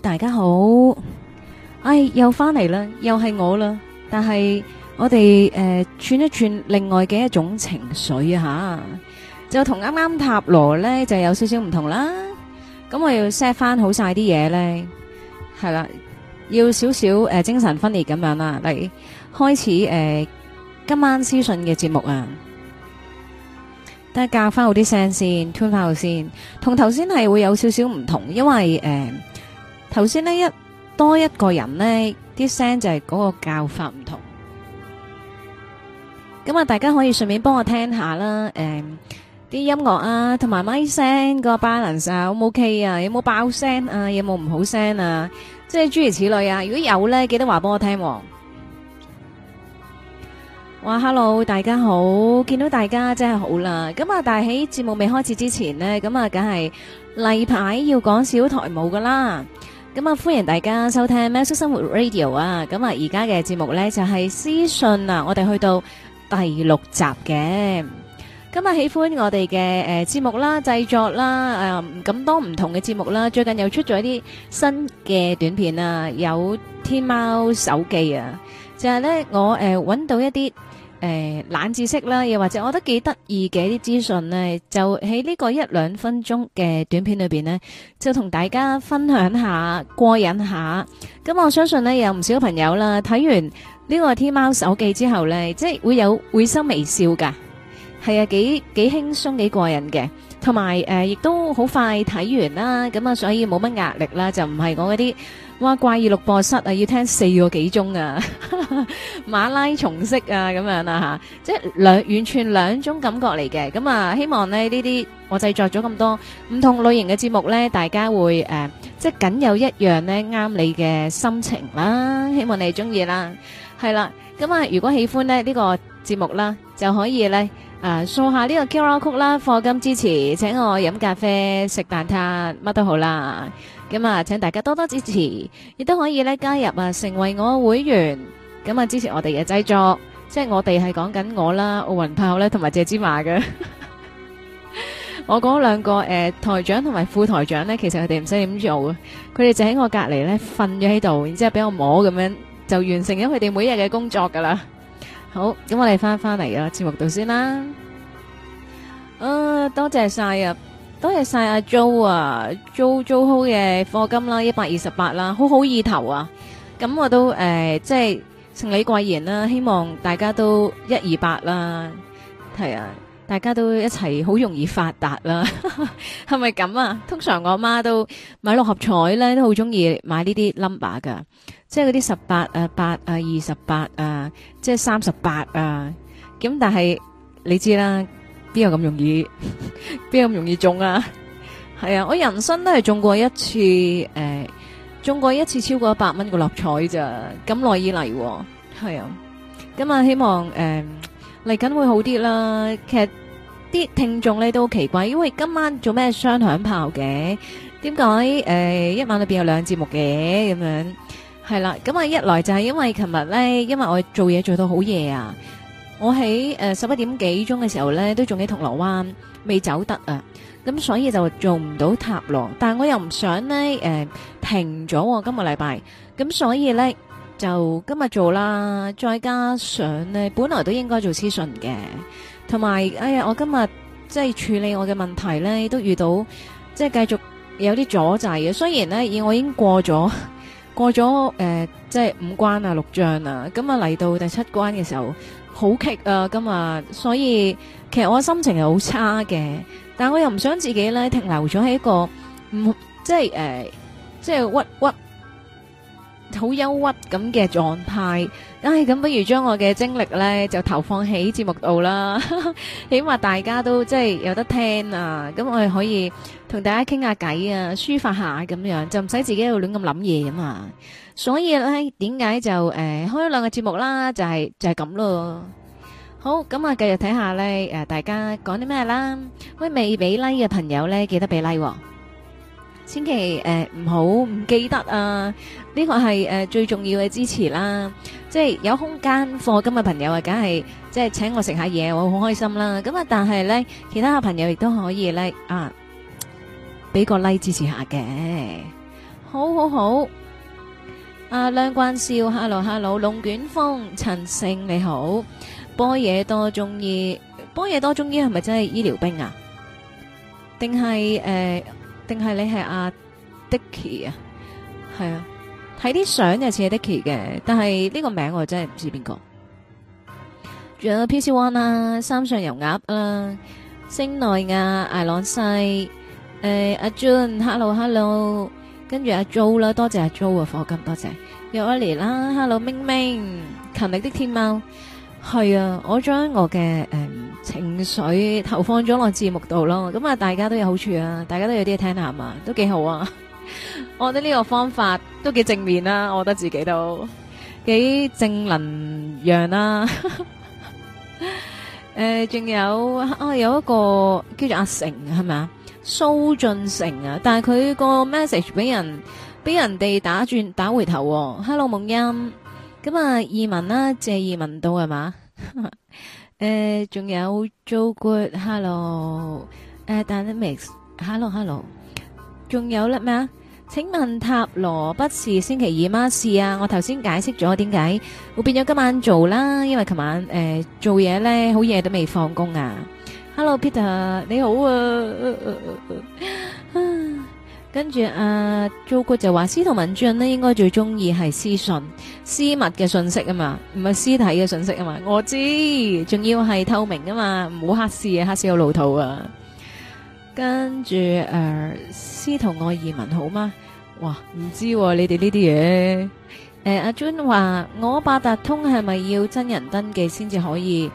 大家好，哎，又翻嚟啦，又係我啦。但係我哋誒，串一串另外嘅一種情緒啊，吓就同啱啱塔羅咧就有少少唔同啦。咁我要 set 翻好晒啲嘢咧，係啦，要少少誒，精神分裂咁樣啦。嚟開始誒，今晚屍訊嘅節目啊，得較翻好啲聲先，吞翻好先。同頭先係會有少少唔同，因為誒。頭先咧一多一個人咧啲聲就係嗰個教法唔同，咁啊大家可以順便幫我聽下啦，誒啲音樂啊同埋咪聲個 balance 啊，O 唔 OK 啊，有冇爆聲啊，有冇唔好聲啊，即係諸如此類啊，如果有咧記得話俾我聽。哇，Hello 大家好，見到大家真係好啦。咁啊但係喺節目未開始之前咧，咁啊梗係例牌要講少台舞㗎啦。咁啊，歡迎大家收聽《喵式生活 Radio》啊！咁啊，而家嘅節目呢就係屍訊啊，我哋去到第六集嘅。咁啊，喜歡我哋嘅誒節目啦，製作啦，誒咁多唔同嘅節目啦，最近又出咗一啲新嘅短片啊，有天貓手記啊，就係呢我誒搵到一啲。誒，冷知識啦，又或者我覺得幾得意嘅一啲資訊呢，就喺呢個一兩分鐘嘅短片裏面呢，就同大家分享下過癮下。咁、嗯、我相信呢，有唔少朋友啦睇完呢個、T《天貓手記》之後呢，即係會有會心微笑噶，係啊，幾幾輕鬆幾過癮嘅，同埋亦都好快睇完啦。咁、嗯、啊，所以冇乜壓力啦，就唔係我嗰啲。哇！怪異錄播室啊，要聽四個幾鐘啊，馬拉松式啊，咁樣啦吓，即係兩，完全兩種感覺嚟嘅。咁啊，希望咧呢啲我製作咗咁多唔同類型嘅節目咧，大家會誒，即係僅有一樣咧啱你嘅心情啦。希望你中意啦，係啦。咁啊，如果喜歡咧呢個節目啦，就可以咧啊掃下呢個 QR Code 啦，課金支持，請我飲咖啡、食蛋撻，乜都好啦。咁啊，請大家多多支持，亦都可以咧加入啊，成為我會員，咁啊支持我哋嘅製作。即係我哋係講緊我啦，奧運炮咧，同埋謝芝麻嘅。我嗰兩個誒台長同埋副台長咧，其實佢哋唔使點做啊，佢哋就喺我隔籬咧瞓咗喺度，然之後俾我摸咁樣，就完成咗佢哋每日嘅工作噶啦。好，咁我哋翻翻嚟啦節目度先啦。啊，多謝晒啊。多謝晒阿 Jo 啊，JoJo 好嘅課金啦，一百二十八啦，好好意頭啊！咁我都誒、呃，即係承你貴言啦，希望大家都一二八啦，係啊，大家都一齊好容易發達啦，係咪咁啊？通常我媽都買六合彩咧，都好中意買呢啲 number 噶，即係嗰啲十八啊八啊二十八啊，即係三十八啊！咁但係你知啦。邊有咁容易？邊 有咁容易中啊？係啊，我人生都係中過一次，誒、呃，中過一次超過一百蚊嘅六合彩咋？咁耐以嚟，哦，係啊。咁啊、嗯嗯，希望誒嚟緊會好啲啦。其實啲聽眾咧都好奇怪，因為今晚做咩雙響炮嘅？點解誒一晚裏邊有兩節目嘅？咁樣係啦。咁啊、嗯嗯，一來就係因為琴日咧，因為我做嘢做到好夜啊。我喺誒十一點幾鐘嘅時候呢，都仲喺銅鑼灣，未走得啊。咁所以就做唔到塔羅，但係我又唔想呢、呃、停咗。今個禮拜咁，所以呢，就今日做啦。再加上呢，本來都應該做諮詢嘅，同埋哎呀，我今日即係處理我嘅問題呢，都遇到即係繼續有啲阻滯嘅。雖然呢，而我已經過咗過咗、呃、即係五關啊、六將啊，咁啊嚟到第七關嘅時候。好劇啊！咁啊，所以其實我心情係好差嘅，但我又唔想自己咧停留咗喺一個唔即係、呃、即係屈屈、屈好憂鬱咁嘅狀態，唉，咁不如將我嘅精力咧就投放喺節目度啦，起碼大家都即係有得聽啊，咁我哋可以同大家傾下偈啊，抒發下咁樣，就唔使自己喺度亂咁諗嘢啊嘛。所以咧，點解就誒開咗兩個節目啦？就係就係咁咯。好，咁啊，繼續睇下咧，誒，大家講啲咩啦？喂，未俾 like 嘅朋友咧，記得俾 like，千祈誒唔好唔記得啊！呢個係誒、呃、最重要嘅支持啦，即係有空間課金嘅朋友啊，梗係即係請我食下嘢，我好開心啦。咁啊，但係咧，其他嘅朋友亦都可以咧啊，俾個 like 支持一下嘅，好好好。啊，亮關少，hello hello，龍捲風陳勝你好，波野多中醫，波野多中醫係咪真係醫療兵啊？定係誒？定、呃、係你係阿、啊、Dicky 啊？係啊。睇啲相就似係 Dicky 嘅，但係呢個名我真係唔知邊個。仲有 PC One 啦，三上油鴨啦，星奈亞艾朗西，誒阿 Jun，Hello Hello，跟住阿 Jo 啦，多謝阿 Jo 啊，火金多謝，有 Ali 啦，Hello Ming Ming，勤力的天貓，係啊，我將我嘅誒情緒投放咗落節目度咯，咁啊大家都有好處啊，大家都有啲嘢聽下嘛，都幾好啊。我覺得呢個方法都幾正面啦、啊，我覺得自己都幾正能量啦、啊 呃。誒，仲有啊，有一個叫做阿成係咪，蘇俊成啊，但係佢個 message 俾人俾人哋打轉打回頭、啊。Hello 夢音，咁啊意文啦，謝意文到係嘛？誒，仲、 呃、有做 good hello，誒，但 a mix hello hello，仲有咧咩啊？請問塔羅不是星期二嗎？是啊，我頭先解釋咗點解會變咗今晚做啦，因為琴晚誒、呃、做嘢咧，好夜都未放工啊。Hello，Peter，你好啊。跟住啊，做過就話，司徒文進咧應該最中意係私信私密嘅信息啊嘛，唔係屍體嘅信息啊嘛，我知，仲要係透明啊嘛，唔好黑視啊，黑視好老土啊。跟住誒，司徒愛移民好嗎？哇，唔知、哦、你哋呢啲嘢。誒、呃，阿、啊、Jun 話我八達通係咪要真人登記先至可以誒、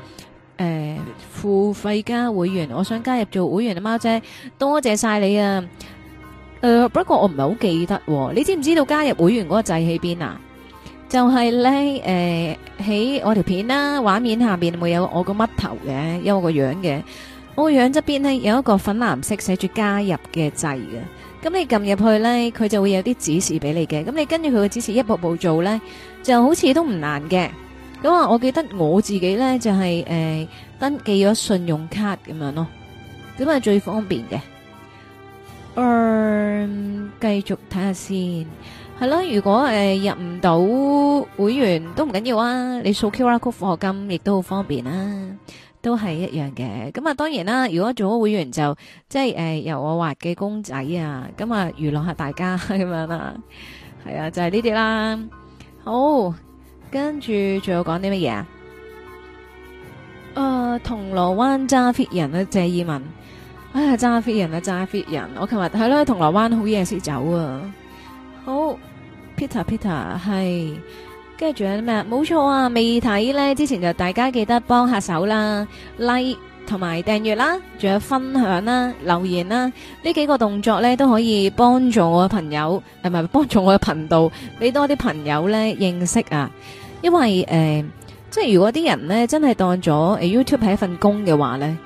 呃、付費加會員？我想加入做會員啊，貓姐，多謝晒你啊。誒、呃，不過我唔係好記得、哦，你知唔知道加入會員嗰個掣喺邊啊？就係、是、咧，誒、呃，喺我條片啦，畫面下邊會有，有我個乜頭嘅，有我個樣嘅。我個樣側邊咧有一個粉藍色寫住加入嘅掣嘅，咁你撳入去咧，佢就會有啲指示俾你嘅，咁你跟住佢嘅指示一步步做咧，就好似都唔難嘅。咁啊，我記得我自己咧就係誒登記咗信用卡咁樣咯，咁係最方便嘅。嗯，繼續睇下先，係咯。如果誒入唔到會員都唔緊要啊，你掃 QR code 付學金亦都好方便啦。都係一樣嘅，咁啊當然啦，如果做咗會員就即係誒，由我畫嘅公仔啊，咁啊娛樂下大家咁樣啦，係啊就係呢啲啦。好，跟住仲有講啲乜嘢啊？誒，銅鑼灣揸 fit 人咧，謝意文，啊揸 fit 人啊揸 fit 人，我琴日係咯，銅鑼灣好夜先走啊。好，Peter Peter 係。跟住仲有啲咩？冇錯啊！未睇呢之前就大家記得幫下手啦，Like 同埋訂閱啦，仲有分享啦、留言啦，呢幾個動作呢都可以幫助我嘅朋友，係咪？幫助我嘅頻道，俾多啲朋友呢認識啊。因為誒、呃，即係如果啲人呢真係當咗誒 YouTube 係一份工嘅話呢，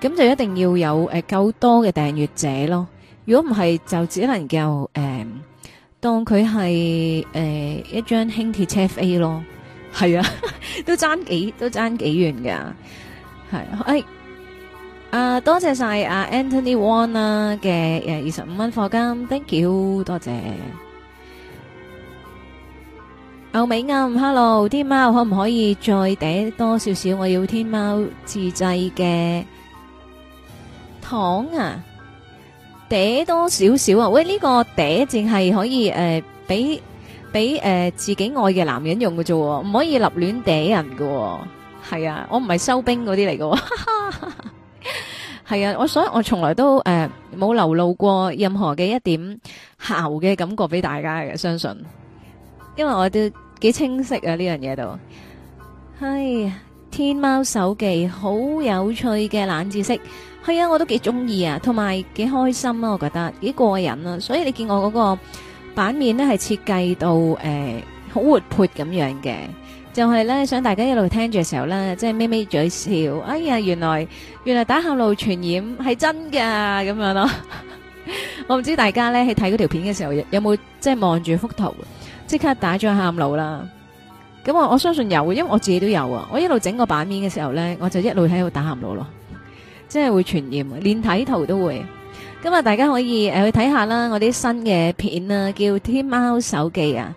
咁就一定要有誒夠多嘅訂閱者咯。如果唔係，就只能夠誒。呃當佢係誒一張輕鐵車飛咯，係啊，都爭幾都爭幾遠噶，係，誒、哎，啊多謝晒阿、啊、Anthony Wong 啦嘅誒二十五蚊課金，thank you 多謝，歐美暗 Hello 天貓可唔可以再嗲多少少？我要天貓自製嘅糖啊！嗲多少少啊？喂，呢個嗲淨係可以誒，俾俾誒自己愛嘅男人用嘅啫，唔可以立亂嗲人嘅。係啊，我唔係收兵嗰啲嚟嘅。係啊，我所以我從來都誒冇流露過任何嘅一點姣嘅感覺俾大家嘅，相信。因為我都幾清晰啊呢樣嘢都。係天喵手機好有趣嘅冷知識。係啊，我都幾中意啊，同埋幾開心啊。我覺得幾過癮啊，所以你見我嗰個版面呢係設計到誒好，呃、活潑咁樣嘅，就係呢。想大家一路聽住嘅時候呢，即係眯眯嘴笑，哎呀，原來原來打喊路傳染係真㗎，啊，咁樣咯。我唔知大家呢喺睇嗰條片嘅時候有冇即係望住幅圖，即刻打咗喊路啦。咁我，我相信有，因為我自己都有啊。我一路整個版面嘅時候呢，我就一路喺度打喊路咯。真係會傳染，連睇圖都會。今日大家可以誒去睇下啦，我啲新嘅片啊，叫《天喵手記》啊。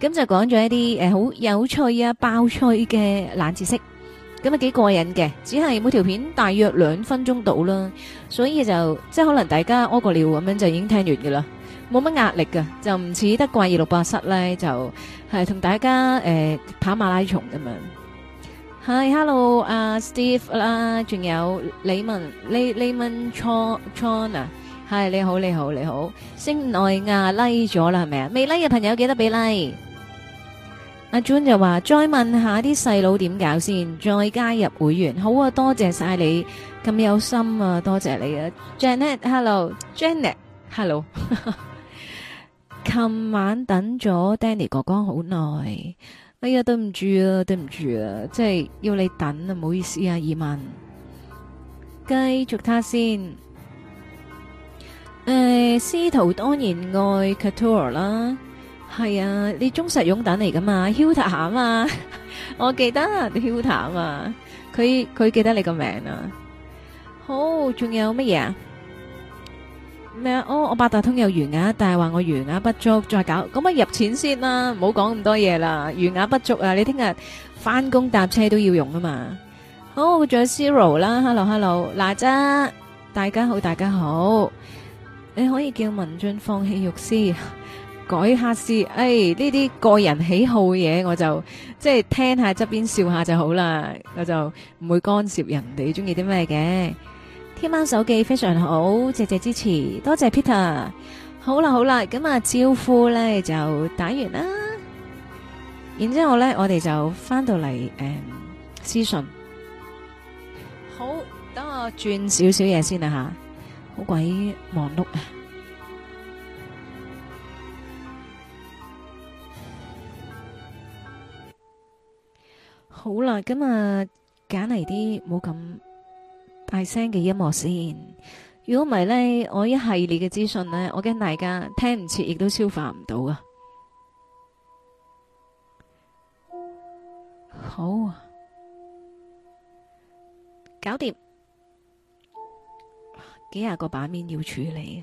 咁就講咗一啲誒好有趣啊、爆趣嘅冷知識。咁啊幾過癮嘅，只係每條片大約兩分鐘到啦。所以就即係可能大家屙個尿咁樣就已經聽完噶啦，冇乜壓力噶，就唔似得怪異六八室咧，就係同大家誒、呃、跑馬拉松咁樣。係，hello，阿 Steve 啦，仲有李文，李李文 Chana，係你好，你好，你好，星內亞 like 咗啦，係咪啊？未拉嘅朋友記得俾 like。阿 John 就話再問下啲細佬點搞先，再加入會員。好啊，多謝晒你咁有心啊，多謝你啊。Janet，hello，Janet，hello。琴晚等咗 Danny 哥哥好耐。哎呀，對唔住啊，對唔住啊，即係要你等啊，唔好意思啊，二萬，繼續他先。誒，司徒當然愛 Couture 啦，係啊，你忠實擁躉嚟噶嘛，Hilta 嘛，我記得 Hilta 嘛，佢佢記得你個名啊。好，仲有乜嘢啊？咩啊？我我八達通有餘額，但係話我餘額不足，再搞咁啊入錢先啦，唔好講咁多嘢啦。餘額不足啊，你聽日返工搭車都要用啊嘛。好，我仲有 zero 啦，hello hello，娜姐大家好大家好，你可以叫文俊放棄玉絲改下絲，哎呢啲個人喜好嘅嘢我就即係聽下側邊笑下就好啦，我就唔會干涉人哋中意啲咩嘅。天喵手機非常好，謝謝支持，多謝 Peter。好啦好啦，咁啊招呼咧就打完啦，然之後咧我哋就翻到嚟誒屍訊。好，等我轉少少嘢先啦吓，好鬼忙碌啊！好啦，咁啊揀嚟啲冇咁。大聲嘅音樂先，如果唔係呢，我一系列嘅資訊呢，我驚大家聽唔切，亦都消化唔到啊！好啊，搞掂，幾廿個版面要處理啊！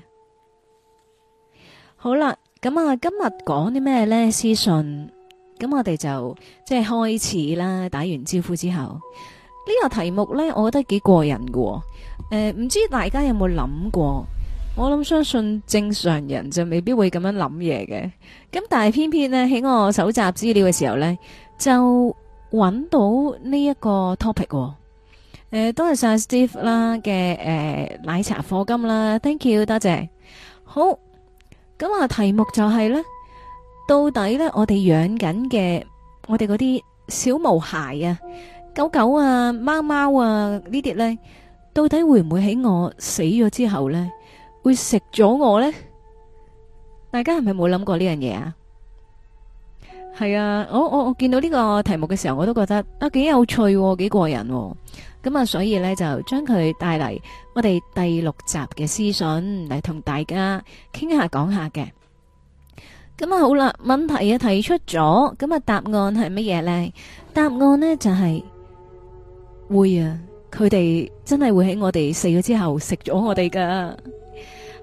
好啦，咁啊，今日講啲咩呢？屍訊。咁我哋就即係開始啦。打完招呼之後。呢個題目呢，我覺得幾過癮嘅、哦，誒、呃，唔知大家有冇諗過？我諗相信正常人就未必會咁樣諗嘢嘅，咁但係偏偏呢，喺我搜集資料嘅時候呢，就揾到呢一個 topic、哦。誒、呃，多謝晒 Steve 啦嘅誒奶茶課金啦，thank you，多謝。好，咁啊，題目就係呢，到底呢？我哋養緊嘅我哋嗰啲小毛孩啊？狗狗啊，貓貓啊，呢啲咧，到底會唔會喺我死咗之後咧，會食咗我咧？大家係咪冇諗過呢樣嘢啊？係啊，我我我見到呢個題目嘅時候，我都覺得啊，幾有趣，幾過癮。咁啊，所以咧就將佢帶嚟我哋第六集嘅屍訊嚟同大家傾下講下嘅。咁啊好啦，問題啊提出咗，咁啊答案係乜嘢咧？答案咧就係。會啊！佢哋真係會喺我哋死咗之後食咗我哋噶，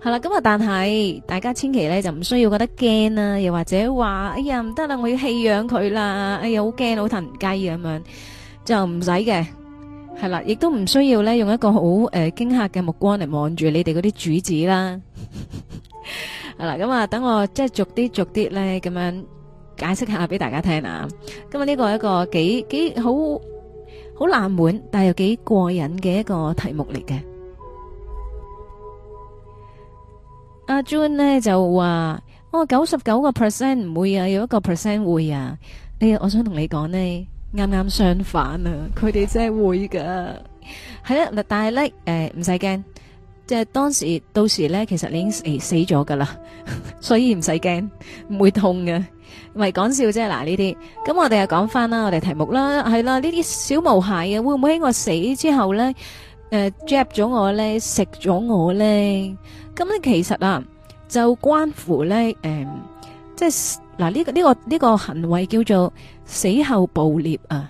係啦咁啊！但係大家千祈咧就唔需要覺得驚啊，又或者話哎呀唔得啦，我要棄養佢啦！哎呀好驚好騰雞咁樣就唔使嘅，係啦，亦都唔需要咧用一個好誒驚嚇嘅目光嚟望住你哋嗰啲主子啦，係啦咁啊！等我即係逐啲逐啲咧咁樣解釋下俾大家聽啊！今日呢個係一個幾幾好。好冷門，但係又幾過癮嘅一個題目嚟嘅。阿 John 咧就話：哦，我九十九個 percent 唔會啊，有一個 percent 會啊。呢，我想同你講咧，啱啱相反啊，佢哋真係會噶。係啦，嗱，但係咧，誒，唔使驚，即係當時到時咧，其實你已經誒死咗噶啦，所以唔使驚，唔會痛嘅。咪講笑啫，嗱呢啲，咁我哋又講返啦，我哋題目啦，係啦，呢啲小毛孩啊會唔會喺我死之後咧，誒，抓咗我咧，食咗我咧，咁咧其實啊，就關乎咧，誒，即係嗱呢個呢個呢個行為叫做死後暴獵啊，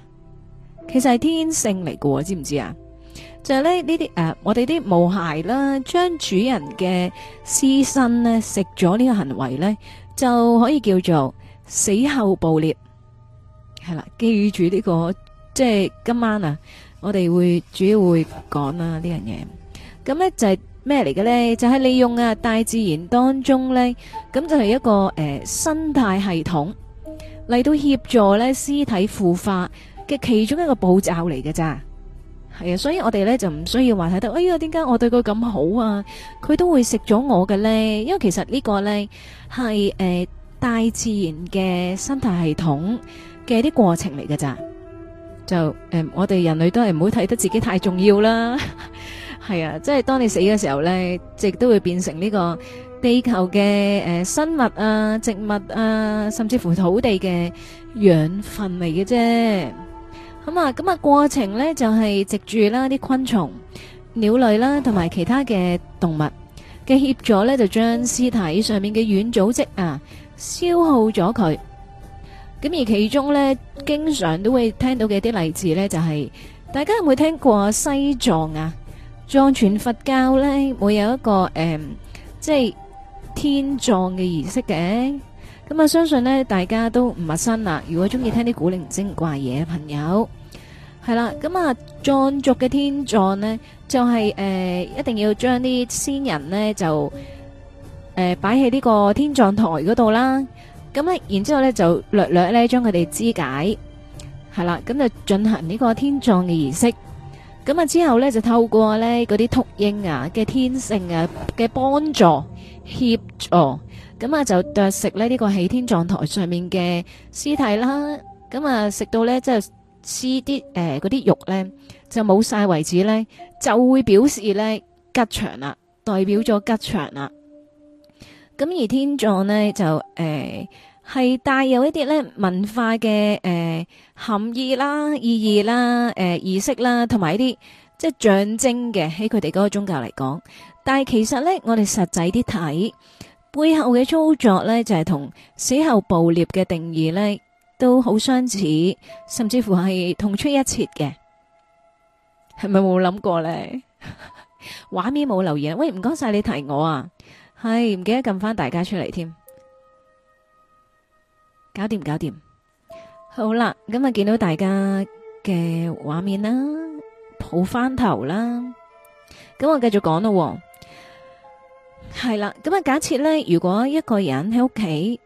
其實係天性嚟嘅，知唔知啊？就係咧呢啲誒，我哋啲毛孩啦，將主人嘅屍身咧食咗呢個行為咧，就可以叫做。死後暴裂，係啦，記住呢、這個，即係今晚啊，我哋會主要會講啦呢樣嘢。咁呢就係咩嚟嘅呢？就係、是、利用啊大自然當中呢，咁就係一個誒、呃、生態系統嚟到協助呢屍體腐化嘅其中一個步驟嚟嘅咋。係啊，所以我哋呢就唔需要話睇得哎呀，點解我對佢咁好啊？佢都會食咗我嘅呢，因為其實呢個呢係誒。大自然嘅生態系統嘅啲過程嚟嘅咋，就誒、呃，我哋人類都係唔好睇得自己太重要啦。係 啊，即係當你死嘅時候呢，亦都會變成呢個地球嘅誒、呃、生物啊、植物啊，甚至乎土地嘅養分嚟嘅啫。咁、嗯、啊，咁啊，過程呢就係藉住啦，啲昆蟲、鳥類啦、啊，同埋其他嘅動物嘅協助呢，就將屍體上面嘅軟組織啊。消耗咗佢，咁而其中咧，經常都會聽到嘅一啲例子咧，就係大家有冇聽過西藏啊，藏傳佛教咧，會有一個誒，即係天葬嘅儀式嘅。咁啊，相信咧大家都唔陌生啦。如果中意聽啲古靈精怪嘢嘅朋友，係啦，咁啊，藏族嘅天葬咧，就係誒，一定要將啲先人咧就。誒，擺喺呢個天葬台嗰度啦，咁咧，然之後咧就略略咧將佢哋肢解，係啦，咁就進行呢個天葬嘅儀式。咁啊之後咧就透過咧嗰啲禿鷹啊嘅天性啊嘅幫助協助，咁啊就啄食咧呢個喺天葬台上面嘅屍體啦。咁啊食到咧即係撕啲誒嗰啲肉咧就冇晒為止咧，就會表示咧吉祥啦，代表咗吉祥啦。咁而天葬呢，就誒係帶有一啲咧文化嘅誒、呃、含義啦、意義啦、誒儀式啦，同埋一啲即係象徵嘅喺佢哋嗰個宗教嚟講。但係其實咧，我哋實際啲睇背後嘅操作咧，就係、是、同死後暴裂嘅定義咧都好相似，甚至乎係同出一轍嘅。係咪冇諗過咧？畫 面冇留言。喂，唔該晒你提我啊！係唔記得撳翻大家出嚟添，搞掂搞掂。好啦，咁啊見到大家嘅畫面啦，抱翻頭啦，咁我繼續講咯、哦。係啦，咁啊假設呢，如果一個人喺屋企，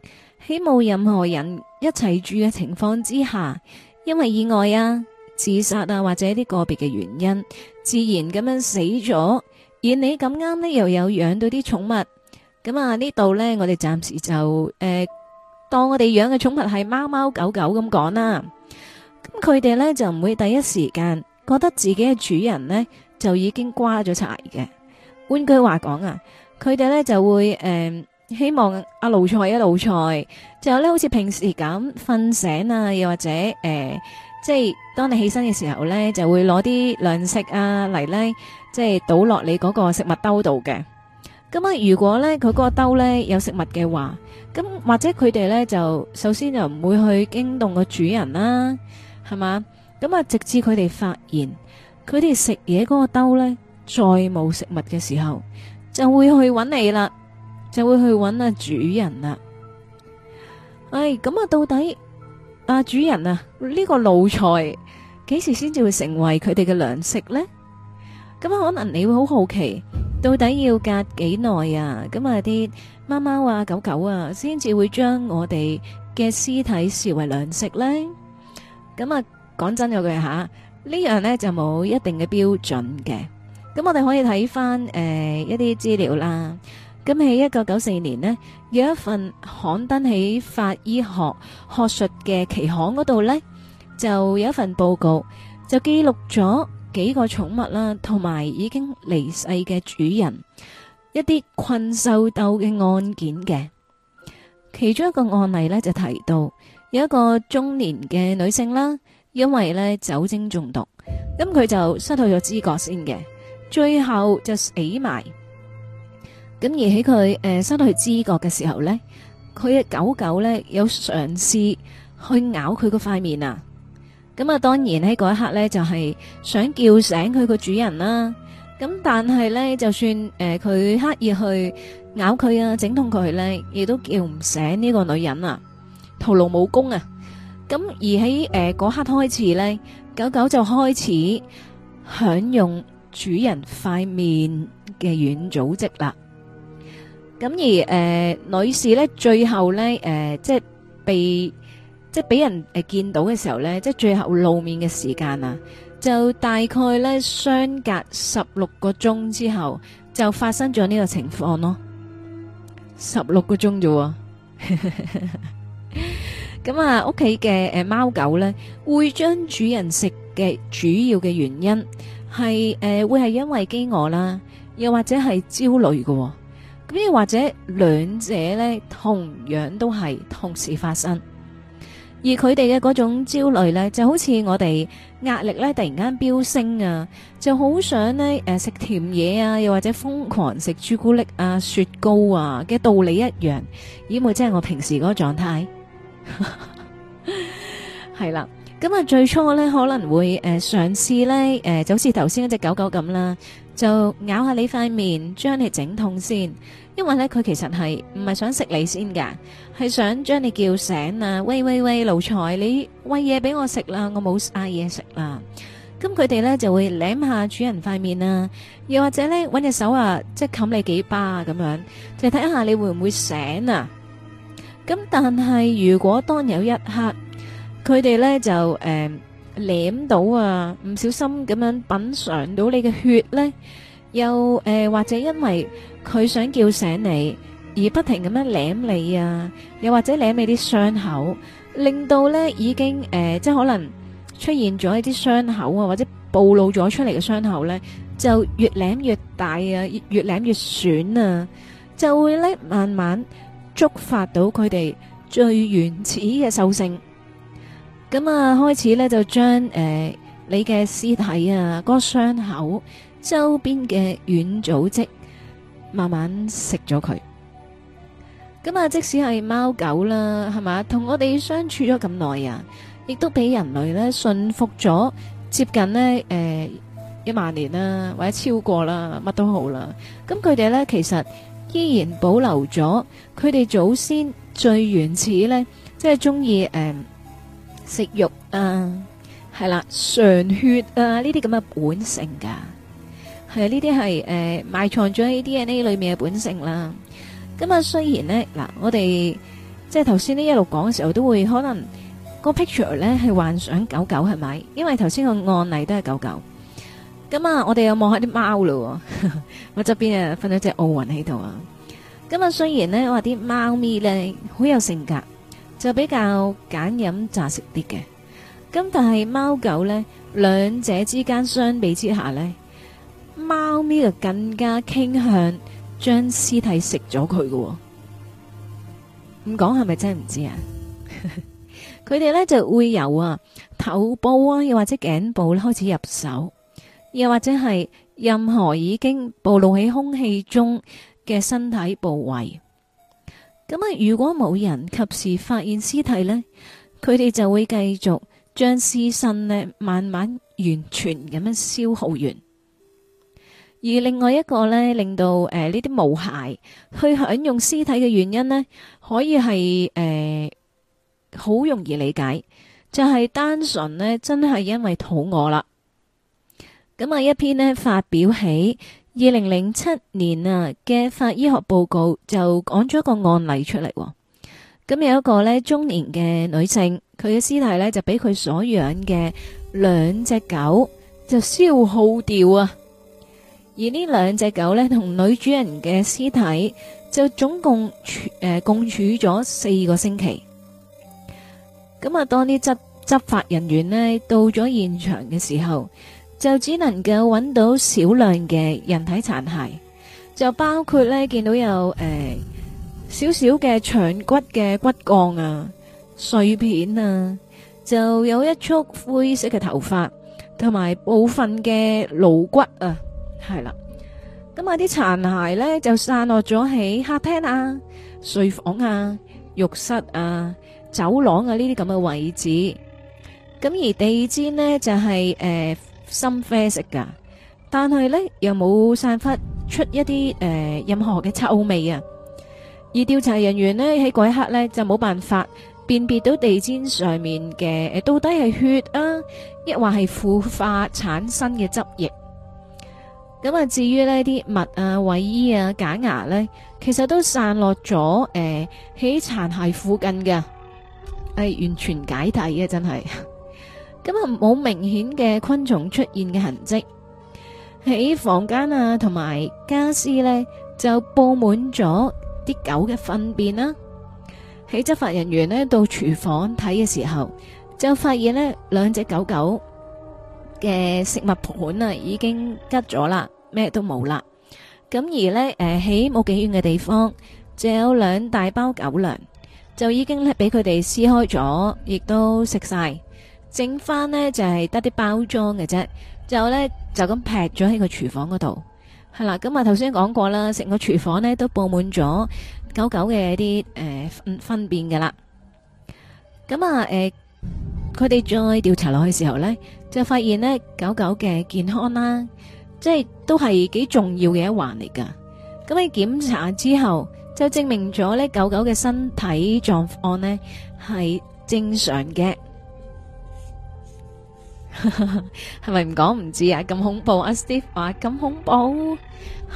喺冇任何人一齊住嘅情況之下，因為意外啊、自殺啊或者啲個別嘅原因，自然咁樣死咗，而你咁啱呢，又有養到啲寵物。咁、嗯、啊，呢度呢，我哋暫時就誒、呃，當我哋養嘅寵物係貓貓狗狗咁講啦。咁佢哋呢，就唔會第一時間覺得自己嘅主人呢，就已經刮咗柴嘅。換句話講啊，佢哋呢，就會誒、呃，希望阿、啊、奴菜一老菜，就呢，好似平時咁瞓醒啊，又或者誒、呃，即係當你起身嘅時候呢，就會攞啲糧食啊嚟呢，即係倒落你嗰個食物兜度嘅。咁啊，如果咧佢嗰個兜咧有食物嘅話，咁或者佢哋咧就首先就唔會去驚動個主人啦，係嘛？咁啊，直至佢哋發現佢哋食嘢嗰個兜咧再冇食物嘅時候，就會去揾你啦，就會去揾阿主人啦。唉，咁啊，到底阿主人啊呢個奴才幾時先至會成為佢哋嘅糧食咧？咁啊，可能你會好好奇，到底要隔幾耐啊？咁啊，啲貓貓啊、狗狗啊，先至會將我哋嘅屍體視為糧食呢？咁啊，講真有句吓，呢樣呢就冇一定嘅標準嘅。咁我哋可以睇翻誒一啲資料啦。咁喺一九九四年呢，有一份刊登喺法醫學學術嘅期刊嗰度呢，就有一份報告就記錄咗。幾個寵物啦，同埋已經離世嘅主人，一啲困獸鬥嘅案件嘅。其中一個案例呢，就提到，有一個中年嘅女性啦，因為咧酒精中毒，咁佢就失去咗知覺先嘅，最後就死埋。咁而喺佢誒失去知覺嘅時候呢，佢嘅狗狗呢，有嘗試去咬佢個塊面啊。咁啊，當然咧，嗰一刻咧就係想叫醒佢個主人啦。咁但係咧，就算誒佢刻意去咬佢啊，整痛佢咧，亦都叫唔醒呢個女人啊，徒勞無功啊。咁而喺誒嗰刻開始咧，狗狗就開始享用主人塊面嘅軟組織啦。咁而誒女士咧，最後咧誒即係被。即係俾人誒見到嘅時候呢，即係最後露面嘅時間啊，就大概呢相隔十六個鐘之後就發生咗呢個情況咯。十六個鐘啫？咁啊屋企嘅誒貓狗呢會將主人食嘅主要嘅原因係誒會係因為飢餓啦，又或者係焦慮㗎喎。咁又或者兩者呢同樣都係同時發生。而佢哋嘅嗰種焦慮呢，就好似我哋壓力咧突然間飆升啊，就好想呢誒食甜嘢啊，又或者瘋狂食朱古力啊、雪糕啊嘅道理一樣。咦，咪即係我平時嗰個狀態？係啦，嗯，咁啊 最初呢可能會誒嘗試咧誒，就好似頭先一隻狗狗咁啦，就咬下你塊面，將你整痛先。因為咧，佢其實係唔係想食你先噶，係想將你叫醒啊！喂喂喂，奴才，你餵嘢，俾我食啦，我冇嗌嘢食啦。咁佢哋咧就會舐下主人塊面啊，又或者咧揾隻手啊，即係冚你幾巴咁樣，就睇下你會唔會醒啊！咁但係如果當有一刻，佢哋咧就誒舐到啊，唔小心咁樣品嘗到你嘅血咧。又誒，或者因為佢想叫醒你，而不停咁樣舐你啊，又或者舐你啲傷口，令到呢已經誒，即係可能出現咗一啲傷口啊，或者暴露咗出嚟嘅傷口呢，就越舐越大啊，越舐越損啊，就會呢慢慢觸發到佢哋最原始嘅獸性，咁啊開始呢就將誒你嘅屍體啊，嗰個傷口。周邊嘅軟組織慢慢食咗佢，咁、嗯、啊，即使係貓狗啦，係嘛，同我哋相處咗咁耐啊，亦都俾人類咧馴服咗，接近呢誒、呃、一萬年啦，或者超過啦，乜都好啦。咁佢哋咧其實依然保留咗佢哋祖先最原始咧，即係中意誒食肉啊，係啦，嘗血啊呢啲咁嘅本性噶。係呢啲係誒埋藏咗喺 DNA 裏面嘅本性啦。咁啊，雖然咧嗱，我哋即係頭先咧一路講嘅時候，都會可能個 picture 咧係幻想狗狗係咪？因為頭先個案例都係狗狗。咁啊，我哋又望下啲貓咯。我側邊啊，瞓咗隻奧運喺度啊。咁啊，雖然咧，我話啲貓咪咧好有性格，就比較揀飲擇食啲嘅。咁但係貓狗咧，兩者之間相比之下咧。貓咪就更加傾向將屍體食咗佢噶，咁講係咪真係唔知啊？佢哋呢就會由啊頭部啊，又或者頸部開始入手，又或者係任何已經暴露喺空氣中嘅身體部位。咁啊，如果冇人及時發現屍體呢，佢哋就會繼續將屍身呢慢慢完全咁樣消耗完。而另外一個呢，令到誒呢啲毛孩去享用屍體嘅原因呢，可以係誒好容易理解，就係、是、單純呢，真係因為肚餓啦。咁啊一篇呢發表喺二零零七年啊嘅法醫學報告就講咗一個案例出嚟、哦。咁有一個呢中年嘅女性，佢嘅屍體呢，就俾佢所養嘅兩隻狗就消耗掉啊！而呢兩隻狗呢，同女主人嘅屍體就總共誒共處咗四個星期。咁啊，當啲執執法人員呢到咗現場嘅時候，就只能夠揾到少量嘅人體殘骸，就包括呢見到有誒少少嘅長骨嘅骨幹啊、碎片啊，就有一束灰色嘅頭髮，同埋部分嘅顱骨啊。係啦，咁啊啲殘骸咧就散落咗喺客廳啊、睡房啊、浴室啊、走廊啊呢啲咁嘅位置。咁而地氈呢，就係、是、誒、呃、深啡色噶，但係咧又冇散發出一啲誒、呃、任何嘅臭味啊。而調查人員呢，喺嗰一刻咧就冇辦法辨別到地氈上面嘅到底係血啊，抑或係腐化產生嘅汁液。咁啊，至於咧啲物啊、衛衣啊、假牙咧，其實都散落咗誒，喺殘骸附近嘅，係完全解體嘅，真係。咁啊冇明顯嘅昆蟲出現嘅痕迹，喺房間啊同埋家私咧就布滿咗啲狗嘅糞便啦。喺執法人員咧到廚房睇嘅時候，就發現咧兩隻狗狗嘅食物盤啊已經吉咗啦。咩都冇啦，咁而咧，誒，喺冇幾遠嘅地方，就有兩大包狗糧，就已經咧俾佢哋撕開咗，亦都食晒，剩翻咧就係得啲包裝嘅啫。就咧就咁劈咗喺個廚房嗰度，係啦。咁啊，頭先講過啦，成個廚房咧都布滿咗狗狗嘅一啲誒糞便嘅啦。咁啊，誒，佢哋再調查落去時候咧，就發現咧狗狗嘅健康啦。即係都係幾重要嘅一環嚟㗎，咁你檢查之後就證明咗呢，狗狗嘅身體狀況呢係正常嘅，係咪唔講唔知啊？咁恐怖啊！Steve 話、啊、咁恐怖，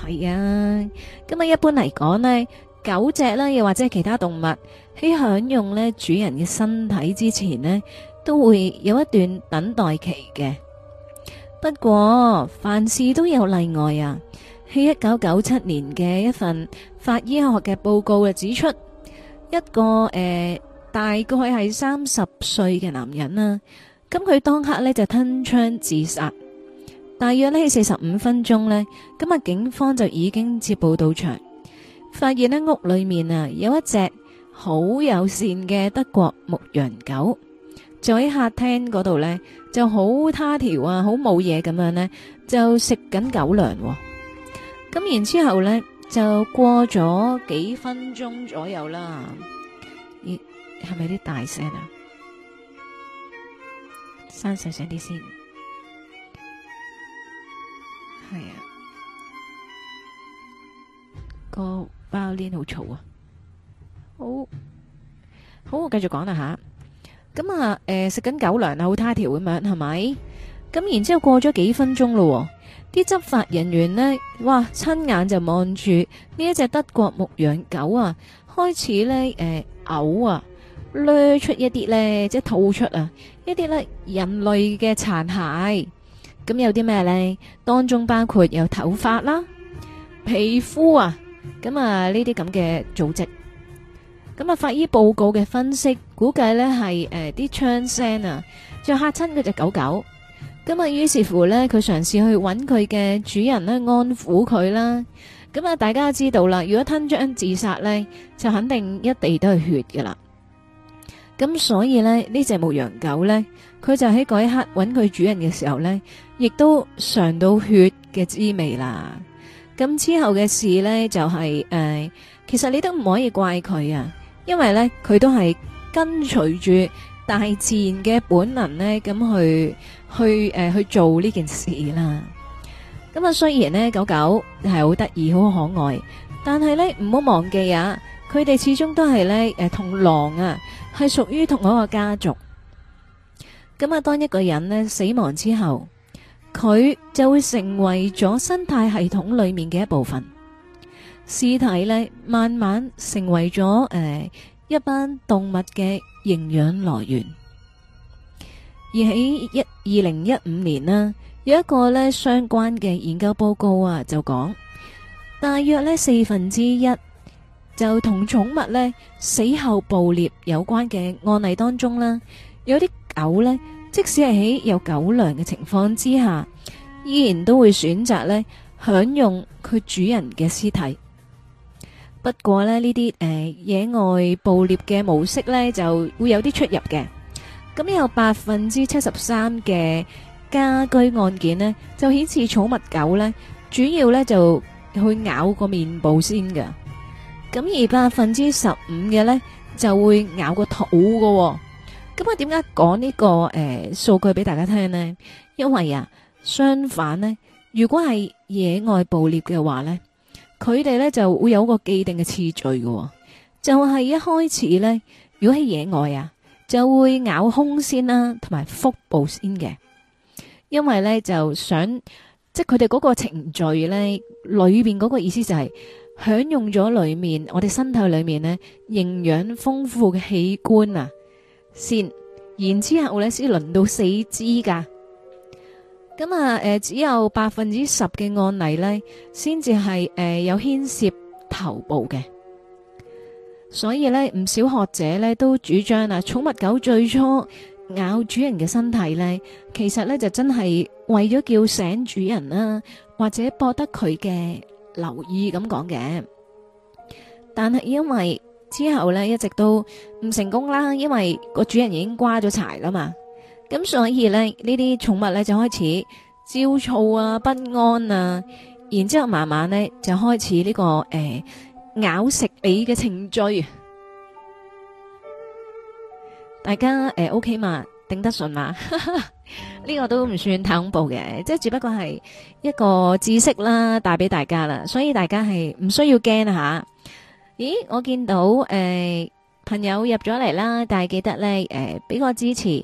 係啊！咁啊，一般嚟講呢，狗隻啦，又或者係其他動物喺享用呢主人嘅身體之前呢，都會有一段等待期嘅。不過凡事都有例外啊！喺一九九七年嘅一份法醫學嘅報告就指出，一個誒、呃、大概係三十歲嘅男人啦，咁佢當刻呢就吞槍自殺。大約呢四十五分鐘呢，咁啊警方就已經接報到場，發現屋裏面啊有一隻好友善嘅德國牧羊狗，就喺客廳嗰度呢。就好他條啊，好冇嘢咁樣呢，就食緊狗糧。咁然之後呢，就過咗幾分鐘左右啦。咦，係咪啲大聲啊？刪細聲啲先。係啊，個包鏈好嘈啊！好，好，我繼續講啦吓。咁啊，誒，食、呃、緊狗糧啊，好他條咁樣係咪？咁然之後過咗幾分鐘咯，啲執法人員呢，哇，親眼就望住呢一隻德國牧羊狗啊，開始呢，誒、呃、嘔、呃、啊，掠出一啲呢，即係吐出啊，一啲呢人類嘅殘骸。咁有啲咩呢？當中包括有頭髮啦、皮膚啊，咁啊呢啲咁嘅組織。咁啊，法醫報告嘅分析估計呢係誒啲槍聲啊，就吓親嗰隻狗狗。咁啊，於是乎呢，佢嘗試去揾佢嘅主人咧，安撫佢啦。咁啊，大家知道啦，如果吞槍自殺呢，就肯定一地都係血噶啦。咁所以呢，呢隻牧羊狗呢，佢就喺嗰一刻揾佢主人嘅時候呢，亦都嘗到血嘅滋味啦。咁之後嘅事呢，就係、是、誒、呃，其實你都唔可以怪佢啊。因為咧，佢都係跟隨住大自然嘅本能呢，咁去去誒、呃、去做呢件事啦。咁、嗯、啊，雖然呢狗狗係好得意、好可愛，但係呢唔好忘記啊，佢哋始終都係呢誒、呃、同狼啊，係屬於同一個家族。咁、嗯、啊、嗯，當一個人呢死亡之後，佢就會成為咗生態系統裏面嘅一部分。屍體呢慢慢成為咗誒、呃、一班動物嘅營養來源，而喺一二零一五年啦、啊，有一個呢相關嘅研究報告啊，就講大約呢四分之一就同寵物呢死後捕獵有關嘅案例當中，有啲狗呢即使係喺有狗糧嘅情況之下，依然都會選擇呢享用佢主人嘅屍體。不過咧，呢啲誒野外捕獵嘅模式咧，就會有啲出入嘅。咁有百分之七十三嘅家居案件咧，就顯示寵物狗咧，主要咧就去咬個面部先㗎。咁而百分之十五嘅咧，就會咬個肚㗎喎。咁我點解講呢個誒數據俾大家聽咧？因為啊，相反咧，如果係野外捕獵嘅話咧。佢哋咧就會有個既定嘅次序嘅、哦，就係、是、一開始咧，如果喺野外啊，就會咬胸先啦、啊，同埋腹部先嘅，因為咧就想，即係佢哋嗰個程序咧裏邊嗰個意思就係、是、享用咗裏面我哋身體裏面呢，營養豐富嘅器官啊，先，然之後我哋先輪到四肢噶。咁啊，誒，只有百分之十嘅案例呢，先至係誒有牽涉頭部嘅，所以呢，唔少學者呢都主張啊，寵物狗最初咬主人嘅身體呢，其實呢就真係為咗叫醒主人啦，或者博得佢嘅留意咁講嘅。但係因為之後呢一直都唔成功啦，因為個主人已經瓜咗柴啦嘛。咁所以咧，寵呢啲寵物咧就開始焦躁啊、不安啊，然之後慢慢咧就開始呢、這個誒、呃、咬食你嘅程序。大家誒，OK 嘛，頂、呃 OK、得順嘛？呢、這個都唔算太恐怖嘅，即係只不過係一個知識啦，帶俾大家啦。所以大家係唔需要驚下吓，咦，我見到誒、呃、朋友入咗嚟啦。但係記得咧誒俾個支持。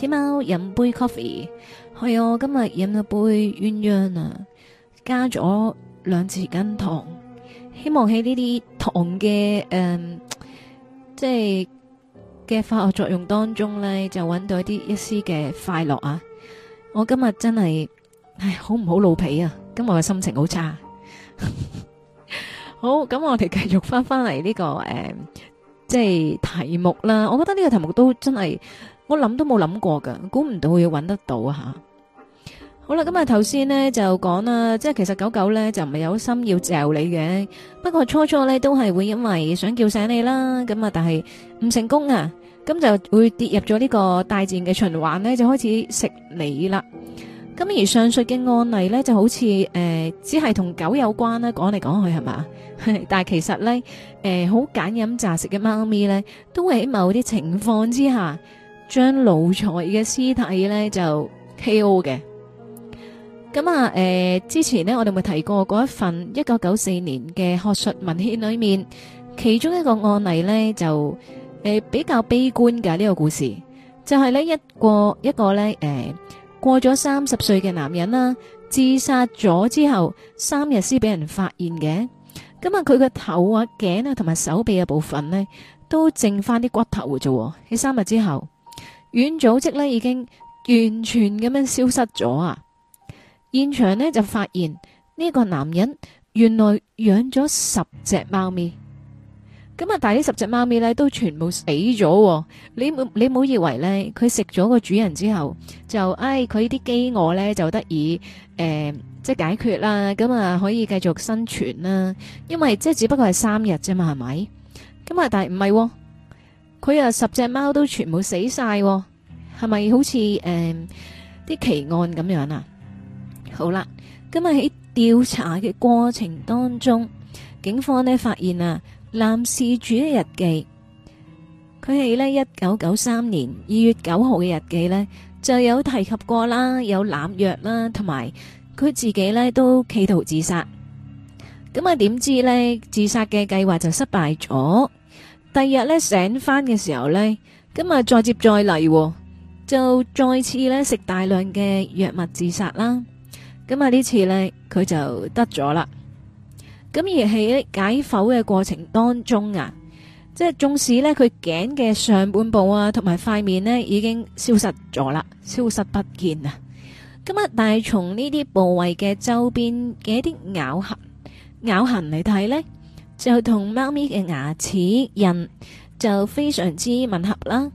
天貓飲杯 coffee，係啊，我今日飲咗杯鴛鴦啊，加咗兩匙羹糖，希望喺呢啲糖嘅，誒，即係嘅化學作用當中咧，就揾到一啲一絲嘅快樂啊！我今日真係，唉，好唔好老脾啊！今日嘅心情好差，好，咁我哋繼續翻翻嚟呢個誒，即係題目啦。我覺得呢個題目都真係。我諗都冇諗過噶，估唔到會搵得到啊！吓，好啦，咁啊頭先呢就講啦，即係其實狗狗呢就唔係有心要嚼你嘅，不過初初呢都係會因為想叫醒你啦，咁啊但係唔成功啊，咁就會跌入咗呢個大自然嘅循環呢，就開始食你啦。咁而上述嘅案例呢，就好似誒、呃，只係同狗有關啦，講嚟講去係嘛， 但係其實呢，誒、呃、好揀飲擇食嘅貓咪呢，都會喺某啲情況之下。將老財嘅屍體呢就 K.O. 嘅咁啊？誒、呃，之前呢，我哋咪提過嗰一份一九九四年嘅學術文獻裏面，其中一個案例呢，就誒、呃、比較悲觀嘅呢、這個故事，就係、是、呢一個一個呢，誒、呃、過咗三十歲嘅男人啦，自殺咗之後三日先俾人發現嘅。咁啊，佢個頭啊、頸啊同埋手臂嘅部分呢，都剩翻啲骨頭嘅啫。喺三日之後。軟組織咧，已經完全咁樣消失咗啊！現場呢，就發現呢、這個男人原來養咗十隻貓咪，咁啊，但呢十隻貓咪呢都全部死咗。你冇你唔好以為呢，佢食咗個主人之後就，哎佢啲飢餓呢，就得以，誒、呃、即係解決啦，咁啊可以繼續生存啦。因為即係只不過係三日啫嘛，係咪？咁啊，但唔係。佢啊，十隻貓都全部死晒，係咪好似誒啲奇案咁樣啊？好啦，今日喺調查嘅過程當中，警方咧發現啊，男事主嘅日記，佢係咧一九九三年二月九號嘅日記咧就有提及過啦，有濫藥啦，同埋佢自己咧都企圖自殺，咁啊點知咧自殺嘅計劃就失敗咗。第二日咧，醒翻嘅時候咧，今日再接再厲，就再次咧食大量嘅藥物自殺啦。咁啊呢次咧佢就得咗啦。咁而喺解剖嘅過程當中啊，即係縱使咧佢頸嘅上半部啊，同埋塊面呢已經消失咗啦，消失不見啊。咁啊，但係從呢啲部位嘅周邊嘅一啲咬痕咬痕嚟睇呢。就同貓咪嘅牙齒印就非常之吻合啦。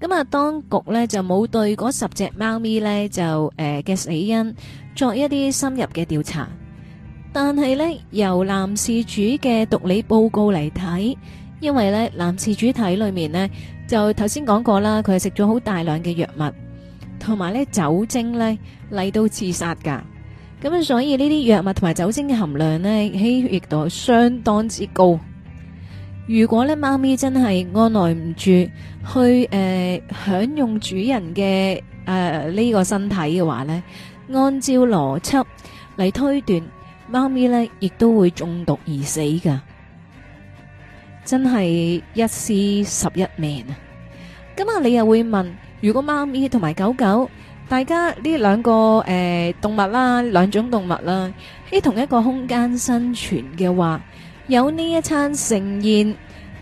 咁啊，當局呢就冇對嗰十隻貓咪呢就誒嘅死因作一啲深入嘅調查。但係呢，由男事主嘅毒理報告嚟睇，因為呢男事主體裏面呢就頭先講過啦，佢係食咗好大量嘅藥物，同埋呢酒精呢嚟到自殺㗎。咁所以呢啲藥物同埋酒精嘅含量呢，喺血液度相當之高。如果呢，貓咪真係按耐唔住去誒、呃、享用主人嘅誒呢個身體嘅話呢，按照邏輯嚟推斷，貓咪呢亦都會中毒而死噶。真係一屍十一命啊！咁啊，你又會問，如果貓咪同埋狗狗？大家呢兩個誒動物啦，兩種動物啦，喺同一個空間生存嘅話，有呢一餐盛宴，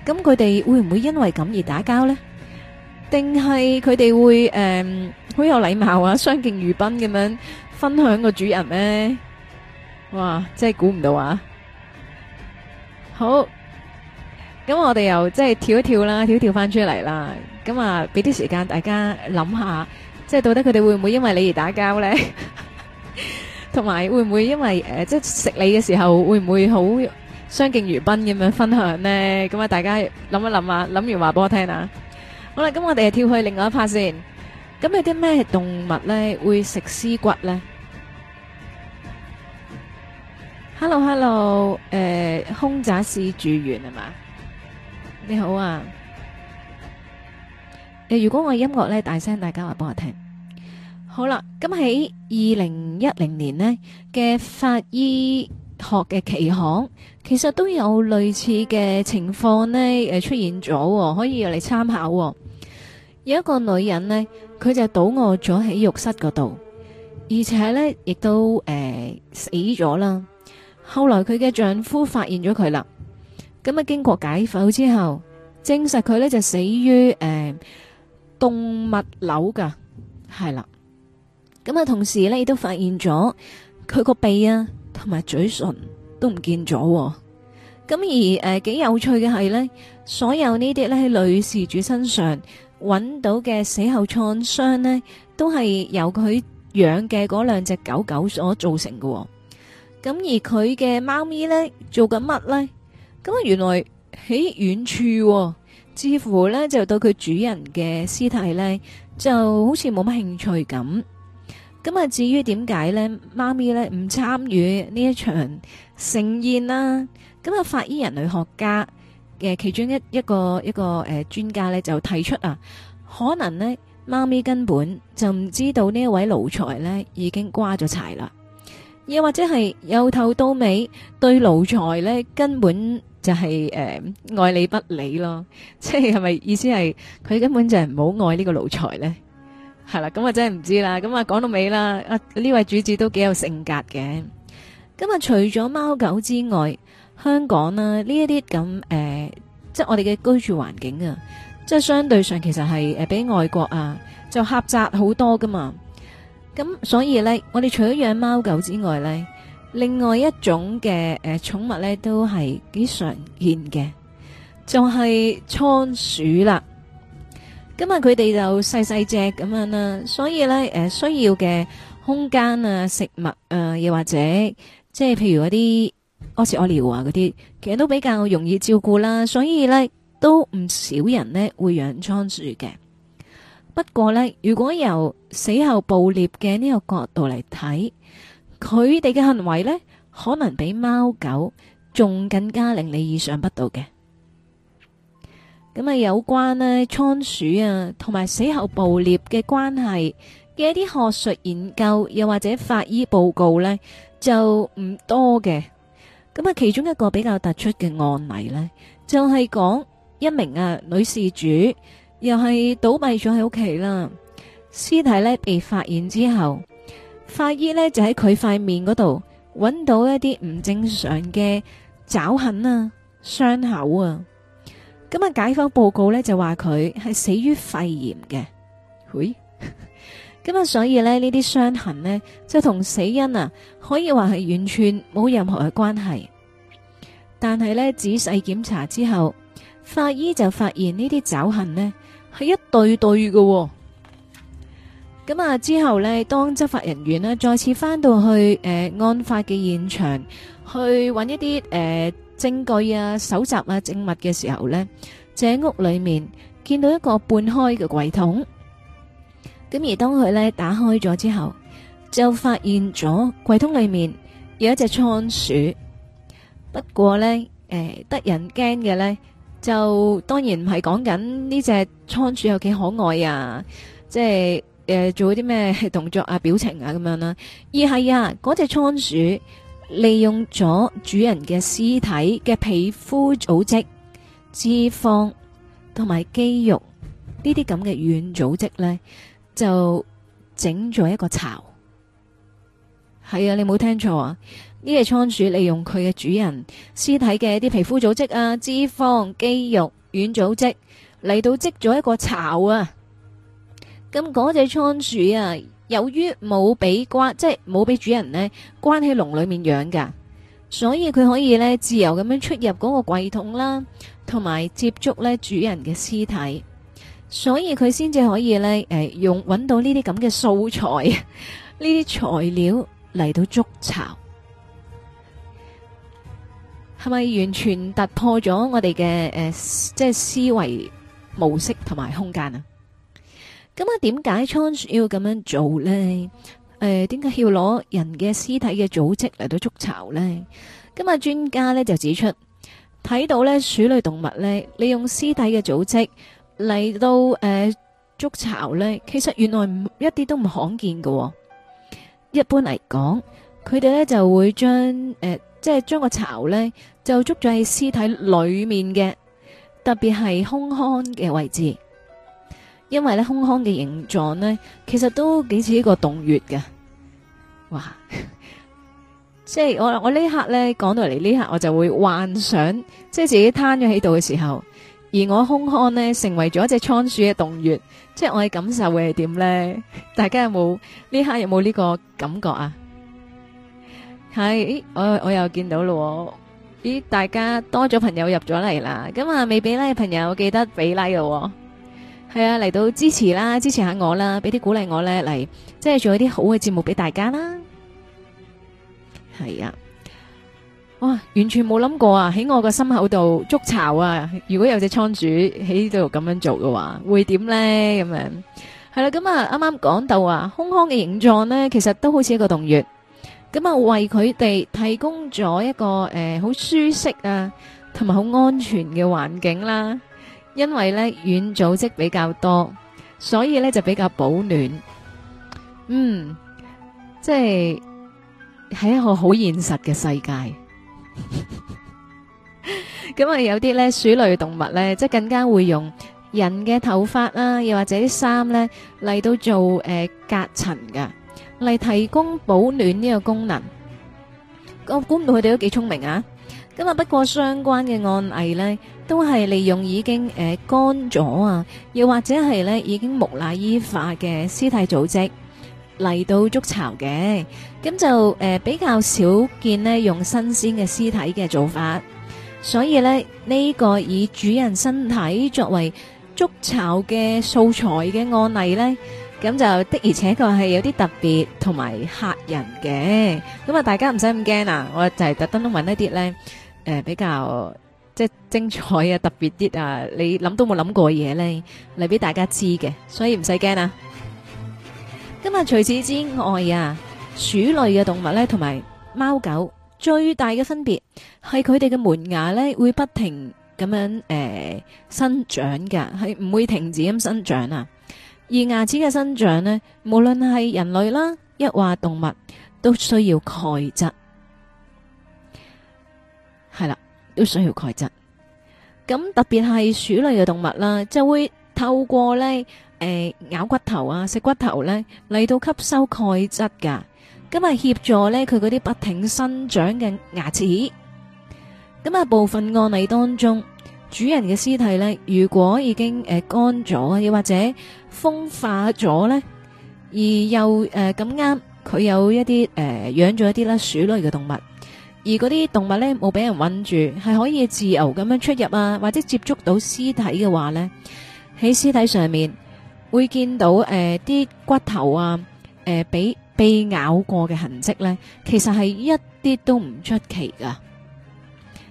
咁佢哋會唔會因為咁而打交呢？定係佢哋會誒好有禮貌啊，相敬如賓咁樣分享個主人呢？哇，真係估唔到啊！好，咁我哋又即係跳一跳啦，跳一跳翻出嚟啦。咁啊，俾啲時間大家諗下。即係到底佢哋會唔會因為你而打交呢？同埋會唔會因為誒，即係食你嘅時候會唔會好相敬如賓咁樣分享呢？咁啊，大家諗一諗啊，諗完話俾我聽啊。好啦，咁我哋跳去另外一 part 先。咁有啲咩動物呢會食屍骨呢？Hello，Hello，誒，凶宅試住員係嘛？你好啊！誒，如果我是音樂呢，大聲，大家話幫我聽。好啦，咁喺二零一零年呢嘅法醫學嘅期刊，其實都有類似嘅情況呢誒出現咗，可以入嚟參考。有一個女人呢，佢就倒卧咗喺浴室嗰度，而且呢亦都誒、呃、死咗啦。後來佢嘅丈夫發現咗佢啦，咁啊經過解剖之後，證實佢呢就死於誒。呃動物樓噶，係啦，咁啊，同時咧亦都發現咗佢個鼻啊同埋嘴唇都唔見咗，咁而誒幾有趣嘅係咧，所有呢啲咧喺女事主身上揾到嘅死後創傷咧，都係由佢養嘅嗰兩隻狗狗所造成嘅，咁而佢嘅貓咪咧做緊乜咧？咁原來喺遠處。似乎咧就對佢主人嘅屍體咧，就好似冇乜興趣咁。咁啊，至於點解咧，貓咪咧唔參與呢一場盛宴啦，啊？咁啊，法醫人類學家嘅其中一一,一,一個一個誒、呃、專家咧就提出啊，可能呢，貓咪根本就唔知道呢一位奴才咧已經瓜咗柴啦，又或者係由頭到尾對奴才咧根本。就係誒，愛理不理咯，即係係咪意思係佢根本就係唔好愛呢個奴才咧？係啦，咁啊真係唔知啦。咁啊講到尾啦，呢位主子都幾有性格嘅。咁啊，除咗貓狗之外，香港啦呢一啲咁誒，即係我哋嘅居住環境啊，即係相對上其實係誒比外國啊就狹窄好多噶嘛。咁所以咧，我哋除咗養貓狗之外咧。另外一種嘅誒、呃、寵物咧，都係幾常見嘅，就係、是、倉鼠啦。今日佢哋就細細隻咁樣啦，所以咧誒、呃、需要嘅空間啊、食物啊，又、呃、或者即係譬如嗰啲屙屎屙尿啊嗰啲，其實都比較容易照顧啦。所以咧，都唔少人呢會養倉鼠嘅。不過咧，如果由死後捕獵嘅呢個角度嚟睇，佢哋嘅行為呢，可能比貓狗仲更加令你意想不到嘅。咁啊，有關呢倉鼠啊、同埋死後捕獵嘅關係嘅一啲學術研究，又或者法醫報告呢，就唔多嘅。咁啊，其中一個比較突出嘅案例呢，就係、是、講一名啊女事主，又係倒斃咗喺屋企啦，屍體呢，被發現之後。法醫呢就喺佢塊面嗰度揾到一啲唔正常嘅爪痕啊、傷口啊，咁啊解剖報告呢就話佢係死於肺炎嘅，嘿，咁 啊所以呢呢啲傷痕呢就同死因啊可以話係完全冇任何嘅關係，但係呢，仔細檢查之後，法醫就發現呢啲爪痕呢係一對對嘅、哦。咁啊！之後呢，當執法人員呢再次返到去誒案發嘅現場，去揾一啲誒證據啊、搜集啊證物嘅時候呢，就喺屋裏面見到一個半開嘅櫃桶。咁而當佢呢打開咗之後，就發現咗櫃桶裏面有一隻倉鼠。不過呢，誒得人驚嘅呢，就當然唔係講緊呢隻倉鼠有幾可愛啊，即係。誒，做啲咩動作啊、表情啊咁樣啦？而係啊，嗰隻倉鼠利用咗主人嘅屍體嘅皮膚組織、脂肪同埋肌肉呢啲咁嘅軟組織呢，就整咗一個巢。係啊，你冇聽錯啊！呢隻倉鼠利用佢嘅主人屍體嘅啲皮膚組織啊、脂肪、肌肉、軟組織嚟到織咗一個巢啊！咁嗰隻倉鼠啊，由於冇俾關，即係冇俾主人咧關喺籠裏面養噶，所以佢可以咧自由咁樣出入嗰個櫃桶啦，同埋接觸咧主人嘅屍體，所以佢先至可以咧誒用揾到呢啲咁嘅素材，呢啲材料嚟到築巢，係咪完全突破咗我哋嘅誒即係思維模式同埋空間啊？咁啊？點解倉鼠要咁樣做呢？誒、呃，點解要攞人嘅屍體嘅組織嚟到築巢呢？咁啊專家呢就指出，睇到呢鼠類動物呢，利用屍體嘅組織嚟到誒築巢呢，其實原來唔一啲都唔罕見嘅。一般嚟講，佢哋呢就會將誒、呃、即係將個巢呢，就捉咗喺屍體裏面嘅，特別係空腔嘅位置。因為咧空腔嘅形狀咧，其實都幾似一個洞穴嘅，哇！ 即係我我呢刻咧講到嚟呢刻，我就會幻想，即係自己攤咗喺度嘅時候，而我空腔咧成為咗一隻倉鼠嘅洞穴，即係我嘅感受會係點咧？大家有冇呢刻有冇呢個感覺啊？係，我我又見到咯，咦！大家多咗朋友入咗嚟啦，咁啊未俾呢朋友記得俾拉咯。係啊，嚟到支持啦，支持下我啦，俾啲鼓勵我咧，嚟即係做一啲好嘅節目俾大家啦。係啊，哇，完全冇諗過啊，喺我個心口度築巢啊！如果有隻倉鼠喺度咁樣做嘅話，會點咧？咁樣，係啦，咁啊，啱啱講到啊，空腔嘅形狀咧，其實都好似一個洞穴，咁啊，為佢哋提供咗一個誒好舒適啊，同埋好安全嘅環境啦。因為咧軟組織比較多，所以咧就比較保暖。嗯，即係喺一個好現實嘅世界。咁啊，有啲咧鼠類動物咧，即係更加會用人嘅頭髮啦，又或者啲衫咧嚟到做誒隔層噶，嚟提供保暖呢個功能。我估唔到佢哋都幾聰明啊！咁啊！不過相關嘅案例呢，都係利用已經誒乾咗啊，又或者係呢已經木乃伊化嘅屍體組織嚟到築巢嘅，咁就誒比較少見呢用新鮮嘅屍體嘅做法。所以呢呢個以主人身體作為築巢嘅素材嘅案例呢，咁就的而且確係有啲特別同埋嚇人嘅。咁啊，大家唔使咁驚啊！我就係特登都揾一啲呢。誒，比較即係精彩啊，特別啲啊，你諗都冇諗過嘢呢，嚟俾大家知嘅，所以唔使驚啊！今日除此之外啊，鼠類嘅動物呢，同埋貓狗最大嘅分別係佢哋嘅門牙呢會不停咁樣誒生長噶，係唔會停止咁生長啊。而牙齒嘅生長呢，無論係人類啦，抑或動物都需要鈣質。係啦，都需要鈣質，咁特別係鼠類嘅動物啦，就會透過咧誒咬骨頭啊、食骨頭呢嚟到吸收鈣質噶，咁啊協助呢佢嗰啲不停生長嘅牙齒。咁啊，部分案例當中，主人嘅屍體呢，如果已經誒乾咗，又或者風化咗呢，而又誒咁啱佢有一啲誒養咗一啲啦鼠類嘅動物。而嗰啲動物咧冇俾人揾住，係可以自由咁樣出入啊，或者接觸到屍體嘅話咧，喺屍體上面會見到誒啲骨頭啊，誒俾被咬過嘅痕跡咧，其實係一啲都唔出奇噶。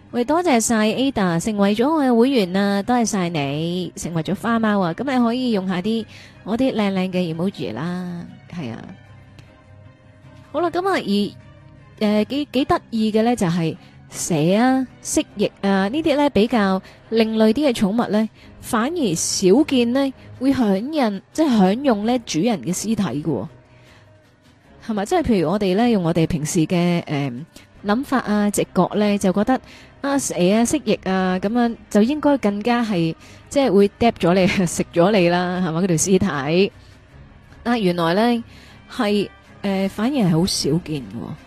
喂，多謝晒 Ada 成為咗我嘅會員啊，多謝晒你成為咗花貓啊，咁你可以用下啲我啲靚靚嘅 emoji 啦，係啊，好啦，咁啊而。誒，幾幾得意嘅咧，就係蛇啊、蜥蜴啊呢啲咧，比較另類啲嘅寵物咧，反而少見咧會享用，即係享用咧主人嘅屍體嘅，係咪？即係譬如我哋咧用我哋平時嘅誒諗法啊、直覺咧，就覺得啊蛇啊、蜥蜴啊咁樣就應該更加係即係會 dead 咗你食咗你啦，係咪？嗰條屍體？啊，原來咧係誒，反而係好少見嘅。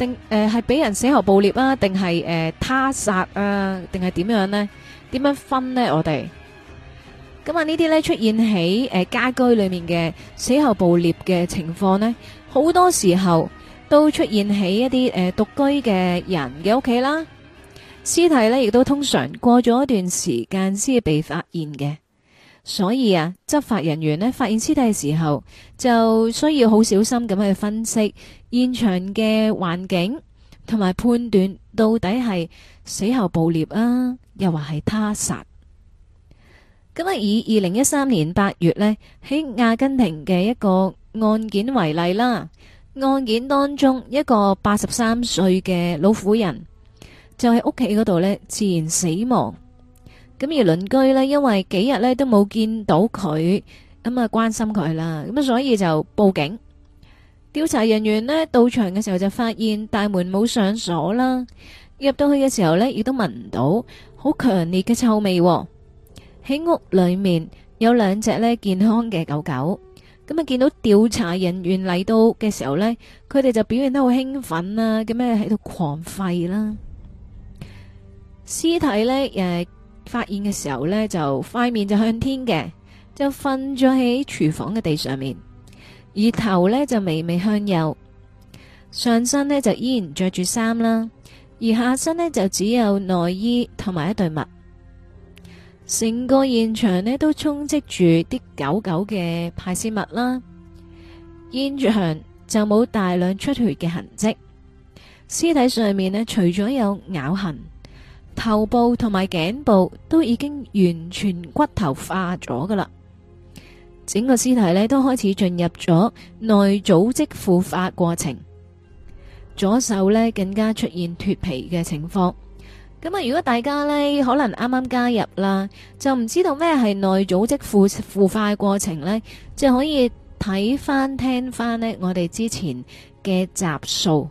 定誒係俾人死後暴裂啊，定係誒他殺啊，定係點樣咧？點樣分咧？我哋咁啊，呢啲咧出現喺誒家居裏面嘅死後暴裂嘅情況咧，好多時候都出現喺一啲誒獨居嘅人嘅屋企啦，屍體咧亦都通常過咗一段時間先被發現嘅。所以啊，執法人員呢，發現屍體嘅時候，就需要好小心咁去分析現場嘅環境，同埋判斷到底係死後捕獵啊，又或係他殺。咁啊，以二零一三年八月呢喺阿根廷嘅一個案件為例啦。案件當中，一個八十三歲嘅老婦人就喺屋企嗰度呢自然死亡。咁而鄰居咧，因為幾日咧都冇見到佢，咁啊關心佢啦，咁啊所以就報警。調查人員咧到場嘅時候就發現大門冇上鎖啦，入到去嘅時候咧亦都聞到好強烈嘅臭味，喺屋裏面有兩隻咧健康，嘅狗狗，咁啊見到調查人員嚟到嘅時候咧，佢哋就表現得好興奮啦，咁啊喺度狂吠啦，屍體咧誒，發現嘅時候呢，就塊面就向天嘅，就瞓咗喺廚房嘅地上面，而頭呢，就微微向右，上身呢，就依然着住衫啦，而下身呢，就只有內衣同埋一對襪，成個現場呢，都充斥住啲狗狗嘅排泄物啦，現場就冇大量出血嘅痕跡，屍體上面呢，除咗有咬痕。頭部同埋頸部都已經完全骨頭化咗噶啦，整個屍體呢都開始進入咗內組織腐化過程，左手呢更加出現脫皮嘅情況。咁啊，如果大家呢可能啱啱加入啦，就唔知道咩係內組織腐腐化過程呢，就可以睇翻聽翻呢我哋之前嘅集數。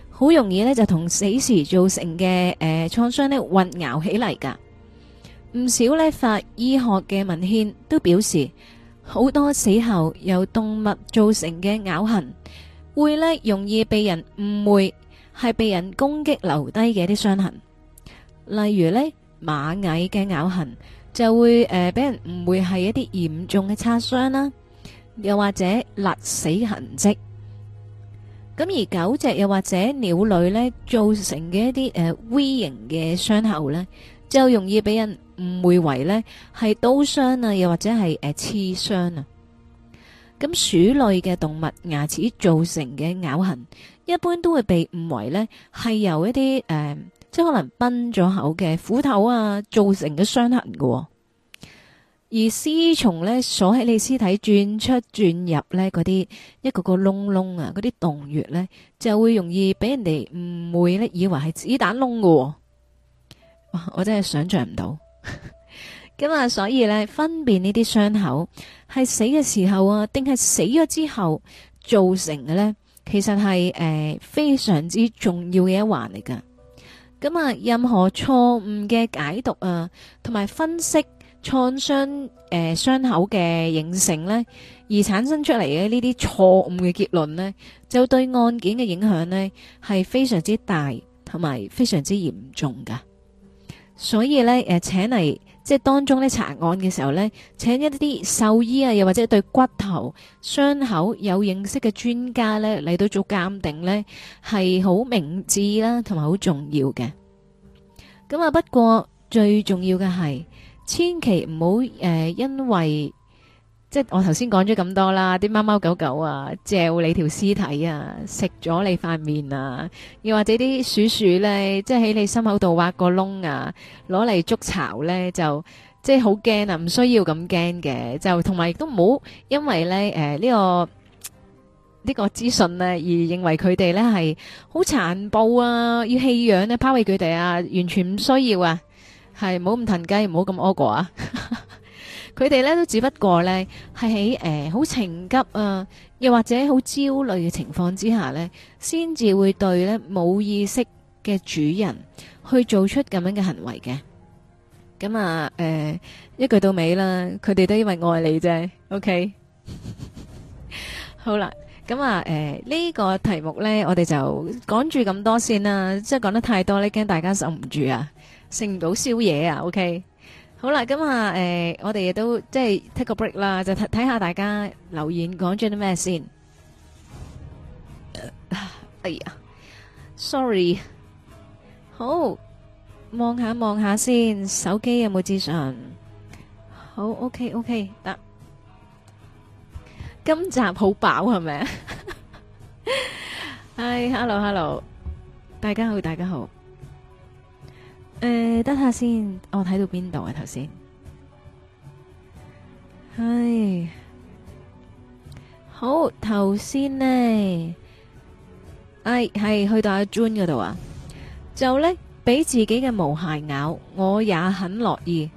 好容易呢，就同死時造成嘅誒創傷呢混淆起嚟噶，唔少呢，法醫學嘅文獻都表示，好多死後由動物造成嘅咬痕，會呢容易被人誤會係被人攻擊留低嘅一啲傷痕，例如呢，螞蟻嘅咬痕就會誒俾、呃、人誤會係一啲嚴重嘅擦傷啦，又或者勒死痕跡。咁而狗隻又或者鳥類呢，造成嘅一啲誒、呃、V 型嘅傷口呢，就容易俾人誤會為呢係刀傷啊，又或者係誒刺傷啊。咁鼠類嘅動物牙齒造成嘅咬痕，一般都會被誤為呢係由一啲誒、呃、即係可能崩咗口嘅斧頭啊造成嘅傷痕噶、哦。而屍蟲咧鎖喺你屍體轉出轉入咧嗰啲一個一個窿窿啊，嗰啲洞穴咧就會容易俾人哋誤會咧以為係子彈窿嘅、哦。我真係想像唔到。咁 啊，所以咧分辨呢啲傷口係死嘅時候啊，定係死咗之後造成嘅咧，其實係誒、呃、非常之重要嘅一環嚟噶。咁啊，任何錯誤嘅解讀啊，同埋分析。創傷誒傷口、嘅形成呢，而產生出嚟嘅呢啲錯誤嘅結論呢，就對案件嘅影響呢係非常之大，同埋非常之嚴重㗎。所以呢，誒、呃、請嚟即係當中呢查案嘅時候呢，請一啲獸醫啊，又或者對骨頭傷口有認識嘅專家呢嚟到做鑒定呢，係好明智啦、啊，同埋好重要嘅。咁啊，不過最重要嘅係。千祈唔好誒，因為即係我頭先講咗咁多啦，啲貓貓狗狗啊，借你條屍體啊，食咗你塊面啊，又或者啲鼠鼠咧，即係喺你心口度挖個窿啊，攞嚟捉巢咧，就即係好驚啊！唔需要咁驚嘅，就同埋亦都唔好因為咧誒呢個呢個資訊咧而認為佢哋咧係好殘暴啊，要棄養咧，拋棄佢哋啊，完全唔需要啊！係唔好咁騰雞，唔好咁屙過啊！佢哋咧都只不過咧係喺誒好情急啊，又或者好焦慮嘅情況之下咧，先至會對咧冇意識嘅主人去做出咁樣嘅行為嘅。咁啊誒，一句到尾啦，佢哋都因為愛你啫。OK，好啦，咁啊誒呢個題目咧，我哋就講住咁多先啦，即係講得太多咧，驚大家受唔住啊！食唔到宵夜啊，OK，好啦，咁啊，誒，我哋亦都即係 take a break 啦，就睇下大家留言講咗啲咩先。哎呀，sorry，好，望下望下先，手機有冇資訊？好，OK，OK，得。今集好飽係咪？Hi，hello，hello，大家好，大家好。誒、呃，等下先，我、哦、睇到邊度啊？頭先，係好頭先呢，係、哎、係去到阿 June 嗰度啊，就呢，俾自己嘅毛蟹咬，我也很樂意。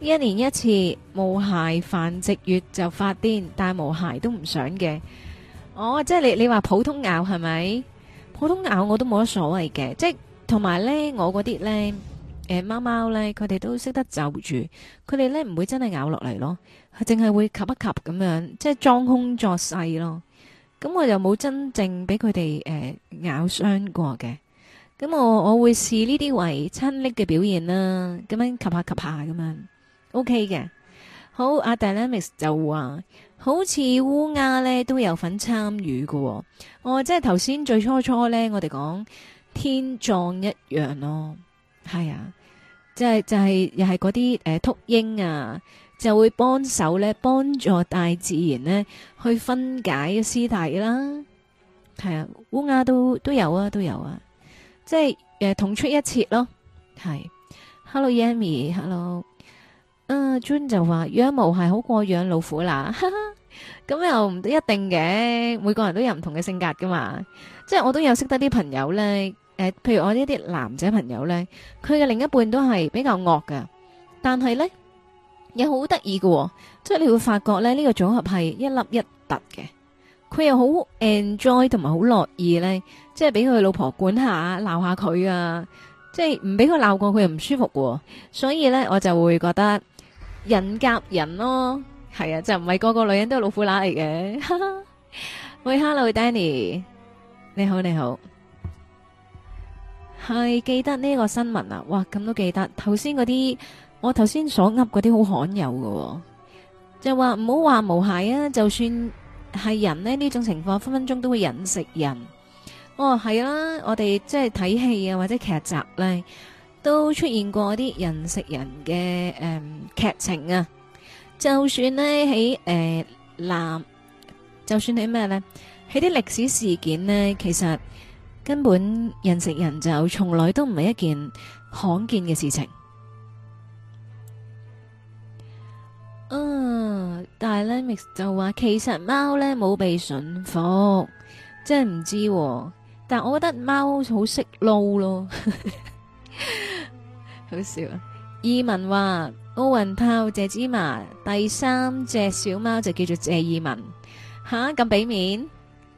一年一次毛蟹繁殖月就發癲，但係毛蟹都唔想嘅。我、哦、即係你，你話普通咬係咪？普通咬我都冇乜所謂嘅，即係同埋呢，我嗰啲呢。誒、欸、貓貓咧，佢哋都識得就住，佢哋咧唔會真係咬落嚟咯，淨係會吸一吸咁樣，即係裝腔作勢咯。咁我就冇真正俾佢哋誒咬傷過嘅。咁我我會視呢啲為親暱嘅表現啦。咁樣吸下吸下咁樣，OK 嘅。好，阿、啊、Dynamics 就話好似烏鴉咧都有份參與喎。我、哦、即係頭先最初初咧，我哋講天葬一樣咯。係啊，即係就係又係嗰啲誒禿鷹啊，就會幫手咧，幫助大自然咧去分解嘅屍體啦。係啊，烏鴉都都有啊，都有啊，即係誒、呃、同出一轍咯。係，Hello Yami，Hello，啊、呃、June 就話養毛係好過養老虎啦，咁 又唔一定嘅，每個人都有唔同嘅性格噶嘛。即係我都有識得啲朋友咧。誒，譬如我呢啲男仔朋友咧，佢嘅另一半都係比較惡嘅，但係咧又好得意嘅，即係你會發覺咧呢、這個組合係一粒一突嘅，佢又好 enjoy 同埋好樂意咧，即係俾佢老婆管下鬧下佢啊，即係唔俾佢鬧過佢又唔舒服嘅，所以咧我就會覺得人夾人咯，係啊，就唔係個個女人都係老虎乸嚟嘅。喂 ，Hello，Danny，你好，你好。係記得呢個新聞啊！哇，咁都記得。頭先嗰啲，我頭先所噏嗰啲好罕有嘅，哦，就話唔好話無懈啊。就算係人呢，呢種情況分分鐘都會人食人。哦，係啊，我哋即係睇戲啊，或者劇集呢，都出現過啲人食人嘅誒劇情啊。就算呢喺誒南，就算喺咩呢？喺啲歷史事件呢，其實。根本人食人就從來都唔係一件罕見嘅事情。但係咧 mix 就話其實貓咧冇被馴服，真係唔知喎。但係我覺得貓好識撈咯， 好笑啊！意文話奧運泡謝芝麻第三隻小貓就叫做謝意文，吓，咁俾面。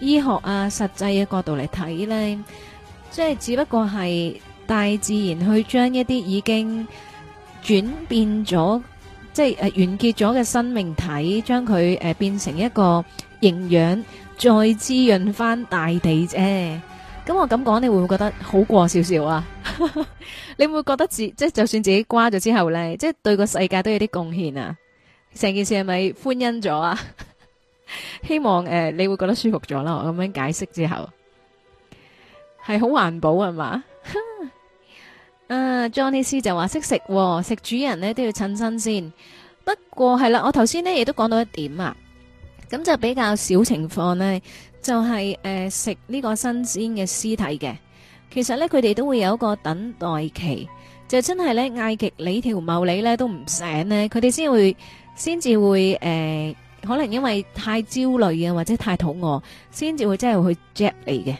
醫學啊，實際嘅角度嚟睇呢，即係只不過係大自然去將一啲已經轉變咗，即係完結咗嘅生命體，將佢誒，變成一個營養，再滋潤翻大地啫。咁我咁講，你會唔會覺得好過少少啊？ 你會唔會覺得自己，即係就算自己瓜咗之後呢，即係對個世界都有啲貢獻啊？成件事係咪歡欣咗啊？ 希望誒、呃，你會覺得舒服咗啦。我咁樣解釋之後，係好環保係嘛？是 啊，Johnny C 就話識食食主人呢都要趁新鮮。不過係啦，我頭先呢亦都講到一點啊，咁就比較少情況呢，就係誒食呢個新鮮嘅屍體嘅。其實呢，佢哋都會有一個等待期，就真係呢，嗌極你條茂利呢都唔醒呢，佢哋先會先至會誒。呃可能因為太焦慮啊，或者太肚餓，先至會真係去 jump 你嘅，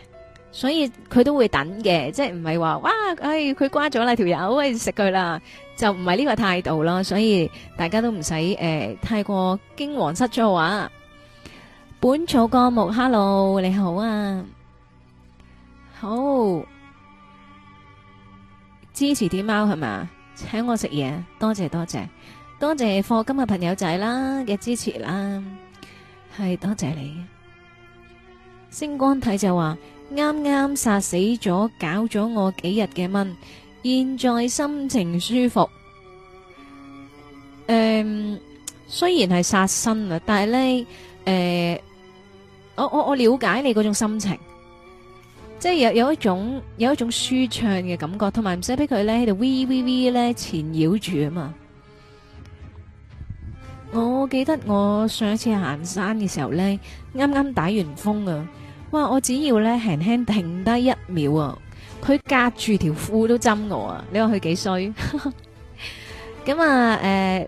所以佢都會等嘅，即係唔係話哇，唉、哎，佢瓜咗啦，條友去食佢啦，就唔係呢個態度啦，所以大家都唔使誒太過驚惶失措啊！本草綱目，hello 你好啊，好支持啲貓係嘛，請我食嘢，多謝多謝。多謝課金嘅朋友仔啦嘅支持啦，係多謝你。星光體就話啱啱殺死咗，搞咗我幾日嘅蚊，現在心情舒服。誒，雖然係殺身啊，但係咧，誒，我我我了解你嗰種心情，即係有有一種有一種舒暢嘅感覺，同埋唔使俾佢咧喺度 v v v 咧纏繞住啊嘛。我記得我上一次行山嘅時候咧，啱啱打完風啊，哇！我只要咧輕輕停低一秒啊，佢隔住條褲都針我啊！你話佢幾衰？咁啊，誒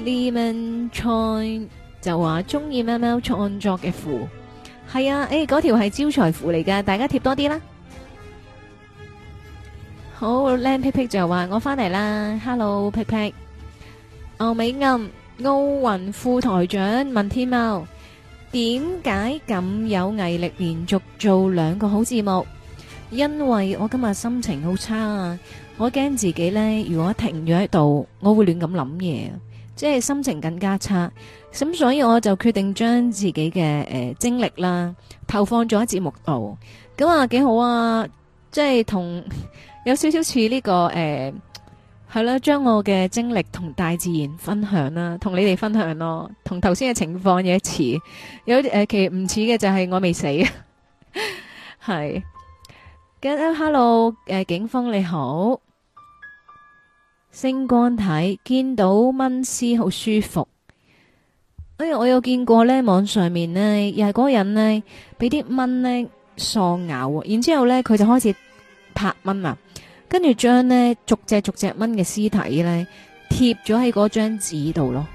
，Lemon Choi 就話中意喵喵創作嘅符，係啊，誒，嗰條係招財符嚟噶，大家貼多啲啦。好，靚皮皮就話我翻嚟啦，Hello 皮皮，歐美暗。奧運副台長問天喵：點解咁有毅力連續做兩個好節目？因為我今日心情好差啊！我驚自己呢，如果停咗喺度，我會亂咁諗嘢，即係心情更加差。咁所以我就決定將自己嘅誒、呃、精力啦投放咗喺節目度，咁啊幾好啊！即係同有少少似呢、這個誒。呃係啦，將我嘅精力同大自然分享啦，同你哋分享咯。同頭先嘅情況有似，有啲誒，其實唔似嘅就係我未死，係。 跟住 hello 誒、啊，警方你好，星光體見到蚊絲好舒服。哎我有見過呢，網上面呢，又係嗰個人呢俾啲蚊呢喪咬，然之後咧，佢就開始拍蚊啊。跟住將咧逐隻逐隻蚊嘅屍體咧貼咗喺嗰張紙度咯，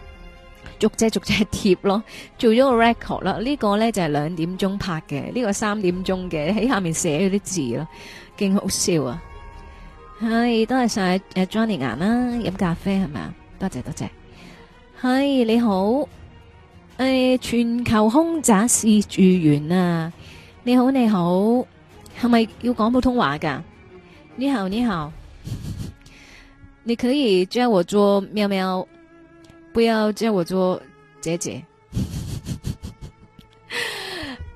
逐隻逐隻貼咯，做咗個 record 啦。這個、呢個咧就係、是、兩點鐘拍嘅，呢、這個三點鐘嘅，喺下面寫咗啲字咯，勁好笑啊！唉，多謝晒誒，Johnny 牙啦，飲咖啡係咪？多謝、啊、多謝。係、哎、你好，誒、哎，全球空宅事住員啊！你好你好，係咪要講普通話噶？你好，你好，你可以叫我做喵喵，不要叫我做姐姐。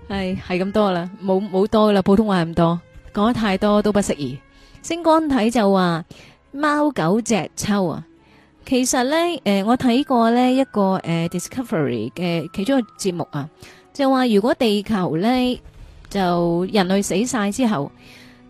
係係咁多啦，冇冇多噶啦，普通話咁多，講得太多都不適宜。星光體就話貓狗隻抽啊，其實呢，誒、呃，我睇過呢一個誒、呃、Discovery 嘅其中一個節目啊，就話如果地球呢，就人類死晒之後。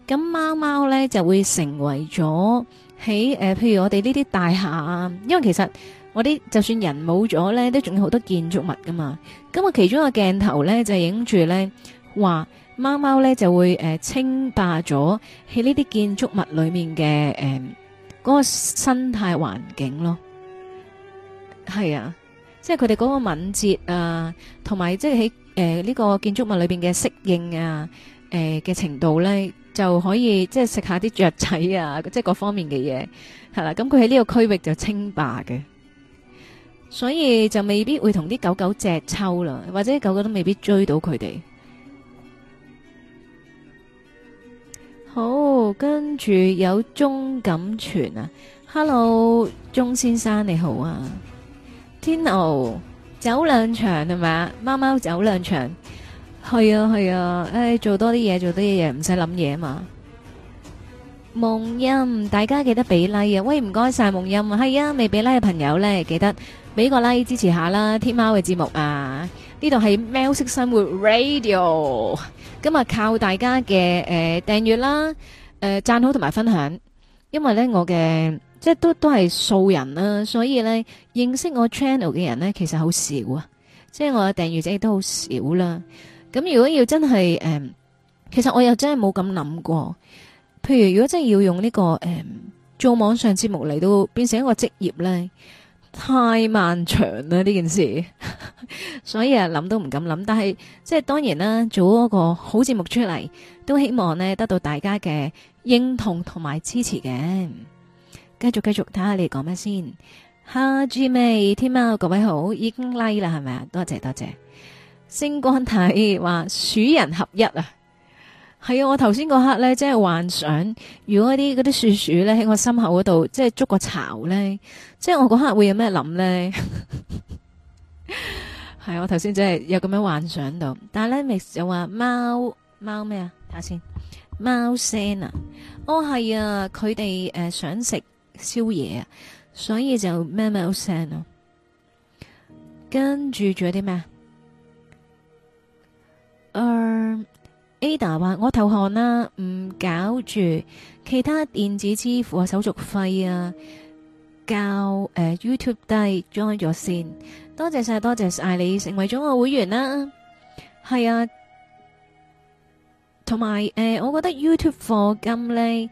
咁貓貓咧就會成為咗喺誒，譬如我哋呢啲大廈啊，因為其實我啲就算人冇咗咧，都仲有好多建築物噶嘛。咁啊，其中一個鏡頭咧就影住咧，話貓貓咧就會誒稱霸咗喺呢啲建築物裏面嘅誒嗰個生態環境咯。係啊，即係佢哋嗰個敏捷啊，同埋即係喺誒呢個建築物裏邊嘅適應啊，誒嘅程度咧。就可以即係食下啲雀仔啊，即係各方面嘅嘢，係啦。咁佢喺呢個區域就稱霸嘅，所以就未必會同啲狗狗隻抽啦，或者啲狗狗都未必追到佢哋。好，跟住有鍾錦泉啊，Hello，鍾先生你好啊，天喵，走兩場係咪？貓貓走兩場。係啊，係啊，誒、哎，做多啲嘢，做多啲嘢，唔使諗嘢啊嘛。夢音，大家記得俾 like 啊！喂，唔該晒夢音，係啊，未俾 like 嘅朋友咧，記得俾個 like 支持下啦。天喵嘅節目啊，呢度係喵式生活 Radio，今日靠大家嘅誒訂閱啦，誒、呃、贊好同埋分享，因為咧我嘅即係都都係素人啦、啊，所以咧認識我 channel 嘅人咧其實好少啊，即係我嘅訂閱者亦都好少啦、啊。咁如果要真係誒、嗯，其實我又真係冇咁諗過。譬如如果真係要用呢、這個誒、嗯、做網上節目嚟，到變成一個職業咧，太漫長啦呢件事， 所以啊諗都唔敢諗。但係即係當然啦，做一個好節目出嚟，都希望呢得到大家嘅認同同埋支持嘅。繼續繼續，睇下你哋講咩先。哈 G May 天喵，各位好，已經 like 啦係咪啊？多謝多謝。星光太話鼠人合一啊，係啊！我頭先嗰刻咧，即係幻想，如果啲啲鼠鼠咧喺我心口嗰度，即係捉個巢咧，即係我嗰刻會有咩諗咧？係、 啊、我頭先真係有咁樣幻想到，但係呢 Miss 又話貓貓咩啊？睇下先，貓聲啊！哦係啊，佢哋誒想食宵夜啊，所以就喵喵聲啊！跟住仲有啲咩？誒、uh,，Ada 話我投降啦，唔搞住其他電子支付啊手續費啊，交誒、呃、YouTube 低 join 咗先，多謝晒，多謝晒你成為咗我會員啦，係啊，同埋誒，我覺得 YouTube 課金咧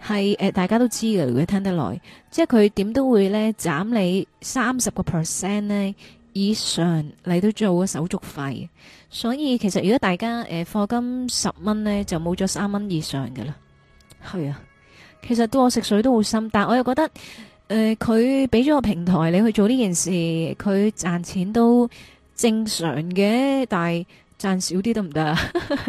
係誒大家都知嘅，如果聽得耐，即係佢點都會咧斬你三十個 percent 咧以上嚟都做咗手續費。所以其實如果大家誒課金十蚊呢，就冇咗三蚊以上㗎啦，係啊，其實對我食水都好深，但我又覺得誒佢俾咗個平台你去做呢件事，佢賺錢都正常嘅，但係賺少啲都唔得，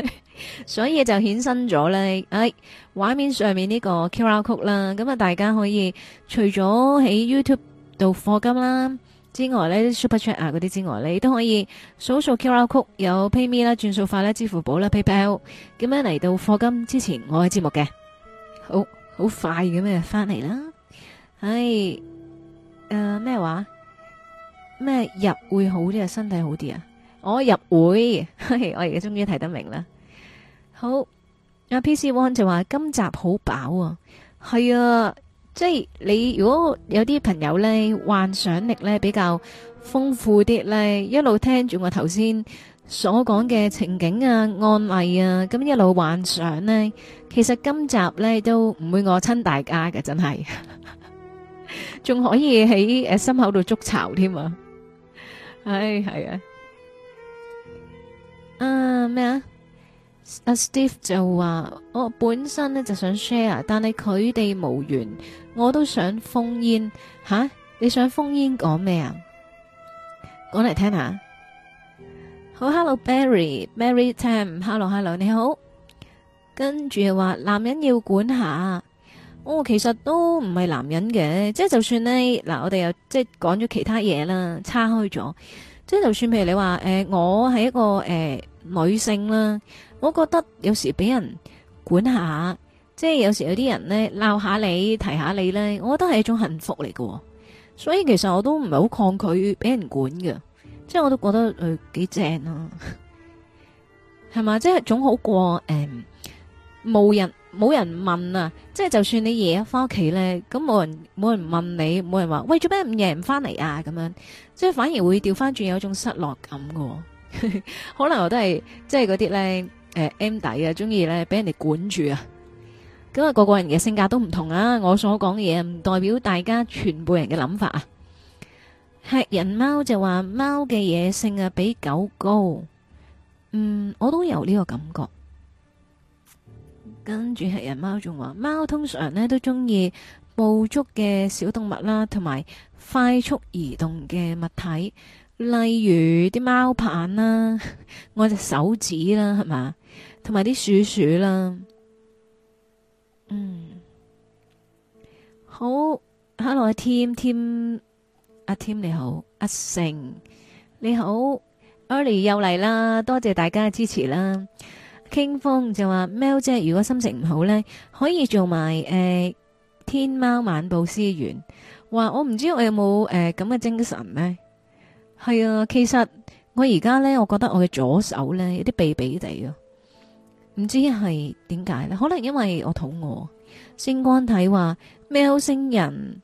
所以就衍生咗呢，誒、哎、畫面上面呢個 QR Code 啦，咁啊大家可以除咗喺 YouTube 度課金啦。之外咧 Super Chat 啊，嗰啲之外呢，你都可以掃掃 QR Code，有 PayMe 啦，轉數快啦，支付寶啦，PayPal，咁樣嚟到課金之前我嘅節目嘅，好好快嘅咩翻嚟啦，唉，誒、哎、咩、呃、話咩入會好啲啊，身體好啲啊，我、哦、入會，哎、我而家終於睇得明啦，好阿 PC One 就話今集好飽啊，係啊。即係你如果有啲朋友咧，幻想力咧比較豐富啲咧，一路聽住我頭先所講嘅情景啊、案例啊，咁一路幻想咧，其實今集咧都唔會餓親大家嘅，真係，仲可以喺誒心口度捉巢添啊！係係啊，啊咩啊？阿 Steve 就話我本身咧就想 share，但係佢哋無緣。我都想封煙，吓，你想封煙講咩啊？講嚟聽下。好，Hello Barry，Mary tam h e l l o h e l l o 你好。跟住又話男人要管下，我、哦，其實都唔係男人嘅。即係就算呢嗱，我哋又即係講咗其他嘢啦，岔開咗。即係就算譬如你話誒、呃，我係一個誒、呃、女性啦，我覺得有時俾人管下。即係有時有啲人咧鬧下你提下你咧，我覺得係一種幸福嚟喎，哦。所以其實我都唔係好抗拒俾人管嘅，即係我都覺得佢幾正咯，啊，係 嘛？即係總好過誒冇，嗯、人冇人問啊！即係就算你夜翻屋企咧，咁冇人冇人問你，冇人話喂做咩唔夜唔翻嚟啊？咁樣即係反而會調翻轉有一種失落感噶， 可能我都係即係嗰啲咧誒 M 底啊，中意咧俾人哋管住啊。咁啊，個個人嘅性格都唔同啊！我所講嘅嘢，唔代表大家全部人嘅諗法啊。食人貓就話貓嘅野性啊，比狗高。嗯，我都有呢個感覺。跟住吃人貓仲話，貓通常呢都中意捕捉嘅小動物啦，同埋快速移動嘅物體，例如啲貓棒啦，我隻手指啦，係嘛，同埋啲鼠鼠啦。嗯，好，Hello 阿 Tim，Tim，阿 Tim 你好，阿、啊、勝你好，early 又嚟啦，多謝大家嘅支持啦。傾風就話， 喵姐如果心情唔好呢，可以做埋誒、呃、天喵晚報司員。話我唔知我有冇誒咁嘅精神呢係啊，其實我而家呢，我覺得我嘅左手呢，有啲痹痹地啊。唔知係點解咧？可能因為我肚餓。星光睇話喵星人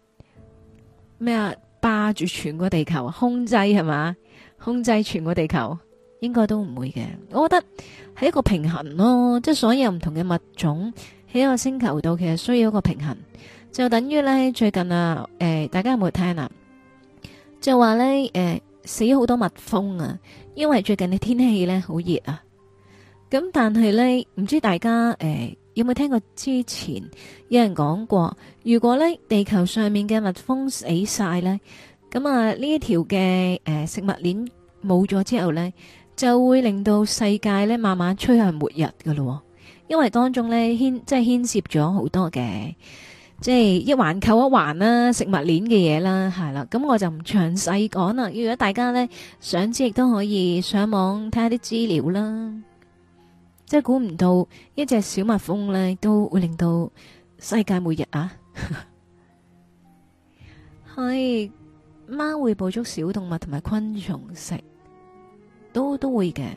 咩？霸住全個地球控制係嘛？控制全個地球應該都唔會嘅。我覺得係一個平衡咯，即係所有唔同嘅物種喺個星球度，其實需要一個平衡。就等於咧，最近啊，誒，大家有冇聽啊？就話咧，誒，死好多蜜蜂啊，因為最近嘅天氣咧好熱啊。咁但係呢，唔知大家誒、欸、有冇聽過之前有人講過，如果呢，地球上面嘅蜜蜂死晒呢，咁啊呢一條嘅誒食物鏈冇咗之後呢，就會令到世界呢慢慢趨向末日噶咯。因為當中呢，牽即係牽涉咗好多嘅，即係一環扣一環啦，食物鏈嘅嘢啦，係啦。咁我就唔詳細講啦。如果大家呢，想知，亦都可以上網睇下啲資料啦。即係估唔到一隻小蜜蜂咧，都會令到世界末日啊！係 貓會捕捉小動物同埋昆蟲食，都都會嘅。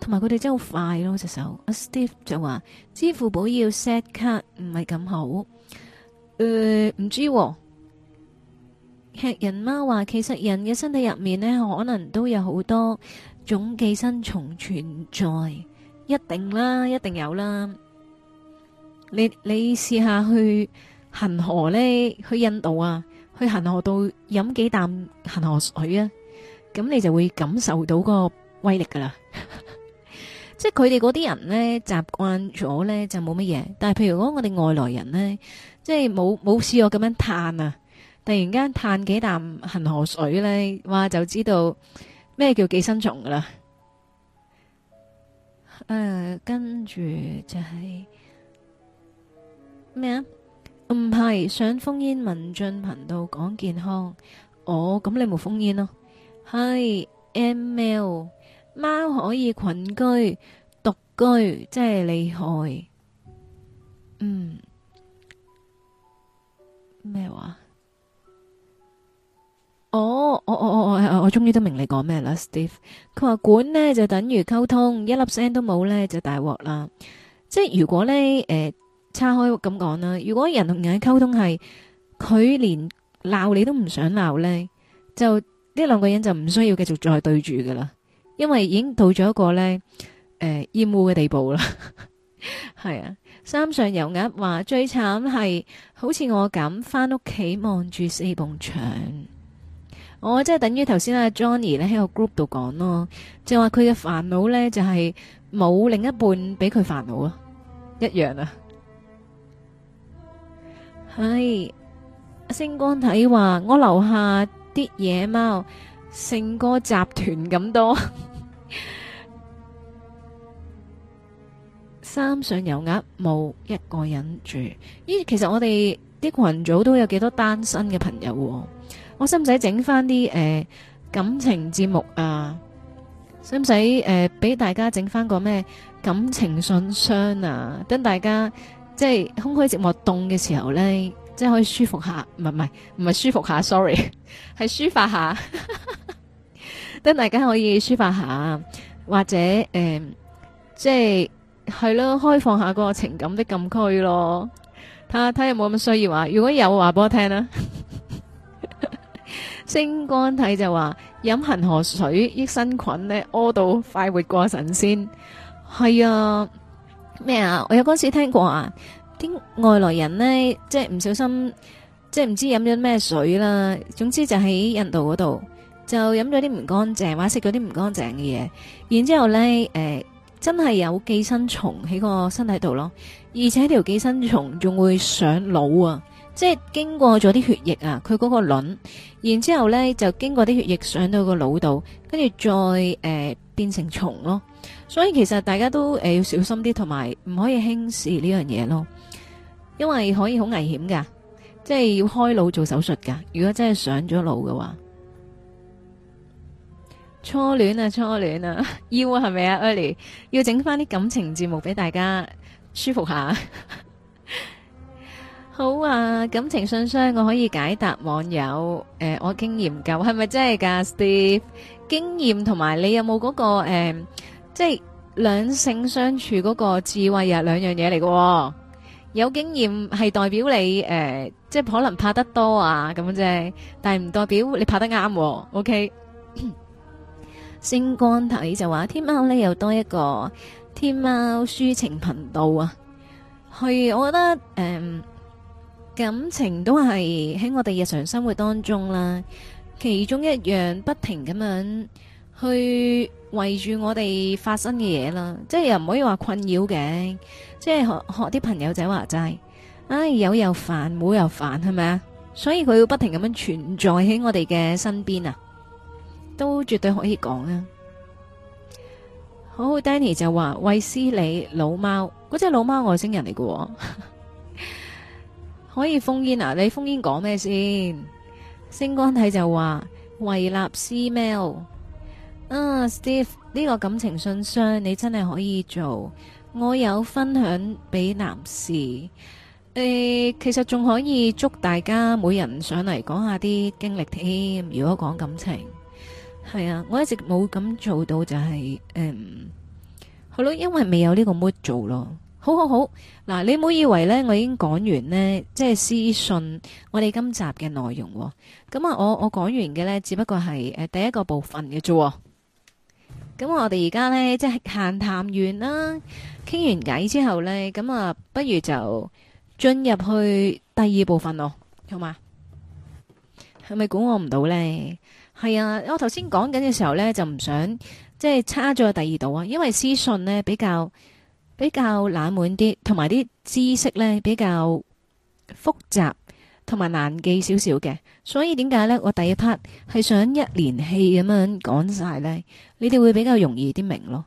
同埋佢哋真係好快咯、啊，隻手阿 Steve 就話支付寶要 set 卡唔係咁好。誒、呃，唔知吃、啊、人貓話，其實人嘅身體入面咧，可能都有好多種寄生蟲存在。一定啦，一定有啦。你你試下去恒河呢？去印度啊，去恒河度飲幾啖恒河水啊，咁你就會感受到個威力噶啦。 即係佢哋嗰啲人呢，習慣咗呢就冇乜嘢。但係譬如講我哋外來人呢，即係冇冇試過咁樣嘆啊，突然間嘆幾啖恒河水呢，哇，就知道咩叫寄生蟲噶啦。誒，跟住就係咩啊？唔係上烽煙文進頻道講健康。哦，咁你冇烽煙咯。係 M L 貓可以群居獨居，真係厲害。嗯，咩話？哦，我我我我我我終於都明你講咩啦，Steve。佢話管呢就等於溝通，一粒聲都冇呢，就大鑊啦。即係如果呢，誒，岔開咁講啦。如果人同人嘅溝通係佢連鬧你都唔想鬧呢，就呢兩個人就唔需要繼續再對住噶啦，因為已經到咗一個呢，誒厭惡嘅地步啦。係啊，三上油鴨話最慘係好似我咁返屋企望住四埲牆。我即係等於頭先阿 Johnny 咧喺個 group 度講咯，就話佢嘅煩惱呢就係冇另一半俾佢煩惱咯，一樣啊。係，星光睇話我樓下啲野貓成個集團咁多，山上有鴨冇一個人住。咦，其實我哋啲群組都有幾多單身嘅朋友？我使唔使整翻啲誒感情節目啊？使唔使誒俾大家整翻個咩感情信箱啊？等大家即係空虛寂寞凍嘅時候咧，即係可以舒服下，唔係唔係唔係舒服下，sorry，係 抒發下，等 大家可以抒發下，或者誒、呃、即係係咯，開放下個情感的禁區咯。睇下睇有冇咁需要啊？如果有，話俾我聽啦。星光睇就話飲恆河水益生菌呢，屙到快活過神仙。係啊，咩啊麼？我有嗰時聽過啊，啲外來人呢，即係唔小心，即係唔知飲咗咩水啦。總之就喺印度嗰度，就飲咗啲唔乾淨，或者食咗啲唔乾淨嘅嘢。然之後呢誒、呃，真係有寄生蟲喺個身體度咯，而且條寄生蟲仲會上腦啊！即係經過咗啲血液啊，佢嗰個卵，然之後呢就經過啲血液上到個腦度，跟住再誒、呃、變成蟲咯。所以其實大家都誒、呃、要小心啲，同埋唔可以輕視呢樣嘢咯，因為可以好危險噶，即係要開腦做手術噶。如果真係上咗腦嘅話，初戀啊，初戀啊，要係咪啊 e l y 要整翻啲感情節目俾大家舒服下。好啊！感情信箱我可以解答網友誒、呃，我經驗夠係咪真係噶？Steve 經驗同埋你有冇嗰個誒、呃，即係兩性相處嗰個智慧啊，兩樣嘢嚟嘅。有經驗係代表你誒、呃，即係可能拍得多啊咁啫，但係唔代表你拍得啱，哦。OK，星光體就話天貓呢，有多一個天貓抒情頻道啊，係我覺得誒。呃感情都係喺我哋日常生活當中啦，其中一樣不停咁樣去圍住我哋發生嘅嘢啦，即係又唔可以話困擾嘅，即係學學啲朋友仔話齋，唉、哎，有又煩，冇又煩，係咪啊？所以佢要不停咁樣存在喺我哋嘅身邊啊，都絕對可以講啊。好，Danny 就話喂，衛斯理老貓，嗰隻老貓外星人嚟嘅、哦。可以封煙啊！你封煙講咩先？星光體就話維納斯 mail 啊，Steve 呢個感情信箱你真係可以做。我有分享俾男士，誒，其實仲可以祝大家每人上嚟講下啲經歷添。如果講感情，係啊，我一直冇咁做到就係，嗯，好咯，因為未有呢個 mood 做咯。好好好，嗱、啊，你唔好以為咧，我已經講完呢，即係屍訊我哋今集嘅內容。咁啊，我我講完嘅咧，只不過係誒、呃、第一個部分嘅啫。咁、啊、我哋而家咧，即係閒談完啦，傾完偈之後咧，咁啊，不如就進入去第二部分咯，好嘛？係咪估我唔到咧？係啊，我頭先講緊嘅時候咧，就唔想即係差咗去第二度啊，因為屍訊咧比較。比較冷門啲，同埋啲知識呢比較複雜，同埋難記少少嘅，所以點解呢？我第一 part 係想一連氣咁樣講晒呢，你哋會比較容易啲明咯。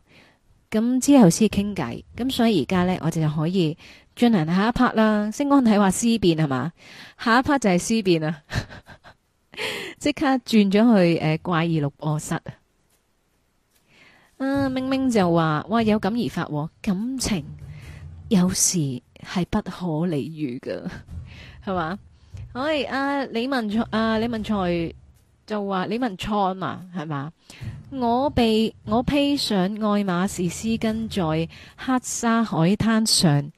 咁之後先傾偈，咁所以而家呢，我哋就可以進行下一 part 啦。星光體話思辨係嘛，下一 part 就係思辨啊，即 刻轉咗去、呃、怪異錄臥室。啊，明明就話哇，有感而發、哦，感情有時係不可理喻嘅，係嘛？好、哎，啊，李文才，阿、啊、李文才就話李文錯啊嘛，係嘛？我被我披上愛馬仕絲巾，在黑沙海灘上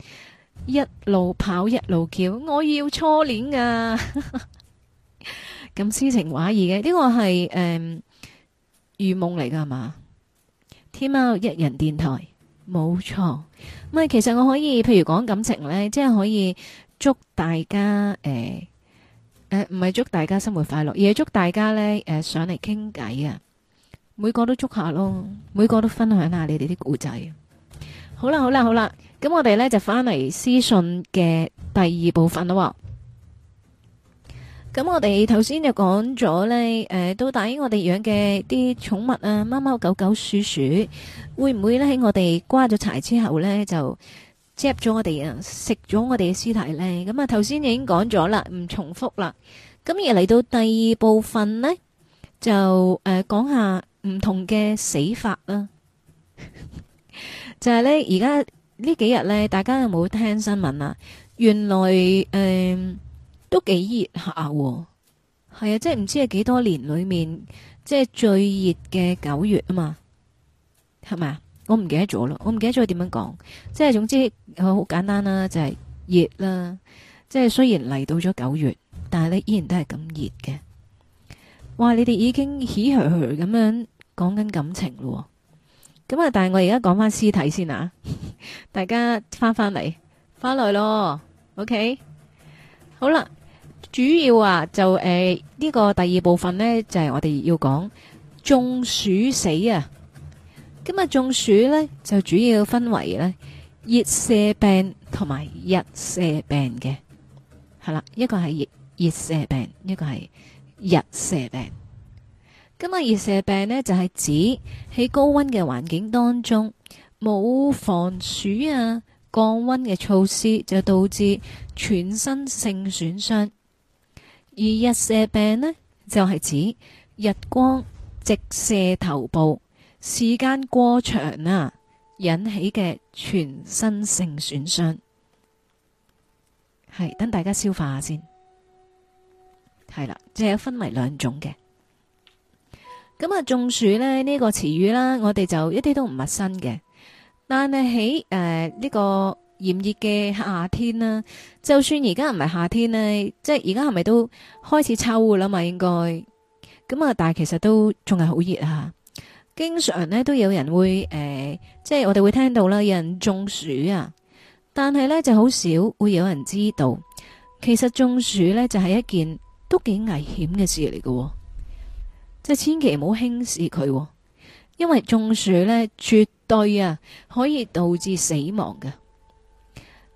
一路跑一路叫，我要初戀啊！咁 詩情畫意嘅呢個係誒，預夢嚟嘅係嘛？天喵一人電台，冇錯。咁其實我可以，譬如講感情呢，即係可以祝大家誒誒，唔、呃、係、呃、祝大家生活快樂，而係祝大家呢誒、呃、上嚟傾偈啊！每個都祝下咯，每個都分享下你哋啲故仔。好啦，好啦，好啦，咁我哋呢，就翻嚟屍訊嘅第二部分咯。咁我哋頭先就講咗呢，誒、呃，到底我哋養嘅啲寵物啊，貓貓狗狗鼠鼠，會唔會咧喺我哋瓜咗柴之後呢，就接咗我哋啊，食咗我哋嘅屍體呢。咁、嗯、啊，頭先已經講咗啦，唔重複啦。咁而嚟到第二部分呢，就誒、呃、講下唔同嘅死法啦。 就係呢，而家呢幾日呢，大家有冇聽新聞啊？原來誒。呃都幾熱下喎，係啊，即係唔知係幾多年裏面，即係最熱嘅九月啊嘛，係咪啊？我唔記得咗咯，我唔記得咗點樣講，即係總之好簡單啦，就係熱啦，即係雖然嚟到咗九月，但係呢依然都係咁熱嘅。哇，你哋已經嘻嘻咁樣講緊感情咯，咁啊，但係我而家講翻屍體先啊，大家翻翻嚟，翻來咯，OK，好啦。主要啊，就誒呢、呃這個第二部分咧，就係、係、我哋要講中暑死啊。今日中暑咧就主要分為咧熱射病同埋日射病嘅係啦，一個係熱射病，一個係日射病。今日熱射病咧就係、係、指喺高溫嘅環境當中冇防暑啊降溫嘅措施，就導致全身性損傷。而日射病呢，就係指日光直射頭部時間過長啊，引起嘅全身性損傷。係等大家消化一下先。係啦，即係分為兩種嘅。咁啊，中暑呢，呢個詞語啦，我哋就一啲都唔陌生嘅。但係喺誒呢個。炎熱嘅夏天啦，就算而家唔係夏天呢，即係而家係咪都開始秋啦嘛？應該咁啊，但係其實都仲係好熱啊。經常呢，都有人會誒、呃，即係我哋會聽到啦，有人中暑啊。但係呢，就好少會有人知道，其實中暑呢，就係一件都幾危險嘅事嚟嘅，即係千祈唔好輕視佢，因為中暑呢，絕對啊可以導致死亡嘅。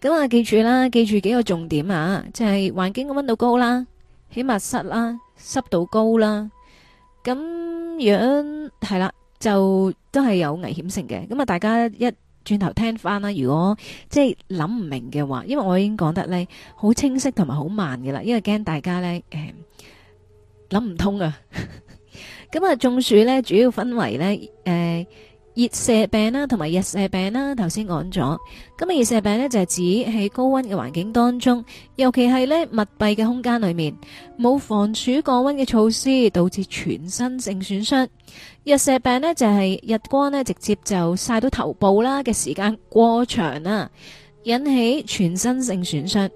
咁啊，記住啦，記住幾個重點啊，就係環境嘅溫度高啦，起密室啦，濕度高啦，咁樣係啦，就都係有危險性嘅。咁啊，大家一轉頭聽翻啦，如果即係諗唔明嘅話，因為我已經講得咧好清晰同埋好慢嘅啦，因為驚大家咧誒諗唔通啊。咁啊，中暑咧主要分為咧誒。熱射病啦，同埋日射病啦，頭先講咗。咁，熱射病呢，就係指喺高温嘅環境當中，尤其係呢密閉嘅空間裏面，冇防暑降温嘅措施，導致全身性損傷。日射病呢，就係日光呢直接就曬到頭部啦嘅時間過長啦，引起全身性損傷。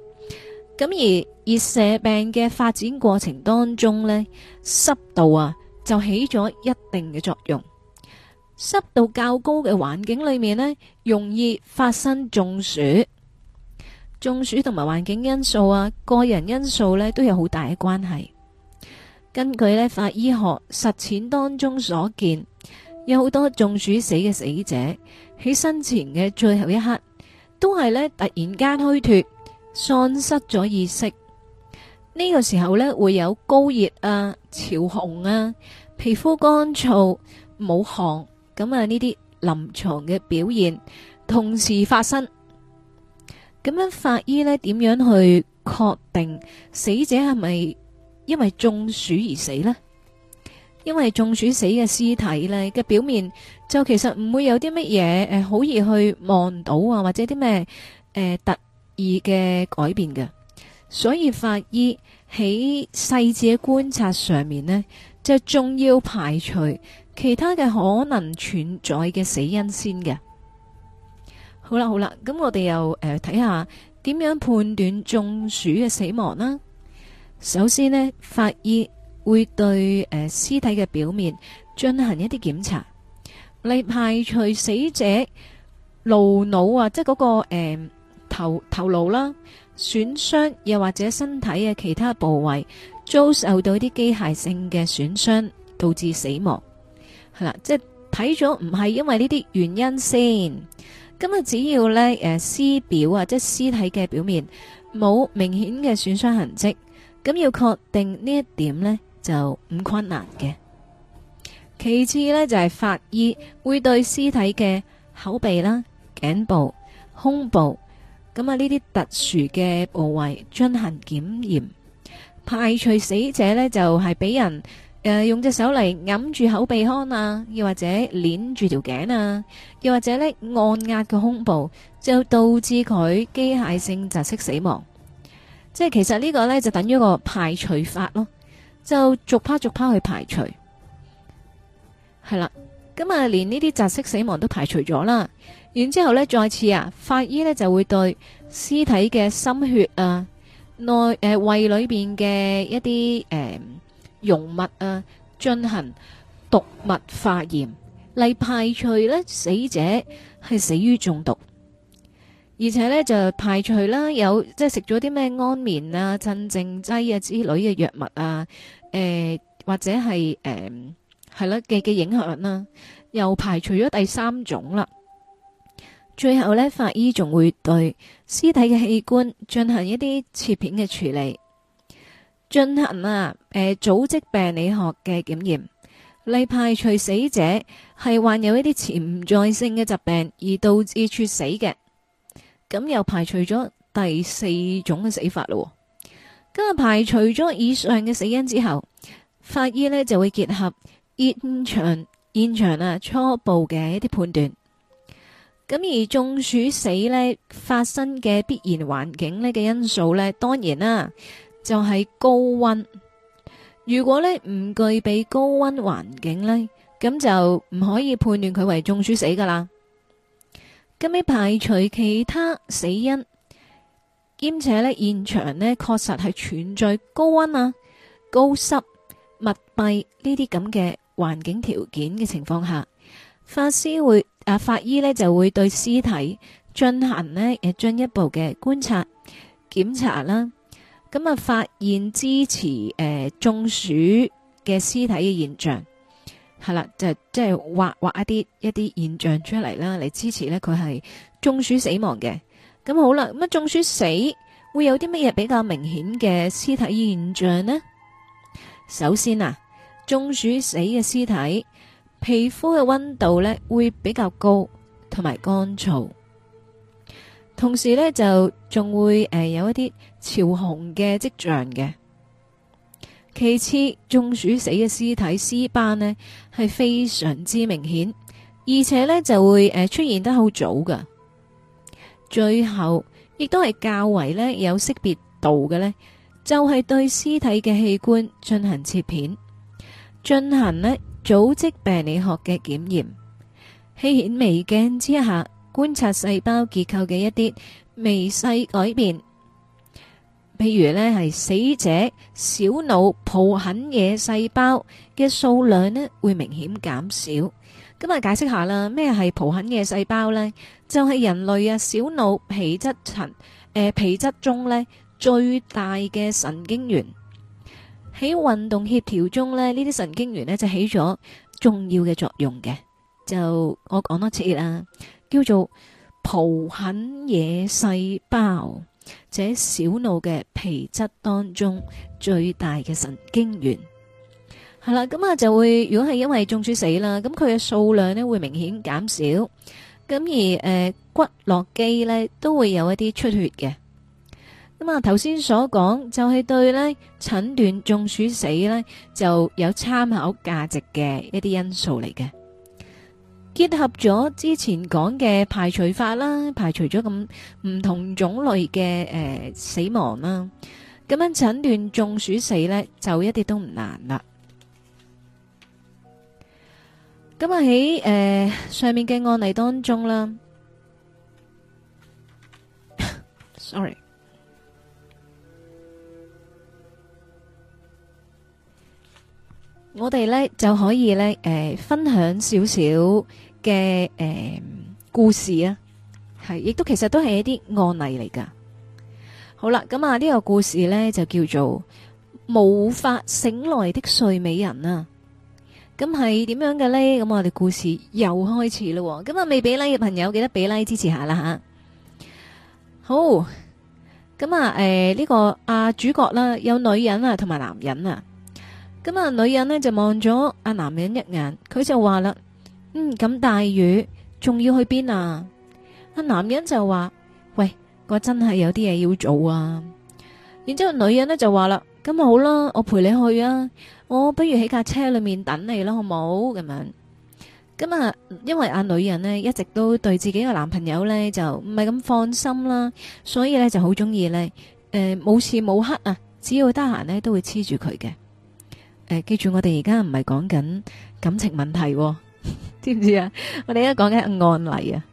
咁而熱射病嘅發展過程當中呢，濕度啊就起咗一定嘅作用。濕度較高嘅環境裏面呢，容易發生中暑。中暑同埋環境因素啊，個人因素呢，都有好大嘅關係。根據呢法醫學實踐當中所見，有好多中暑死嘅死者，喺生前嘅最後一刻，都係呢突然間虛脫、喪失咗意識。呢、呢個時候呢，會有高熱啊、潮紅啊、皮膚乾燥、冇汗。咁啊，呢啲臨床嘅表現同時發生，咁樣法醫呢點樣去確定死者係咪因為中暑而死呢？因為中暑死嘅屍體呢嘅表面就其實唔會有啲乜嘢誒好易去望到啊，或者啲咩誒特異嘅改變嘅，所以法醫喺細緻嘅觀察上面呢，就仲要排除。其他嘅可能存在嘅死因先嘅。好啦，好啦，咁我哋又誒睇下點樣判斷中暑嘅死亡啦。首先呢，法醫會對誒屍體嘅表面進行一啲檢查，嚟排除死者顱腦啊，即係嗰個誒頭頭顱啦損傷，又或者身體嘅其他部位遭受到一啲機械性嘅損傷，導致死亡。係啦，即係睇咗唔係因為呢啲原因先，咁啊只要呢誒屍表啊，即係屍體嘅表面冇明顯嘅損傷痕跡，咁要確定呢一點呢就唔困難嘅。其次呢，就係法醫會對屍體嘅口鼻啦、頸部、胸部，咁啊呢啲特殊嘅部位進行檢驗，排除死者呢就係俾人。誒、呃，用隻手嚟揞住口鼻腔啊，又或者捏住條頸啊，又或者咧按壓個胸部，就導致佢機械性窒息死亡。即係其實呢個呢，就等於個排除法咯，就逐 part 逐 part 去排除。係啦，咁、嗯、啊，連呢啲窒息死亡都排除咗啦，然之後呢，再次啊，法醫呢就會對屍體嘅心血啊、內誒、呃、胃裏邊嘅一啲誒，呃容物啊，進行毒物化驗嚟排除呢死者係死於中毒，而且呢，就排除啦有即係食咗啲咩安眠啊鎮靜劑啊之類嘅藥物啊，誒、呃、或者係誒係啦嘅嘅影響啦、啊，又排除咗第三種啦，最後呢，法醫仲會對屍體嘅器官進行一啲切片嘅處理。進行啊，誒，組織病理學嘅檢驗嚟排除死者係患有一啲潛在性嘅疾病而導致猝死嘅，咁又排除咗第四種嘅死法咯。咁啊，排除咗以上嘅死因之後，法醫呢就會結合現場現場啊初步嘅一啲判斷，咁而中暑死呢發生嘅必然環境呢嘅因素呢，當然啦。就係高溫，如果咧唔具備高溫環境咧，咁就唔可以判斷佢為中暑死噶啦。咁你排除其他死因，兼且咧現場咧確實係存在高溫啊、高濕、密閉呢啲咁嘅環境條件嘅情況下，法師會啊法醫咧就會對屍體進行咧進一步嘅觀察檢查啦。咁啊，發現支持誒、呃、中暑嘅屍體嘅現象，係啦，就即係畫畫一啲一啲現象出嚟啦，嚟支持呢，佢係中暑死亡嘅。咁好啦，咁啊中暑死會有啲乜嘢比較明顯嘅屍體現象呢？首先啊，中暑死嘅屍體皮膚嘅溫度咧會比較高，同埋乾燥，同時咧就仲會誒、呃、有一啲潮紅嘅跡象嘅，其次中暑死嘅屍體屍斑呢，係非常之明顯，而且呢就會誒出現得好早㗎。最後亦都係較為呢有識別度嘅呢，就係、是、對屍體嘅器官進行切片，進行呢組織病理學嘅檢驗，喺顯微鏡之下觀察細胞結構嘅一啲微細改變。譬如咧，係死者小腦浦肯野細胞嘅數量咧，會明顯減少。咁啊，解釋下啦，咩係浦肯野細胞呢？就係、是、人類啊，小腦皮質層誒、呃，皮質中呢最大嘅神經元喺運動協調中呢，呢啲神經元呢就起咗重要嘅作用嘅。就我講多次啦，叫做浦肯野細胞。或者小腦嘅皮質當中最大嘅神經元，係啦，咁啊就會，如果係因為中暑死啦，咁佢嘅數量呢會明顯減少，咁而誒、呃、骨骼肌呢都會有一啲出血嘅，咁啊頭先所講就係、是、對呢診斷中暑死呢就有參考價值嘅一啲因素嚟嘅。結合咗之前講嘅排除法啦，排除咗咁唔同種類嘅誒死亡啦，咁樣診斷中暑死呢就一啲都唔難啦。咁啊喺誒上面嘅案例當中啦，sorry。我哋呢就可以呢誒、呃，分享少少嘅誒故事啊，係，亦都其實都係一啲案例嚟噶。好啦，咁、嗯、啊、呢、這個故事呢就叫做無法醒來的睡美人啊。咁係點樣嘅呢？咁我哋故事又開始啦。咁啊，未俾 like 嘅朋友，記得俾 l、like，支持一下啦吓。好，咁、嗯嗯這個、啊、誒、呢個啊主角啦、啊，有女人啊，同埋男人啊。咁啊，女人呢就望咗阿男人一眼，佢就話啦：，嗯，咁大雨，仲要去邊啊？阿男人就話：，喂，我真係有啲嘢要做啊。然之後女人呢就話啦：，咁好啦，我陪你去啊。我不如喺架車裏面等你啦，好冇咁樣。咁啊，因為阿女人呢一直都對自己嘅男朋友呢就唔係咁放心啦，所以呢就好中意呢，誒、呃，冇時冇刻啊，只要得閒呢都會黐住佢嘅。記住，我哋而家唔係講緊感情問題，知唔知啊？我哋而家講緊案例啊，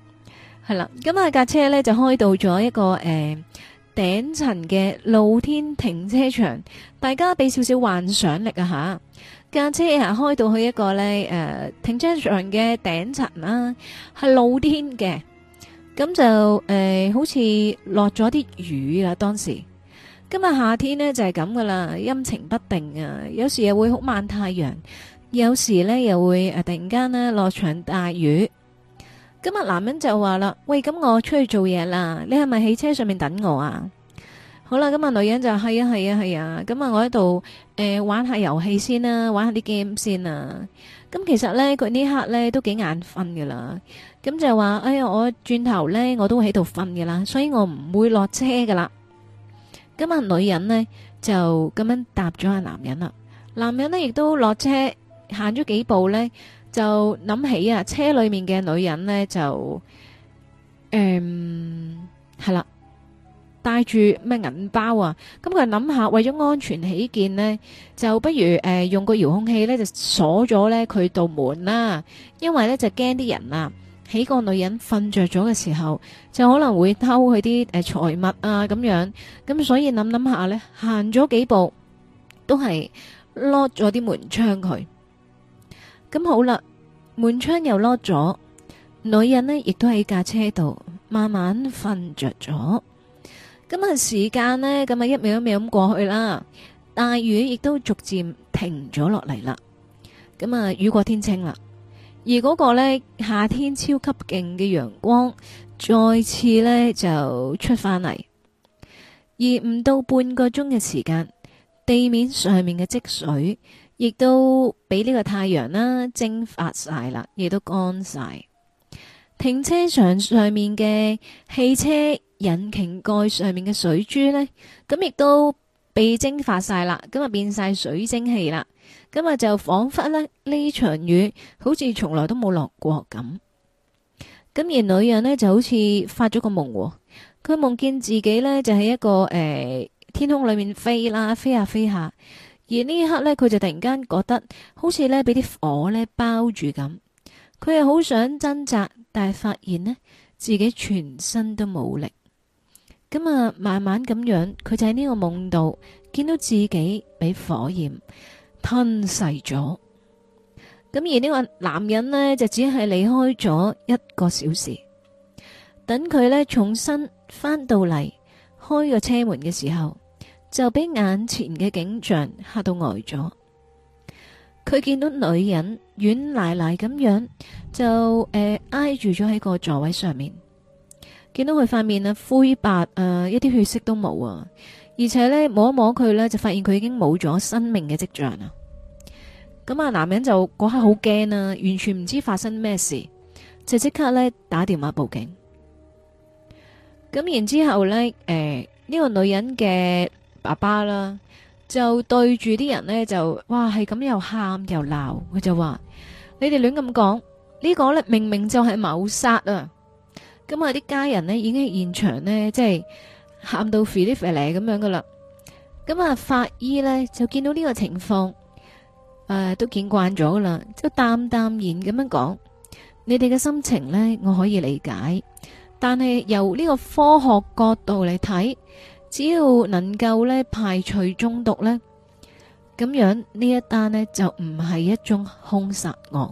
係啦，咁啊架車呢就開到咗一個誒頂層嘅露天停車場，大家俾少少幻想力啊吓！架車啊開到去一個呢誒停車場嘅頂層啦，係露天嘅，咁就誒好似落咗啲雨啊，當時。今日夏天呢，就係咁噶啦，陰晴不定啊，有時又會好猛太陽，有時呢，又會突然間落場大雨。今日男人就話啦，喂，咁我出去做嘢啦，你係咪喺車上面等我啊？好啦，今日女人就係啊係啊係啊，咁啊，啊，啊我喺度誒玩下遊戲先啦，玩下啲 game 先啊。咁、啊、其實呢，佢呢刻呢都幾眼瞓噶啦，咁就話，哎呀，我轉頭呢，我都喺度瞓噶啦，所以我唔會落車噶啦。今日女人呢，就咁樣搭咗下男人啦。男人呢，亦都落車行咗幾步呢，就諗起啊，車裏面嘅女人呢，就誒，係、嗯、啦，帶住咩銀包啊。咁佢諗下，為咗安全起見呢，就不如誒、呃、用個遙控器呢，就鎖咗呢佢道門啦、啊，因為呢，就驚啲人啊。起個女人瞓着咗嘅時候，就可能會偷佢啲誒財物啊咁樣，咁、嗯、所以諗諗下呢，行咗幾步，都係 lock 咗啲門窗佢。咁、嗯、好啦，門窗又 lock 咗，女人呢，亦都喺架車度，慢慢瞓着咗。咁、嗯、啊，時間呢，咁、嗯、啊，一秒一秒咁過去啦，大雨亦都逐漸停咗落嚟啦。咁、嗯、啊，雨過天青啦。而嗰個呢夏天超級勁嘅陽光，再次呢就出返嚟，而唔到半個鐘嘅時間，地面上面嘅積水亦都俾呢個太陽啦蒸發晒啦，亦都乾晒。停車場上面嘅汽車引擎蓋上面嘅水珠呢，咁亦都被蒸發晒啦，咁啊變晒水蒸氣啦。今日就仿佛呢場雨，好似從來都冇落過咁。咁而女人呢就好似發咗個夢，哦，佢夢見自己呢就喺一個誒、呃、天空裏面飛啦，啊，飛下，啊、飛下、啊。而呢一刻呢，佢就突然間覺得好似呢俾啲火呢包住咁，佢又好想掙扎，但係發現呢自己全身都冇力。咁啊，慢慢咁樣，佢就喺呢個夢度見到自己俾火焰。吞噬咗，咁而呢個男人呢，就只係離開咗一個小時，等佢呢重新翻到嚟開個車門嘅時候，就俾眼前嘅景象嚇到呆咗。佢見到女人軟瀨瀨咁樣，就誒、呃、挨住咗喺個座位上面，見到佢塊面啊灰白啊、呃，一啲血色都冇啊。而且呢，摸一摸佢呢就發現佢已經冇咗生命嘅跡象啦。咁啊，男人就嗰刻好驚啊，完全唔知發生咩事，就即刻呢打電話報警。咁然之後呢誒呢、呃呢個女人嘅爸爸啦，就對住啲人呢，就，哇係咁又喊又鬧，佢就話：你哋亂咁講呢個呢明明就係謀殺啊！咁啊，啲家人呢，已經現場呢，即係。喊到肥肥肥嚟咁樣噶啦，咁啊法醫呢就見到呢個情況，誒、呃、都見慣咗噶啦，就淡淡然咁樣講，你哋嘅心情呢，我可以理解，但係由呢個科學角度嚟睇，只要能夠呢排除中毒呢，咁樣呢一單呢，就唔係一宗兇殺案。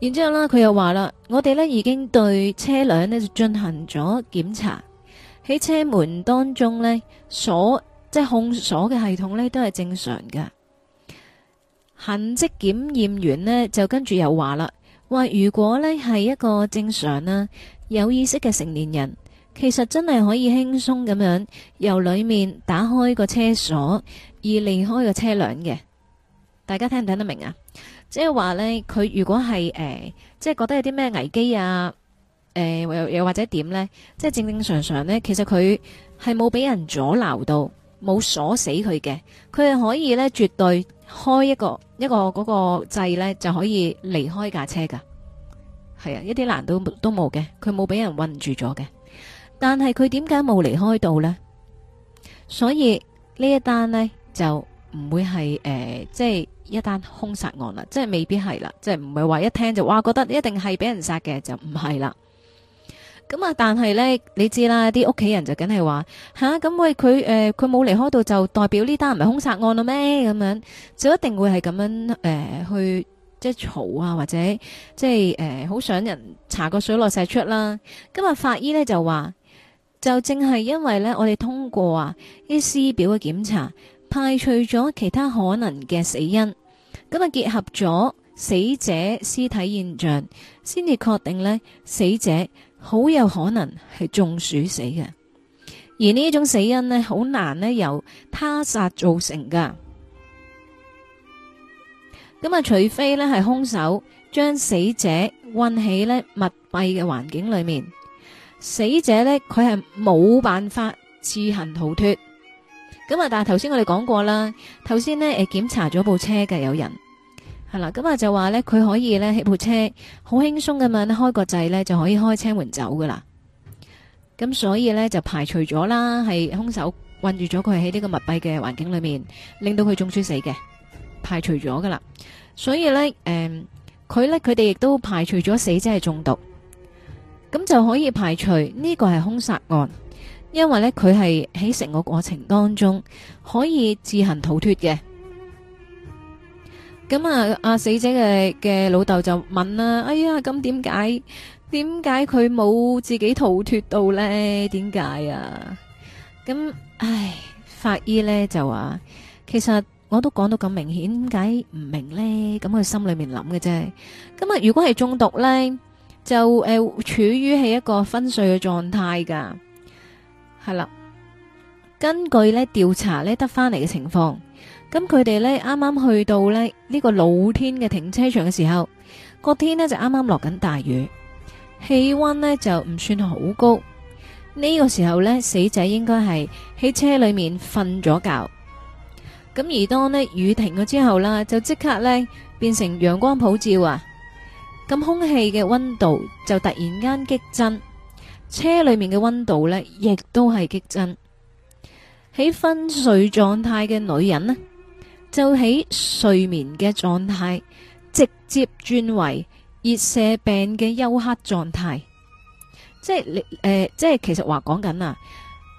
然之後啦，佢又話啦，我哋呢已經對車輛呢進行咗檢查，喺車門當中呢鎖即係控鎖嘅系統呢都係正常嘅。痕跡檢驗員呢就跟住又話啦，話如果呢係一個正常啦，有意識嘅成年人，其實真係可以輕鬆咁樣由裏面打開個車鎖而離開個車輛嘅。大家聽唔聽得明啊？即係話呢，佢如果係誒、呃，即係覺得有啲咩危機啊，誒、呃，又又或者點呢？即係正正常常呢，其實佢係冇俾人阻撓到，冇鎖死佢嘅，佢係可以呢，絕對開一個一個、嗰個掣呢，就可以離開架車噶。係啊，一啲難度都冇嘅，佢冇俾人韞住咗嘅。但係佢點解冇離開到呢？所以呢一單呢，就唔會係誒、呃，即係。一單兇殺案啦，即係未必係啦，即係唔係話一聽就哇覺得一定係俾人殺嘅就唔係啦。咁啊，但係呢，你知啦，啲屋企人就梗係話吓，咁喂佢誒佢冇離開到就代表呢單唔係兇殺案啦咩？咁樣就一定會係咁樣誒、呃、去即係嘈啊，或者即係誒好想人查個水落石出啦。咁啊，法醫呢就話，就正係因為呢，我哋通過啊啲屍表嘅檢查。排除咗其他可能嘅死因，咁啊結合咗死者屍體現象，先至確定呢死者好有可能係中暑死嘅，而呢一種死因呢，好難呢由他殺造成噶，咁啊除非呢係兇手將死者困喺呢密閉嘅環境裏面，死者呢，佢係冇辦法自行逃脫。咁啊！但係頭先我哋講過啦，頭先咧誒檢查咗部車嘅有人係啦，咁啊就話咧佢可以咧起部車好輕鬆咁樣開個掣咧就可以開車門走噶啦。咁所以咧就排除咗啦，係兇手韞住咗佢喺呢個密閉嘅環境裏面，令到佢中暑死嘅，排除咗噶啦。所以咧誒，佢咧佢哋亦都排除咗死者係中毒，咁就可以排除呢、這個係兇殺案。因為呢，佢係喺成個過程當中可以自行逃脫嘅。咁啊，阿死者嘅嘅老豆就問啦，哎呀，咁點解？點解佢冇自己逃脫到呢？點解啊？咁唉，法醫呢就話，其實我都講到咁明顯，點解唔明呢？咁佢心裏面諗嘅啫。咁啊，如果係中毒呢，就誒處於係一個昏睡嘅狀態噶。係啦，根據呢調查呢得翻嚟嘅情況，咁佢哋呢啱啱去到呢呢個露天嘅停車場嘅時候，個天呢就啱啱落緊大雨，氣溫呢就唔算好高。呢個時候呢，死者應該係喺車裏面瞓咗覺。咁而當呢雨停咗之後啦，就即刻呢變成陽光普照啊！咁空氣嘅温度就突然間激增。車裏面嘅溫度呢，亦都係激增。喺昏睡狀態嘅女人呢，就喺睡眠嘅狀態直接轉為熱射病嘅休克狀態。即係你誒，即係其實話講緊啊，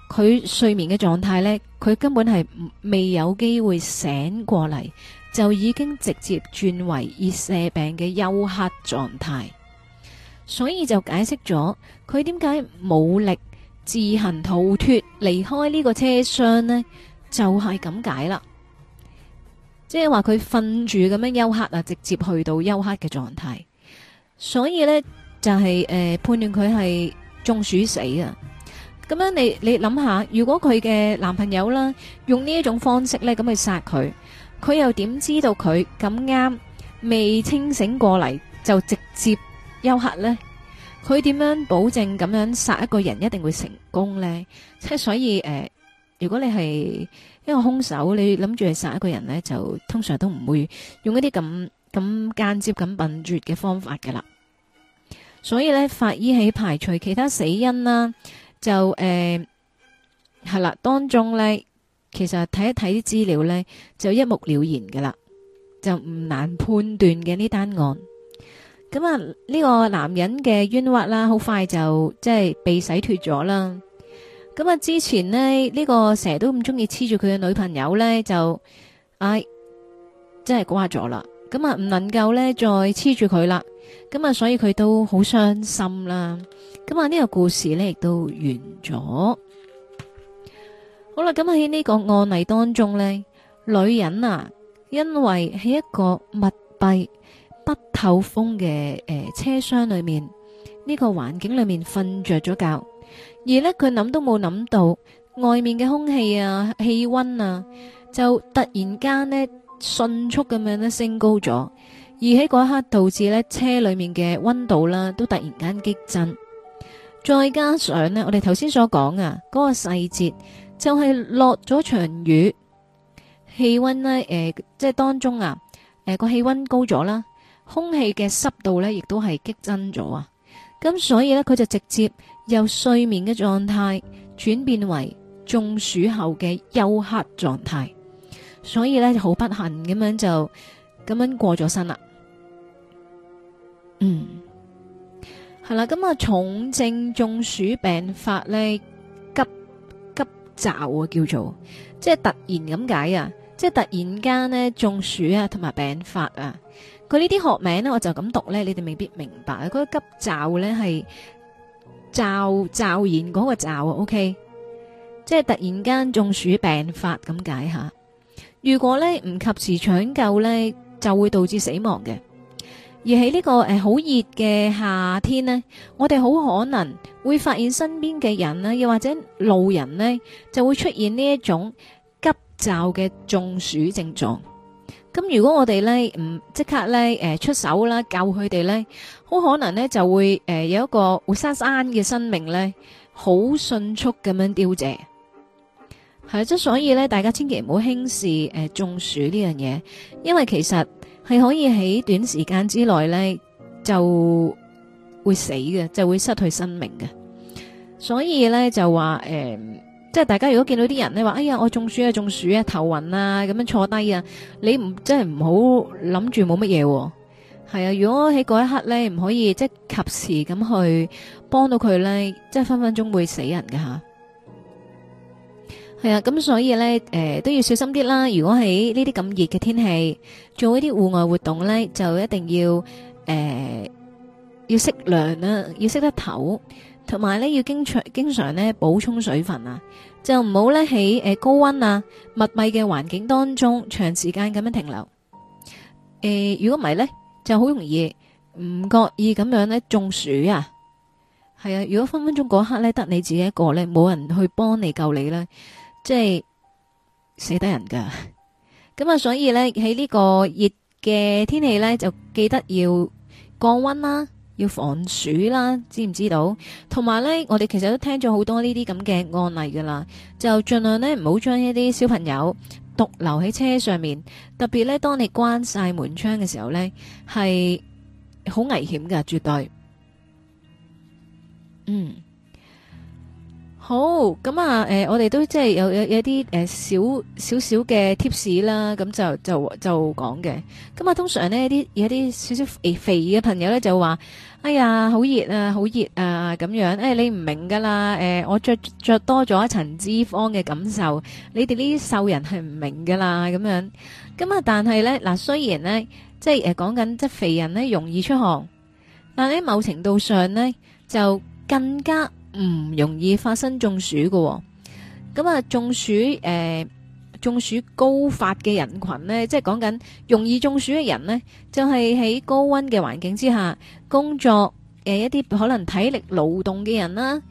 佢睡眠嘅狀態呢，佢根本係未有機會醒過嚟，就已經直接轉為熱射病嘅休克狀態。所以就解釋咗佢點解冇力自行逃脫離開呢個車廂呢？就係咁解啦，即係話佢瞓住咁樣休克啊，直接去到休克嘅狀態。所以呢，就係誒判斷佢係中暑死啊。咁樣你你諗下，如果佢嘅男朋友啦，用呢一種方式呢，咁去殺佢，佢又點知道佢咁啱未清醒過嚟就直接？休克呢，佢點樣保證咁樣殺一個人一定會成功呢？即係所以誒、呃，如果你係一個兇手，你諗住去殺一個人呢，就通常都唔會用一啲咁咁間接咁笨拙嘅方法㗎啦。所以呢，法醫喺排除其他死因啦、啊，就誒係、呃、啦，當中呢，其實睇一睇啲資料呢，就一目了然㗎啦，就唔難判斷嘅呢單案。咁啊，呢個男人嘅冤屈啦，好快就即係被洗脫咗啦。咁啊，之前咧呢個成日都咁中意黐住佢嘅女朋友咧，就唉，即係瓜咗啦。咁啊，唔能夠咧再黐住佢啦。咁啊，所以佢都好傷心啦。咁啊，呢個故事咧亦都完咗。好啦，咁喺呢個案例當中咧，女人啊，因為係一個密閉。不透風嘅誒車廂裏面呢個環境裏面瞓着咗覺，而呢佢諗都冇諗到外面嘅空氣啊、氣溫啊，就突然間呢迅速咁樣呢升高咗，而喺嗰一刻導致呢車裏面嘅溫度啦都突然間激增，再加上呢我哋頭先所講啊嗰個細節就係落咗場雨，氣溫呢誒即係當中啊誒個氣溫高咗啦。空氣嘅濕度呢，亦都係激增咗啊。咁所以呢，佢就直接由睡眠嘅狀態轉變為中暑後嘅休克狀態，所以呢，就好不幸咁樣就咁樣過咗身啦。嗯，係啦，咁啊，重症中暑病發呢，急急驟啊，叫做即係突然咁解啊，即係突然間呢，中暑啊，同埋病發啊。佢呢啲學名咧，我就咁讀咧，你哋未必明白。嗰個急驟咧係驟驟然嗰個驟啊，OK，即係突然間中暑病發咁解下，如果咧唔及時搶救咧，就會導致死亡嘅。而喺呢個誒好熱嘅夏天呢，我哋好可能會發現身邊嘅人咧，又或者路人呢，就會出現呢一種急驟嘅中暑症狀。咁如果我哋咧唔即刻咧誒出手啦救佢哋咧，好可能咧就會誒有一個活生生嘅生命咧，好迅速咁樣凋謝。係，即所以咧，大家千祈唔好輕視誒中暑呢樣嘢，因為其實係可以喺短時間之內咧就會死嘅，就會失去生命嘅。所以咧就話誒。即係大家如果見到啲人咧話，哎呀，我中暑啊，中暑啊，頭暈啊，咁樣坐低啊，你唔真係唔好諗住冇乜嘢，係啊。如果喺嗰一刻咧唔可以即係及時咁去幫到佢咧，即係分分鐘會死人㗎。吓。係啊，咁所以咧，誒、呃、都要小心啲啦。如果喺呢啲咁熱嘅天氣做一啲戶外活動咧，就一定要誒要適量啦，要識、啊、得唞同埋咧，要經常經常咧補充水分啊，就唔好咧喺誒高溫啊、密閉嘅環境當中長時間咁樣停留。誒、呃，如果唔係咧，就好容易唔覺意咁樣咧中暑啊。係啊，如果分分鐘嗰刻咧得你自己一個咧，冇人去幫你救你咧，即係死得人噶。咁啊，所以咧喺呢個熱嘅天氣咧，就記得要降溫啦、啊。要防暑啦，知唔知道？同埋呢，我哋其實都聽咗好多呢啲咁嘅案例噶啦，就盡量呢，唔好將一啲小朋友獨留喺車上面，特別呢，當你關晒門窗嘅時候呢，係好危險噶，絕對，嗯。好咁啊！誒、呃，我哋都即係有有有啲誒少少少嘅 tips 啦，咁就就就講嘅。咁啊，通常呢，啲有啲少少肥肥嘅朋友咧就話，哎呀，好熱啊，好熱啊咁樣。誒、哎，你唔明噶啦，誒、呃，我着著多咗一層脂肪嘅感受，你哋呢啲瘦人係唔明噶啦咁樣。咁啊，但係咧嗱，雖然咧即係誒講緊即係肥人咧容易出汗，但係喺某程度上咧就更加。唔容易發生中暑嘅。哦，咁啊中暑誒、呃、中暑高發嘅人群呢，即係講緊容易中暑嘅人呢，就係、是、喺高溫嘅環境之下工作誒一啲可能體力勞動嘅人啦、啊，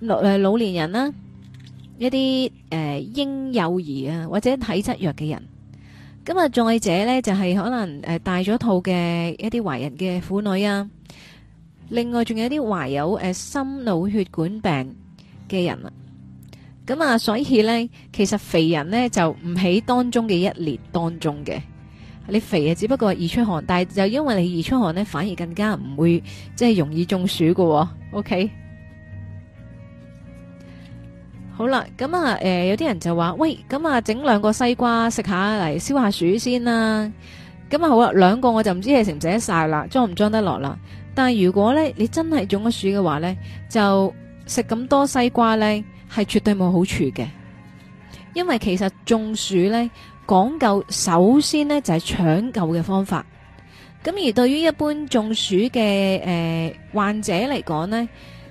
老誒老年人啦、啊，一啲誒嬰幼兒啊或者體質弱嘅人，咁啊再者呢，就係、是、可能誒大咗肚嘅一啲懷孕嘅婦女啊。另外仲有啲懷有誒、啊、心腦血管病嘅人啦，咁啊，所以咧，其實肥人咧就唔喺當中嘅一列當中嘅，你肥啊，只不過易出汗，但係就因為你易出汗咧，反而更加唔會即係、就是、容易中暑嘅喎。OK，好啦，咁啊，誒、呃、有啲人就話，喂，咁啊，整兩個西瓜食下嚟消下暑先啦。咁啊，好啦，兩個我就唔知係食唔食得晒啦，裝唔裝得落啦。但係如果咧，你真係中咗暑嘅話呢，就食咁多西瓜呢，係絕對冇好處嘅。因為其實中暑呢，講究首先呢就係、是、搶救嘅方法。咁而對於一般中暑嘅誒、呃、患者嚟講呢，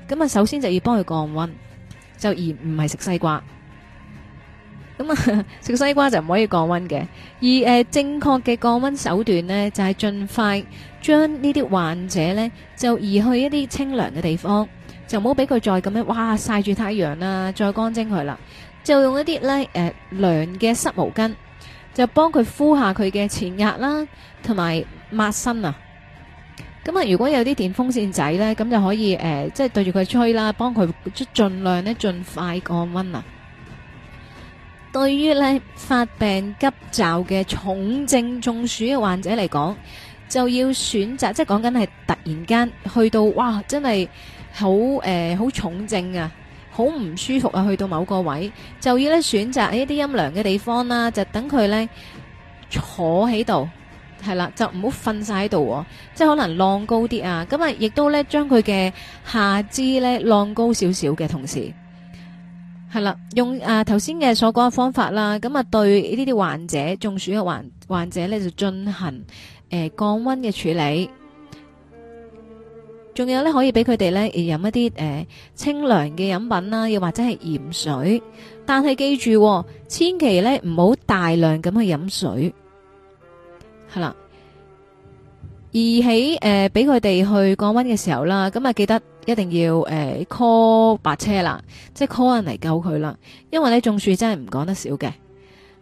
咁啊首先就要幫佢降溫，就而唔係食西瓜。咁啊， 食西瓜就唔可以降溫嘅，而、呃、誒正確嘅降溫手段呢，就係、是、盡快將呢啲患者呢就移去一啲清涼嘅地方，就唔好俾佢再咁樣哇曬住太陽啦、啊，再乾蒸佢啦，就用一啲咧誒涼嘅濕毛巾，就幫佢敷下佢嘅前額啦，同埋抹身啊。咁啊，如果有啲電風扇仔呢，咁就可以誒即係對住佢吹啦，幫佢盡量呢盡快降溫啊。對於咧發病急驟嘅重症中暑嘅患者嚟講，就要選擇即係講緊係突然間去到哇，真係好誒好重症啊，好唔舒服啊，去到某個位就要咧選擇一啲陰涼嘅地方啦、啊，就等佢咧坐喺度，係啦，就唔好瞓晒喺度，即係可能晾高啲啊，咁啊亦都咧將佢嘅下肢咧晾高少少嘅同時。係啦，用誒頭先嘅所講嘅方法啦，咁啊對呢啲患者中暑嘅患患者呢，就進行誒、呃、降溫嘅處理，仲有呢，可以俾佢哋呢飲一啲誒、呃、清涼嘅飲品啦，又或者係鹽水，但係記住、喎、千祈呢唔好大量咁去飲水，係啦，而喺誒俾佢哋去降溫嘅時候啦，咁啊記得。一定要誒 call、呃、白車啦，即係 call 人嚟救佢啦。因為你中暑真係唔講得少嘅。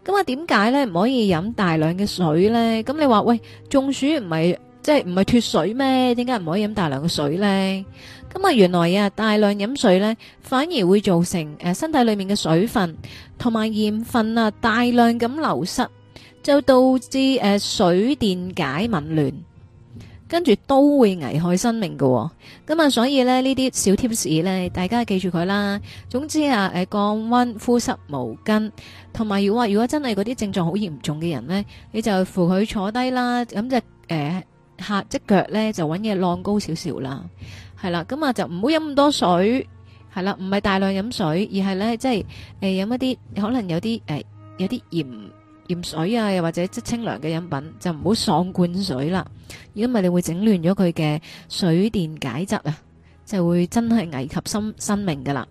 咁啊，點解咧唔可以飲大量嘅水咧？咁你話喂，中暑唔係即係唔係脫水咩？點解唔可以飲大量嘅水咧？咁啊，原來啊大量飲水咧，反而會造成誒、呃、身體裏面嘅水分同埋鹽分啊大量咁流失，就導致誒、呃、水電解紊亂。跟住都會危害生命喎。咁啊，所以咧呢啲小貼士呢，咧，大家記住佢啦。總之啊，誒降溫、敷濕毛巾，同埋要話，如果真係嗰啲症狀好嚴重嘅人咧，你就扶佢坐低啦。咁就誒下隻腳咧，就搵嘢晾高少少啦，係啦。咁啊就唔好飲咁多水，係啦，唔係大量飲水，而係咧即係誒飲一啲可能有啲誒、呃、有啲鹽。鹽水啊，又或者即清涼嘅飲品，就唔好爽灌水啦。如果唔係你會整亂咗佢嘅水電解質啊，就會真係危及生生命㗎、就是、啦。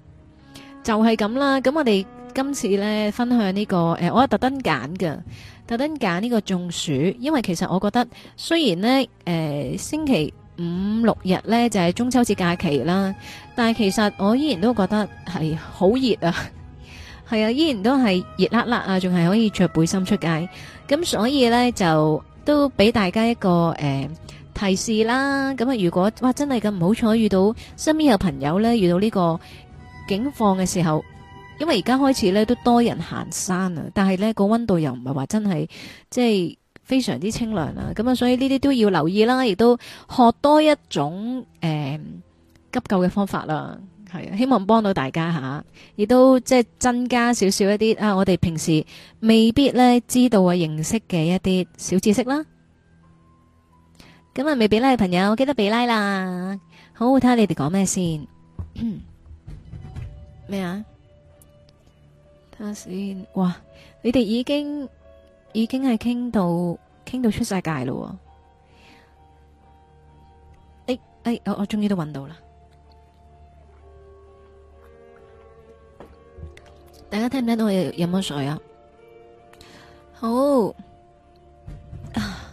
就係咁啦。咁我哋今次呢分享呢、這個誒、呃，我係特登揀㗎，特登揀呢個中暑，因為其實我覺得雖然呢誒、呃、星期五六日呢就係、是、中秋節假期啦，但係其實我依然都覺得係好熱啊。係啊，依然都係熱辣辣啊，仲係可以着背心出街。咁所以呢，就都俾大家一個誒、呃、提示啦。咁啊，如果哇真係咁唔好彩遇到身邊有朋友呢，遇到呢個境況嘅時候，因為而家開始呢都多人行山啊，但係呢個溫度又唔係話真係即係非常之清涼啊。咁啊，所以呢啲都要留意啦，亦都學多一種誒、呃、急救嘅方法啦。係啊，希望幫到大家吓，亦都即係增加少少一啲啊，我哋平時未必咧知道啊認識嘅一啲小知識啦。咁啊，未俾拉嘅朋友記得俾拉啦。好，睇下你哋講咩先。咩啊？睇下先。哇！你哋已經已經係傾到傾到出晒界咯。誒誒，我我終於都揾到啦。大家聽唔聽到我有飲水啊？好啊，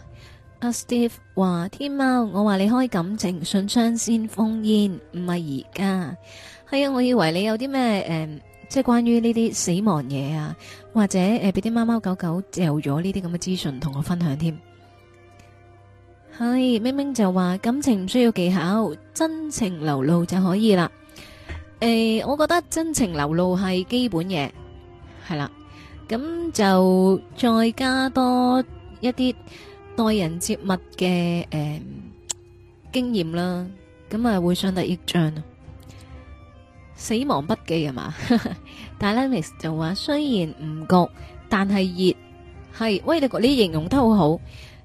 阿 Steve 話天喵，我話你開感情信箱先封煙，唔係而家。係啊，我以為你有啲咩誒，即係關於呢啲死亡嘢啊，或者誒，俾啲貓貓狗狗嚼咗呢啲咁嘅資訊同我分享添。係，明明就話感情唔需要技巧，真情流露就可以啦。誒，我覺得真情流露係基本嘢，係啦，咁就再加多一啲待人接物嘅誒經驗啦，咁啊，會相得益彰咯。死亡筆記啊嘛，但係 Alex 就話，雖然唔覺，但係熱係，喂，你你形容得好好，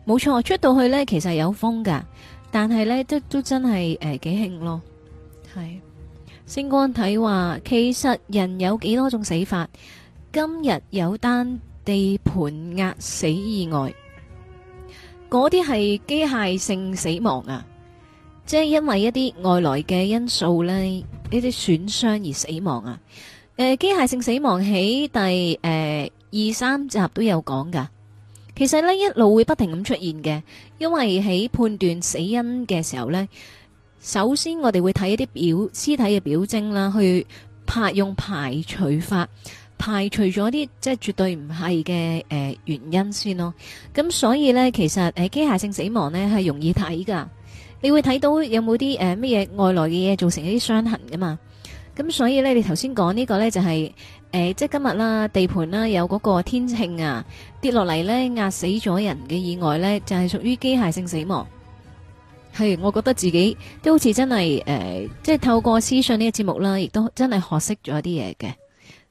冇錯，出到去咧，其實有風噶，但係咧都都真係誒幾興咯，係。星光睇話，其實人有幾多種死法？今日有單地盤壓死意外，嗰啲係機械性死亡啊，即係因為一啲外來嘅因素呢，呢啲損傷而死亡啊。誒、呃，機械性死亡喺第誒、呃、二三集都有講噶。其實呢一路會不停咁出現嘅，因為喺判斷死因嘅時候呢。首先我們，我哋會睇一啲表屍體嘅表徵啦，去拍用排除法排除咗啲即係絕對唔係嘅誒原因先咯。咁所以呢，其實誒、呃、機械性死亡呢係容易睇噶，你會睇到有冇啲誒咩嘢外來嘅嘢造成一啲傷痕噶嘛。咁所以呢，你頭先講呢個呢，就係、是、誒、呃、即係今日啦地盤啦有嗰個天秤啊跌落嚟呢，壓死咗人嘅意外呢，就係、是、屬於機械性死亡。係，我覺得自己都好似真係誒，即、呃、係透過屍訊呢個節目啦，亦都真係學識咗一啲嘢嘅，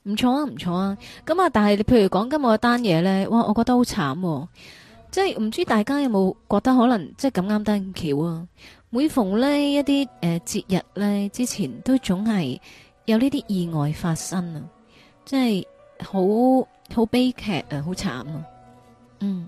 唔錯啊，唔錯啊。咁啊，但係你譬如講今日單嘢呢，哇，我覺得好慘啊，即係唔知大家有冇覺得可能即係咁啱得咁巧啊？每逢呢一啲誒、呃、節日呢，之前，都總係有呢啲意外發生啊，即係好好悲劇啊，好慘啊，嗯。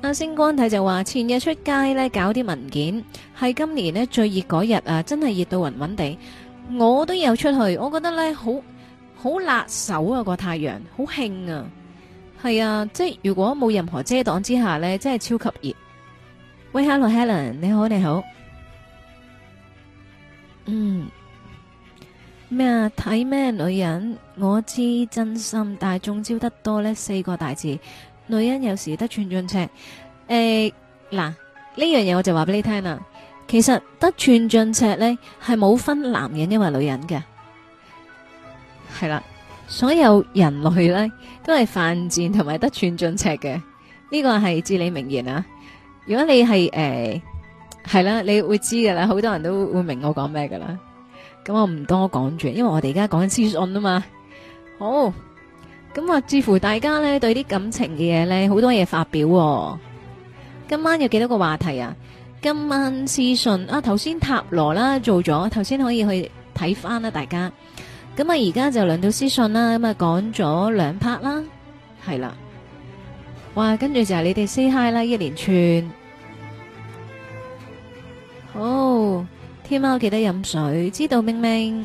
阿星光睇就話前日出街呢搞啲文件，係今年呢最熱嗰日啊，真係熱到暈暈地。我都有出去，我覺得呢，好好辣手啊，個太陽，好慶啊，係啊，即係如果冇任何遮擋之下呢，真係超級熱。喂，Hello，Helen，你好你好，嗯，咩啊？睇咩女人？我知真心，但係中招得多呢，四個大字。女人有時得寸進尺，誒嗱呢樣嘢我就話俾你聽啦。其實得寸進尺咧係冇分男人因為女人嘅，係啦，所有人類咧都係犯賤同埋得寸進尺嘅，呢個係至理名言啊！如果你係誒係啦，你會知噶啦，好多人都會明我講咩噶啦。咁我唔多講住，因為我哋而家講緊屍訊啊嘛，好。咁啊，似乎大家咧，對啲感情嘅嘢咧，好多嘢發表。今晚有幾多個話題啊？今晚屍訊啊，頭先塔羅啦做咗，頭先可以去睇返啦，大家。咁啊，而家就輪到屍訊啦，咁啊講咗兩 part 啦，係啦。哇，跟住就係你哋 say hi 啦，一連串。好，天喵記得飲水，知道明明。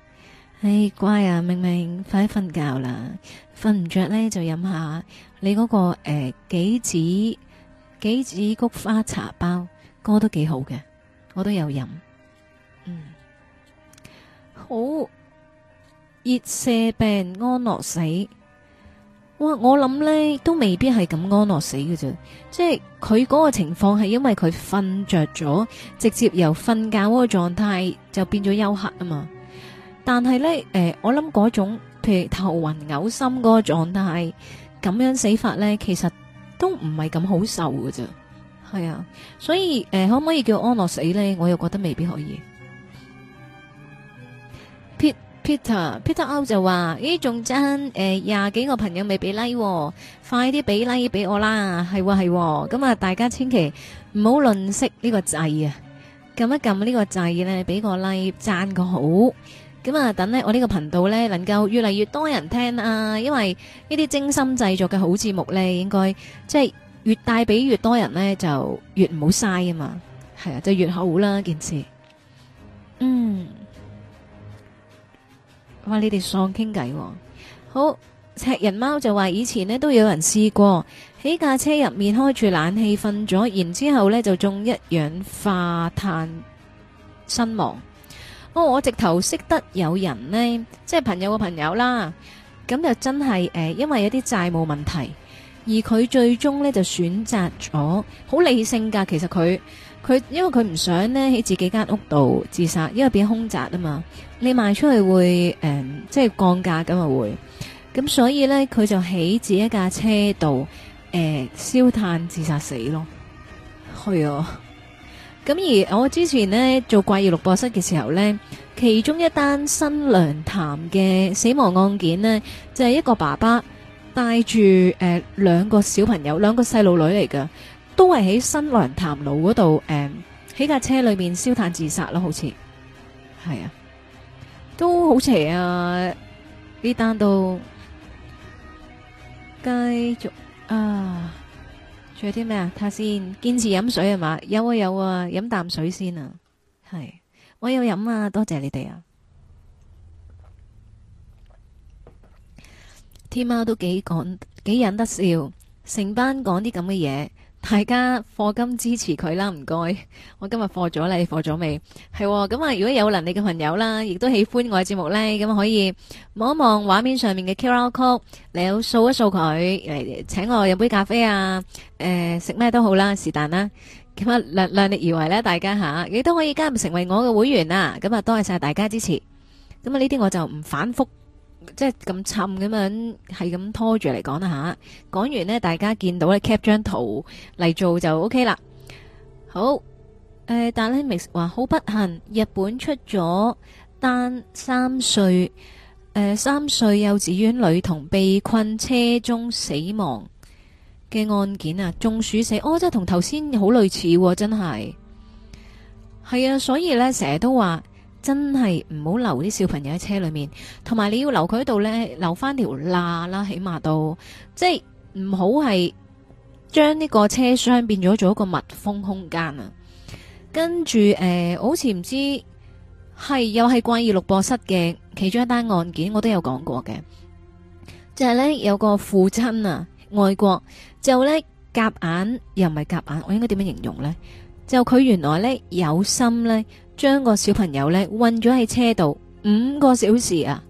唉、哎，乖啊！明明快瞓覺啦，瞓唔着呢，就飲下你嗰、那個誒、呃、杞子杞子菊花茶包，都都幾好嘅，我都有飲。嗯，好熱射病安樂死，哇！我諗呢都未必係咁安樂死嘅啫，即係佢嗰個情況係因為佢瞓着咗，直接由瞓覺嗰個狀態就變咗休克啊嘛。但係咧，誒、呃，我諗嗰種，譬如頭暈、嘔心嗰個狀態，咁樣死法咧，其實都唔係咁好受㗎。啫。係啊，所以誒、呃，可唔可以叫安樂死咧？我又覺得未必可以。P，Peter，Peter t 就話，依、欸、仲爭誒廿、呃、幾個朋友未俾 like，哦、快啲俾 like 俾我啦。係喎係喎，咁啊、哦，大家千祈唔好吝嗇呢個掣啊，撳一撳呢個掣咧，俾個 like 讚個好。咁啊，等呢，我呢個頻道呢能夠越嚟越多人聽啊，因為呢啲精心製作嘅好節目呢，應該即係越帶俾越多人呢，就越唔好嘥啊嘛，係啊，就越好啦件事。嗯，哇，話你哋喪傾偈，好，赤人貓就話以前呢都有人試過喺架車入面開住冷氣瞓咗，然之後呢就中一氧化碳身亡。哦，我直頭識得有人呢，即係朋友個朋友啦，咁就真係誒、呃，因為有啲債務問題，而佢最終呢就選擇咗好理性噶。其實佢佢因為佢唔想呢喺自己間屋度自殺，因為變凶宅啊嘛，你賣出去會誒、呃，即係降價咁啊會，咁所以呢，佢就喺自己一架車度誒燒炭自殺死咯。係啊。咁而我之前呢，做怪異錄播室嘅時候呢，其中一單新娘潭嘅死亡案件呢，就係、是、一個爸爸帶住誒、呃、兩個小朋友，兩個細路女嚟㗎，都係喺新娘潭路嗰度，誒、呃、喺架車裏面燒炭自殺咯，好似係啊，都好邪啊！呢單都繼續啊！除啲咩啊？睇先，堅持飲水係嘛？有啊有啊，飲啖水先啊。係，我有飲啊，多謝你哋啊。天貓都幾講，幾忍得笑，成班講啲咁嘅嘢。大家課金支持佢啦，唔該。我今日課咗啦，你課咗未？係咁啊！如果有能力嘅朋友啦，亦都喜歡我嘅節目呢，咁可以望一望畫面上面嘅 QR Code 你掃一掃佢嚟請我飲杯咖啡啊！呃、食咩都好啦，是但啦。咁啊，量量力而為呢大家吓，亦都可以加入成為我嘅會員啦咁啊，多謝晒大家支持。咁啊，呢啲我就唔反覆。即係咁沉咁樣，係咁拖住嚟講啦吓。講完呢，大家見到咧，cap 張圖嚟做就 O K 啦。好，誒、呃，但係呢，咪話好不幸，日本出咗單三歲，誒、呃，三歲幼稚園女童被困車中死亡嘅案件啊！中暑死，哦，即係同頭先好類似，哦，真係。係啊，所以呢，成日都話。真係唔好留啲小朋友喺車裏面，同埋你要留佢喺度呢，留翻條罅啦，起碼都即係唔好係將呢個車廂變咗做一個密封空間啊！跟住誒，呃、我好似唔知係又係怪異錄播室嘅其中一單案件，我都有講過嘅，就係呢，有個父親啊，外國就呢，夾硬又唔係夾硬，我應該點樣形容呢？就佢原來呢，有心呢。將個小朋友呢，困咗喺車度五個小時啊，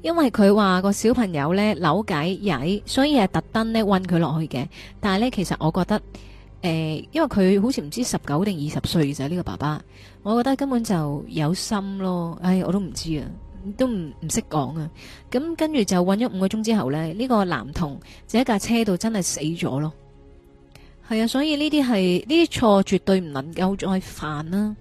因為佢話個小朋友呢扭計曳，所以係特登呢困佢落去嘅。但係呢，其實我覺得誒、呃，因為佢好似唔知十九定二十歲嘅就呢個爸爸，我覺得根本就有心咯。唉，我都唔知都啊，都唔唔識講啊。咁跟住就困咗五個鐘之後呢，呢、這個男童就喺架車度真係死咗咯。係啊，所以呢啲係呢啲錯絕對唔能夠再犯啦。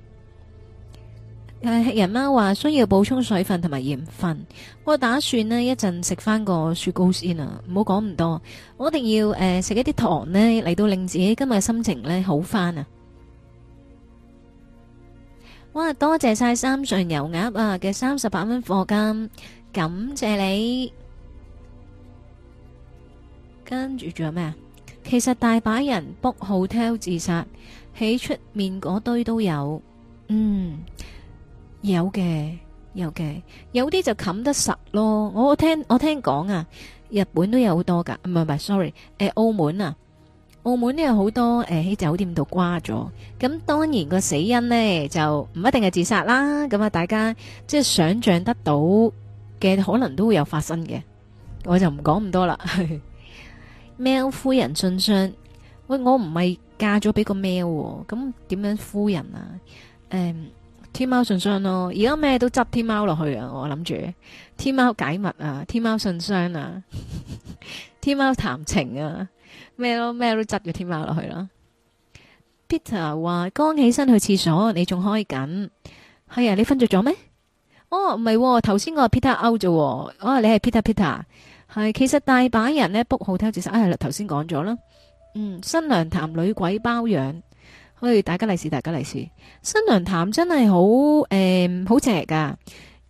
誒，人媽話需要補充水分同埋鹽分，我打算呢一陣食翻個雪糕先啊，唔好講咁多，我一定要誒食、呃、一啲糖呢，嚟到令自己今日嘅心情呢好翻啊！哇，多謝晒三上油鴨啊嘅三十八蚊課金，感謝你。跟住仲有咩啊？其實大把人 book hotel 自殺，喺出面嗰堆都有，嗯。有嘅，有嘅，有啲就冚得實咯。我我聽我聽講啊，日本都有好多噶，唔係唔係，sorry，誒，澳門啊，澳門都有好多誒喺酒店度瓜咗。咁當然個死因呢就唔一定係自殺啦。咁啊，大家即係想象得到嘅可能都會有發生嘅，我就唔講咁多啦。喵夫人信箱，喂，我唔係嫁咗俾個喵，咁點樣夫人啊？誒。天喵信箱咯，而家咩都執天喵落去啊！我諗住天喵解密啊，天喵信箱啊， 天喵談情啊，咩咯咩都執個天喵落去啦。Peter 話剛起身去廁所，你仲開緊？係啊，你瞓着咗咩？哦，唔係，啊，頭先我 Peter out 啫，啊。哦，你係 Peter Peter，係其實大把人呢 book 好聽廁所。哎，係頭先講咗啦。嗯，新娘談女鬼包養。可以大家利是，大家利是。新娘潭真係好誒，好邪噶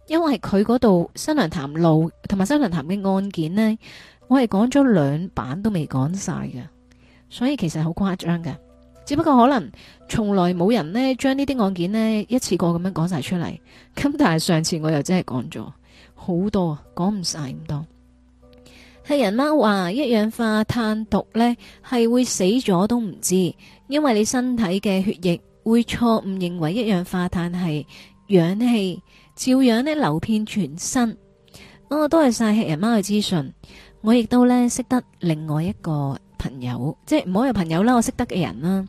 因為佢嗰度新娘潭路同埋新娘潭嘅案件呢，我係講咗兩版都未講晒噶所以其實好誇張㗎。只不過可能從來冇人呢將呢啲案件呢一次過咁樣講晒出嚟。咁但係上次我又真係講咗好多，講唔晒咁多。黑人貓話一氧化碳毒呢，係會死咗都唔知。因為你身體嘅血液會錯誤認為一氧化碳係氧氣，照樣呢流遍全身。哦，多謝晒吃人貓嘅資訊，我亦都呢識得另外一個朋友，即係唔好係朋友啦，我識得嘅人啦，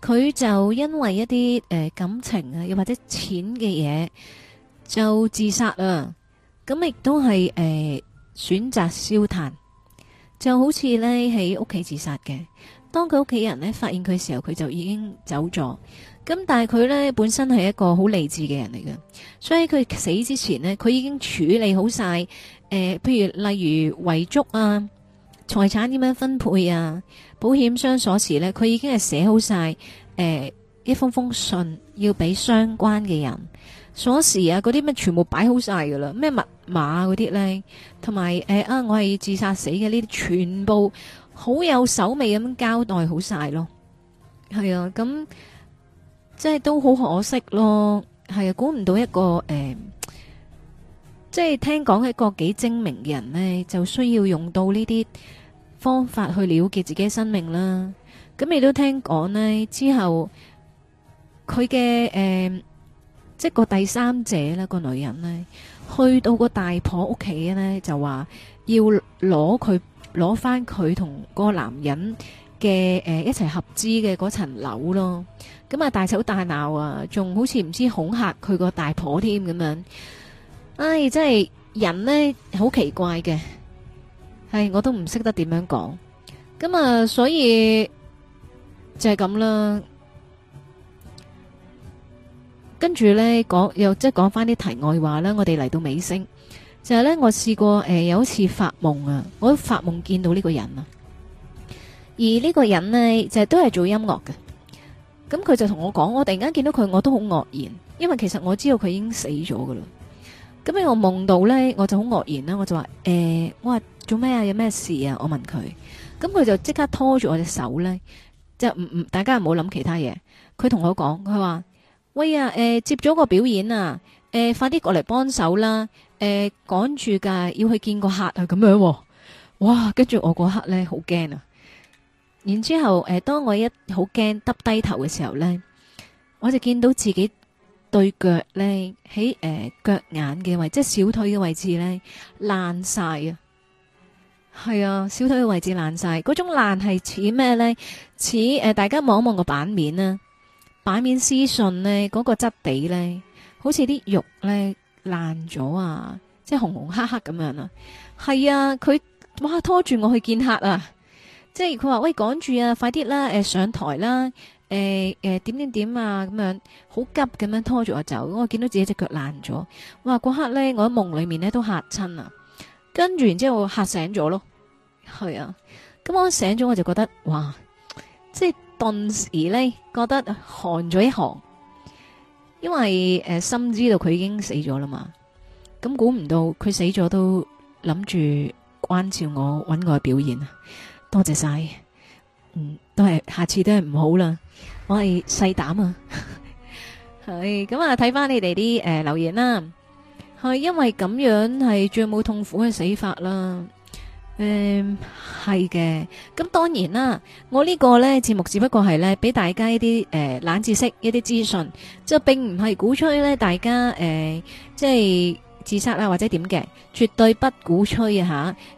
佢就因為一啲誒、呃、感情啊，又或者錢嘅嘢就自殺啊，咁、嗯、亦都係誒、呃、選擇燒炭，就好似呢喺屋企自殺嘅。當佢屋企人咧發現佢嘅時候，佢就已經走咗。咁但係佢咧本身係一個好理智嘅人嚟嘅，所以佢死之前呢，佢已經處理好晒。誒、呃，譬如例如遺囑啊、財產點樣分配啊、保險箱鎖匙咧，佢已經係寫好晒。誒、呃，一封封信要俾相關嘅人，鎖匙啊，嗰啲咩全部擺好晒噶啦，咩密碼嗰啲咧，同埋誒啊，我係自殺死嘅呢啲全部。好有手尾咁樣交代好晒咯，係啊，咁即係都好可惜咯，係啊，估唔到一個誒，即係聽講一個幾精明嘅人咧，就需要用到呢啲方法去了結自己嘅生命啦。咁你都聽講咧之後，佢嘅誒，即係個第三者啦，個女人咧，去到個大婆屋企咧，就話要攞佢。攞翻佢同嗰個男人嘅、誒一齊合資嘅嗰層樓咯，咁啊大吵大鬧啊，仲好似唔知恐嚇佢個大婆添咁樣，唉，真係人呢好奇怪嘅，係我都唔識得點樣講，咁啊，所以就係咁啦，跟住呢講又即係講翻啲題外話啦，我哋嚟到尾聲。就係咧，我試過誒、呃，有一次發夢啊，我發夢見到呢個人啊。而呢個人呢，就係、都係做音樂嘅。咁佢就同我講，我突然間見到佢，我都好愕然，因為其實我知道佢已經死咗噶啦。咁喺我夢到呢，我就好愕然啦。我就話誒，我、欸、話做咩啊？有咩事啊？我問佢，咁佢就即刻拖住我隻手呢，就唔唔，大家唔好諗其他嘢。佢同我講，佢話喂啊，誒、呃、接咗個表演啊，誒、呃、快啲過嚟幫手啦。誒趕住噶，要去見個客啊，咁樣、哦，哇！跟住我嗰刻咧，好驚啊！然之後，誒、呃，當我一好驚，耷低頭嘅時候咧，我就見到自己對腳咧，喺誒、呃、腳眼嘅位置，即係小腿嘅位置咧，爛晒啊！係啊，小腿嘅位置爛晒，嗰種爛係似咩咧？似誒、呃，大家望一望個版面啦，版面私信呢，嗰、那個質地咧，好似啲肉咧。爛咗啊！即係紅紅黑黑咁樣啊。係啊，佢哇拖住我去見客啊！即係佢話喂，趕住啊，快啲啦，誒、呃、上台啦，誒、呃、誒、呃、點點點啊咁樣，好急咁樣拖住我走，咁我見到自己隻腳爛咗，哇！嗰刻咧我喺夢裏面咧都吓親啊，跟住然之後吓醒咗咯，係啊，咁我醒咗我就覺得哇，即係頓時咧覺得寒咗一行。因為誒、呃，心知道佢已經死咗啦嘛，咁估唔到佢死咗都諗住關照我，揾我嘅表現啊！多謝晒，嗯，都係下次都係唔好啦，我係細膽啊，係咁啊！睇翻你哋啲誒留言啦，係因為咁樣係最冇痛苦嘅死法啦。誒，係嘅、嗯。咁當然啦，我呢個呢節目只不過係呢俾大家一啲誒、呃、冷知識，一啲資訊，就並唔係鼓吹呢大家誒、呃，即係自殺啊或者點嘅，絕對不鼓吹啊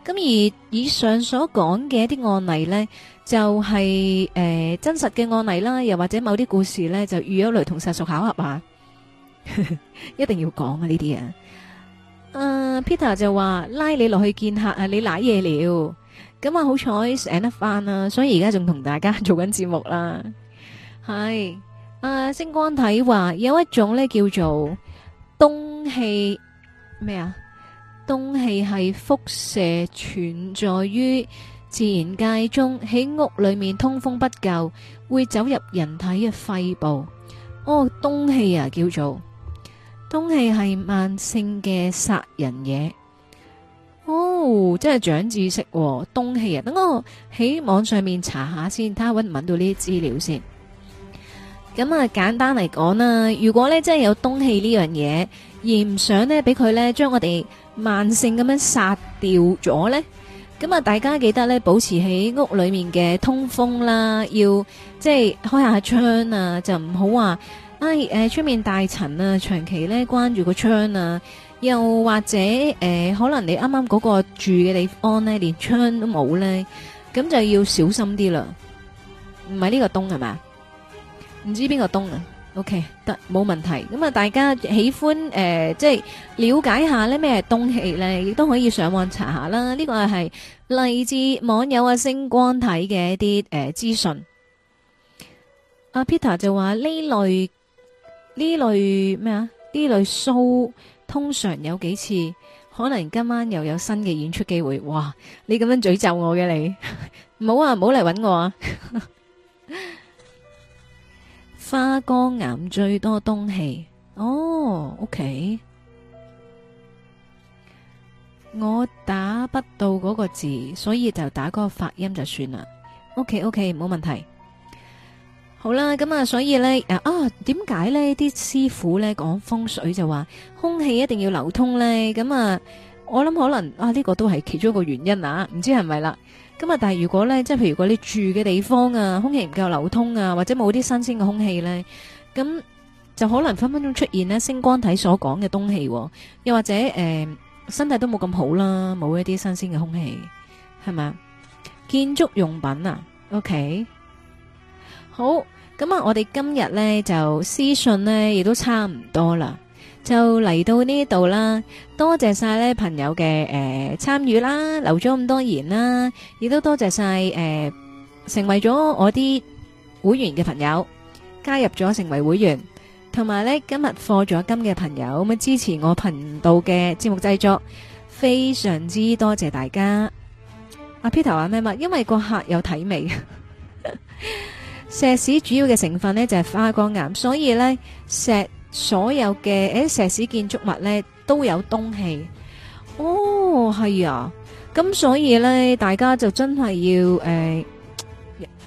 吓。咁而以上所講嘅一啲案例呢，就係、是、誒、呃、真實嘅案例啦、啊，又或者某啲故事呢，就遇咗雷同實屬巧合吓、啊， 一定要講啊呢啲嘢。這些啊誒、uh,，Peter 就話拉你落去見客啊！你瀨嘢了，咁啊好彩醒得翻啦，所以而家仲同大家做緊節目啦。係，誒、uh,，星光體話有一種呢叫做氡氣，咩啊？氡氣係輻射存在於自然界中，喺屋裏面通風不夠，會走入人體嘅肺部。哦，氡氣啊，叫做。冬氣係慢性嘅殺人嘢，哦，真係長知識。冬氣啊，等我喺網上面查下先，睇下搵唔搵到呢啲資料先。咁啊，簡單嚟講啦，如果咧真係有冬氣呢樣嘢，而唔想咧俾佢咧將我哋慢性咁樣殺掉咗咧，咁啊，大家記得咧保持喺屋裏面嘅通風啦，要即係開下窗啊，就唔好話。哎誒，出、呃、面大塵啊，長期咧關住個窗啊，又或者誒、呃，可能你啱啱嗰個住嘅地方咧，連窗都冇咧，咁就要小心啲啦。唔係呢個冬係咪？唔知邊個冬啊？OK，得，冇問題。咁、嗯、啊，大家喜歡誒、呃，即係了解下咧咩係冬氣咧，亦都可以上網查下啦。呢、這個係嚟自網友阿、啊、星光睇嘅一啲誒、呃、資訊。阿、啊、Peter 就話呢類。呢類咩啊？呢類 show 通常有幾次？可能今晚又有新嘅演出機會。哇！你咁樣詛咒我嘅你，唔 好啊，唔好嚟搵我啊！ 花崗岩最多冬氣。哦，OK，我打不到嗰個字，所以就打嗰個發音就算啦。OK，OK，冇問題。好啦，咁啊，所以呢，啊，點解呢啲師傅呢講風水就話空氣一定要流通呢？咁啊，我諗可能，啊，呢個都係其中一個原因啊，唔知係咪啦？咁啊，但係如果呢，即係譬如果你住嘅地方啊，空氣唔夠流通啊，或者冇啲新鮮嘅空氣呢，咁就可能分分鐘出現呢，星光體所講嘅東氣，又或者誒、呃，身體都冇咁好啦、啊，冇一啲新鮮嘅空氣，係咪啊建築用品啊，OK。好咁啊！我哋今日呢就屍訊呢，亦都差唔多啦，就嚟到呢度啦。多謝晒呢朋友嘅誒、呃、參與啦，留咗咁多言啦，亦都多謝晒誒、呃、成為咗我啲會員嘅朋友加入咗成為會員，同埋呢，今日課咗金嘅朋友咁啊，支持我頻道嘅節目製作，非常之多謝大家。阿 Peter 話咩嘛？因為個客有體味。 石屎主要嘅成分呢就係、是、花崗岩，所以呢，石所有嘅誒石屎建築物呢都有冬氣。哦，係啊，咁所以呢，大家就真係要誒、呃、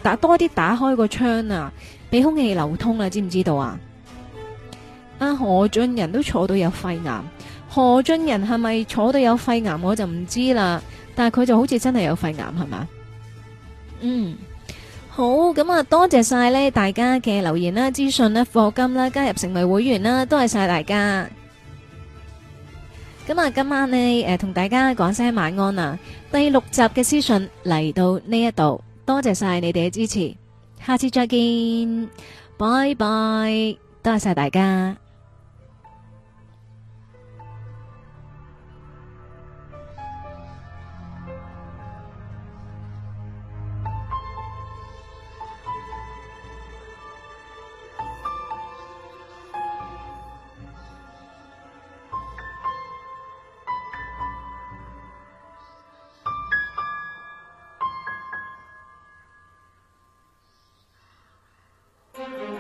打多啲打開個窗啊，俾空氣流通啊，知唔知道啊？阿、啊、何俊仁都坐到有肺癌，何俊仁係咪坐到有肺癌我就唔知啦，但係佢就好似真係有肺癌係咪？嗯。好，咁啊，多謝晒呢大家嘅留言啦、資訊啦、課金啦、加入成為會員啦，多謝晒大家。咁啊，今晚呢，誒，同大家講聲晚安啦。第六集嘅屍訊嚟到呢一度，多謝晒你哋嘅支持，下次再見，拜拜，多謝晒大家。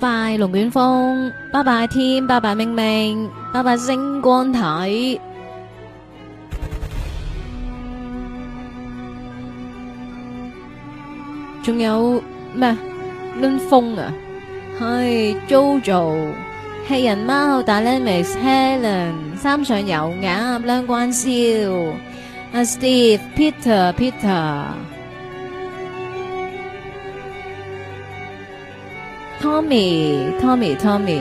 拜龍捲風，拜拜天，拜拜明明，拜拜星光體，仲有咩？溫風啊，係 Jojo，係人貓打 Lemix，Helen，三上有鴨兩關燒，阿 Steve，Peter，Peter。Tommy，Tommy，Tommy，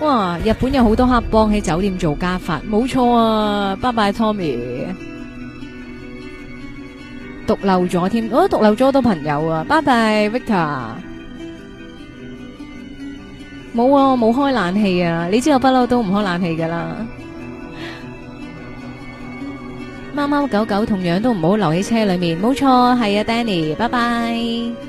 哇！日本有好多黑幫喺酒店做家法，冇錯啊！Bye bye，Tommy，獨漏咗添，我都獨漏咗好多朋友啊！Bye bye，Victor，冇冇開冷氣啊！你知我不嬲都唔開冷氣噶啦。貓貓狗狗同樣都唔好留喺車裏面，冇錯係啊，Danny，Bye bye。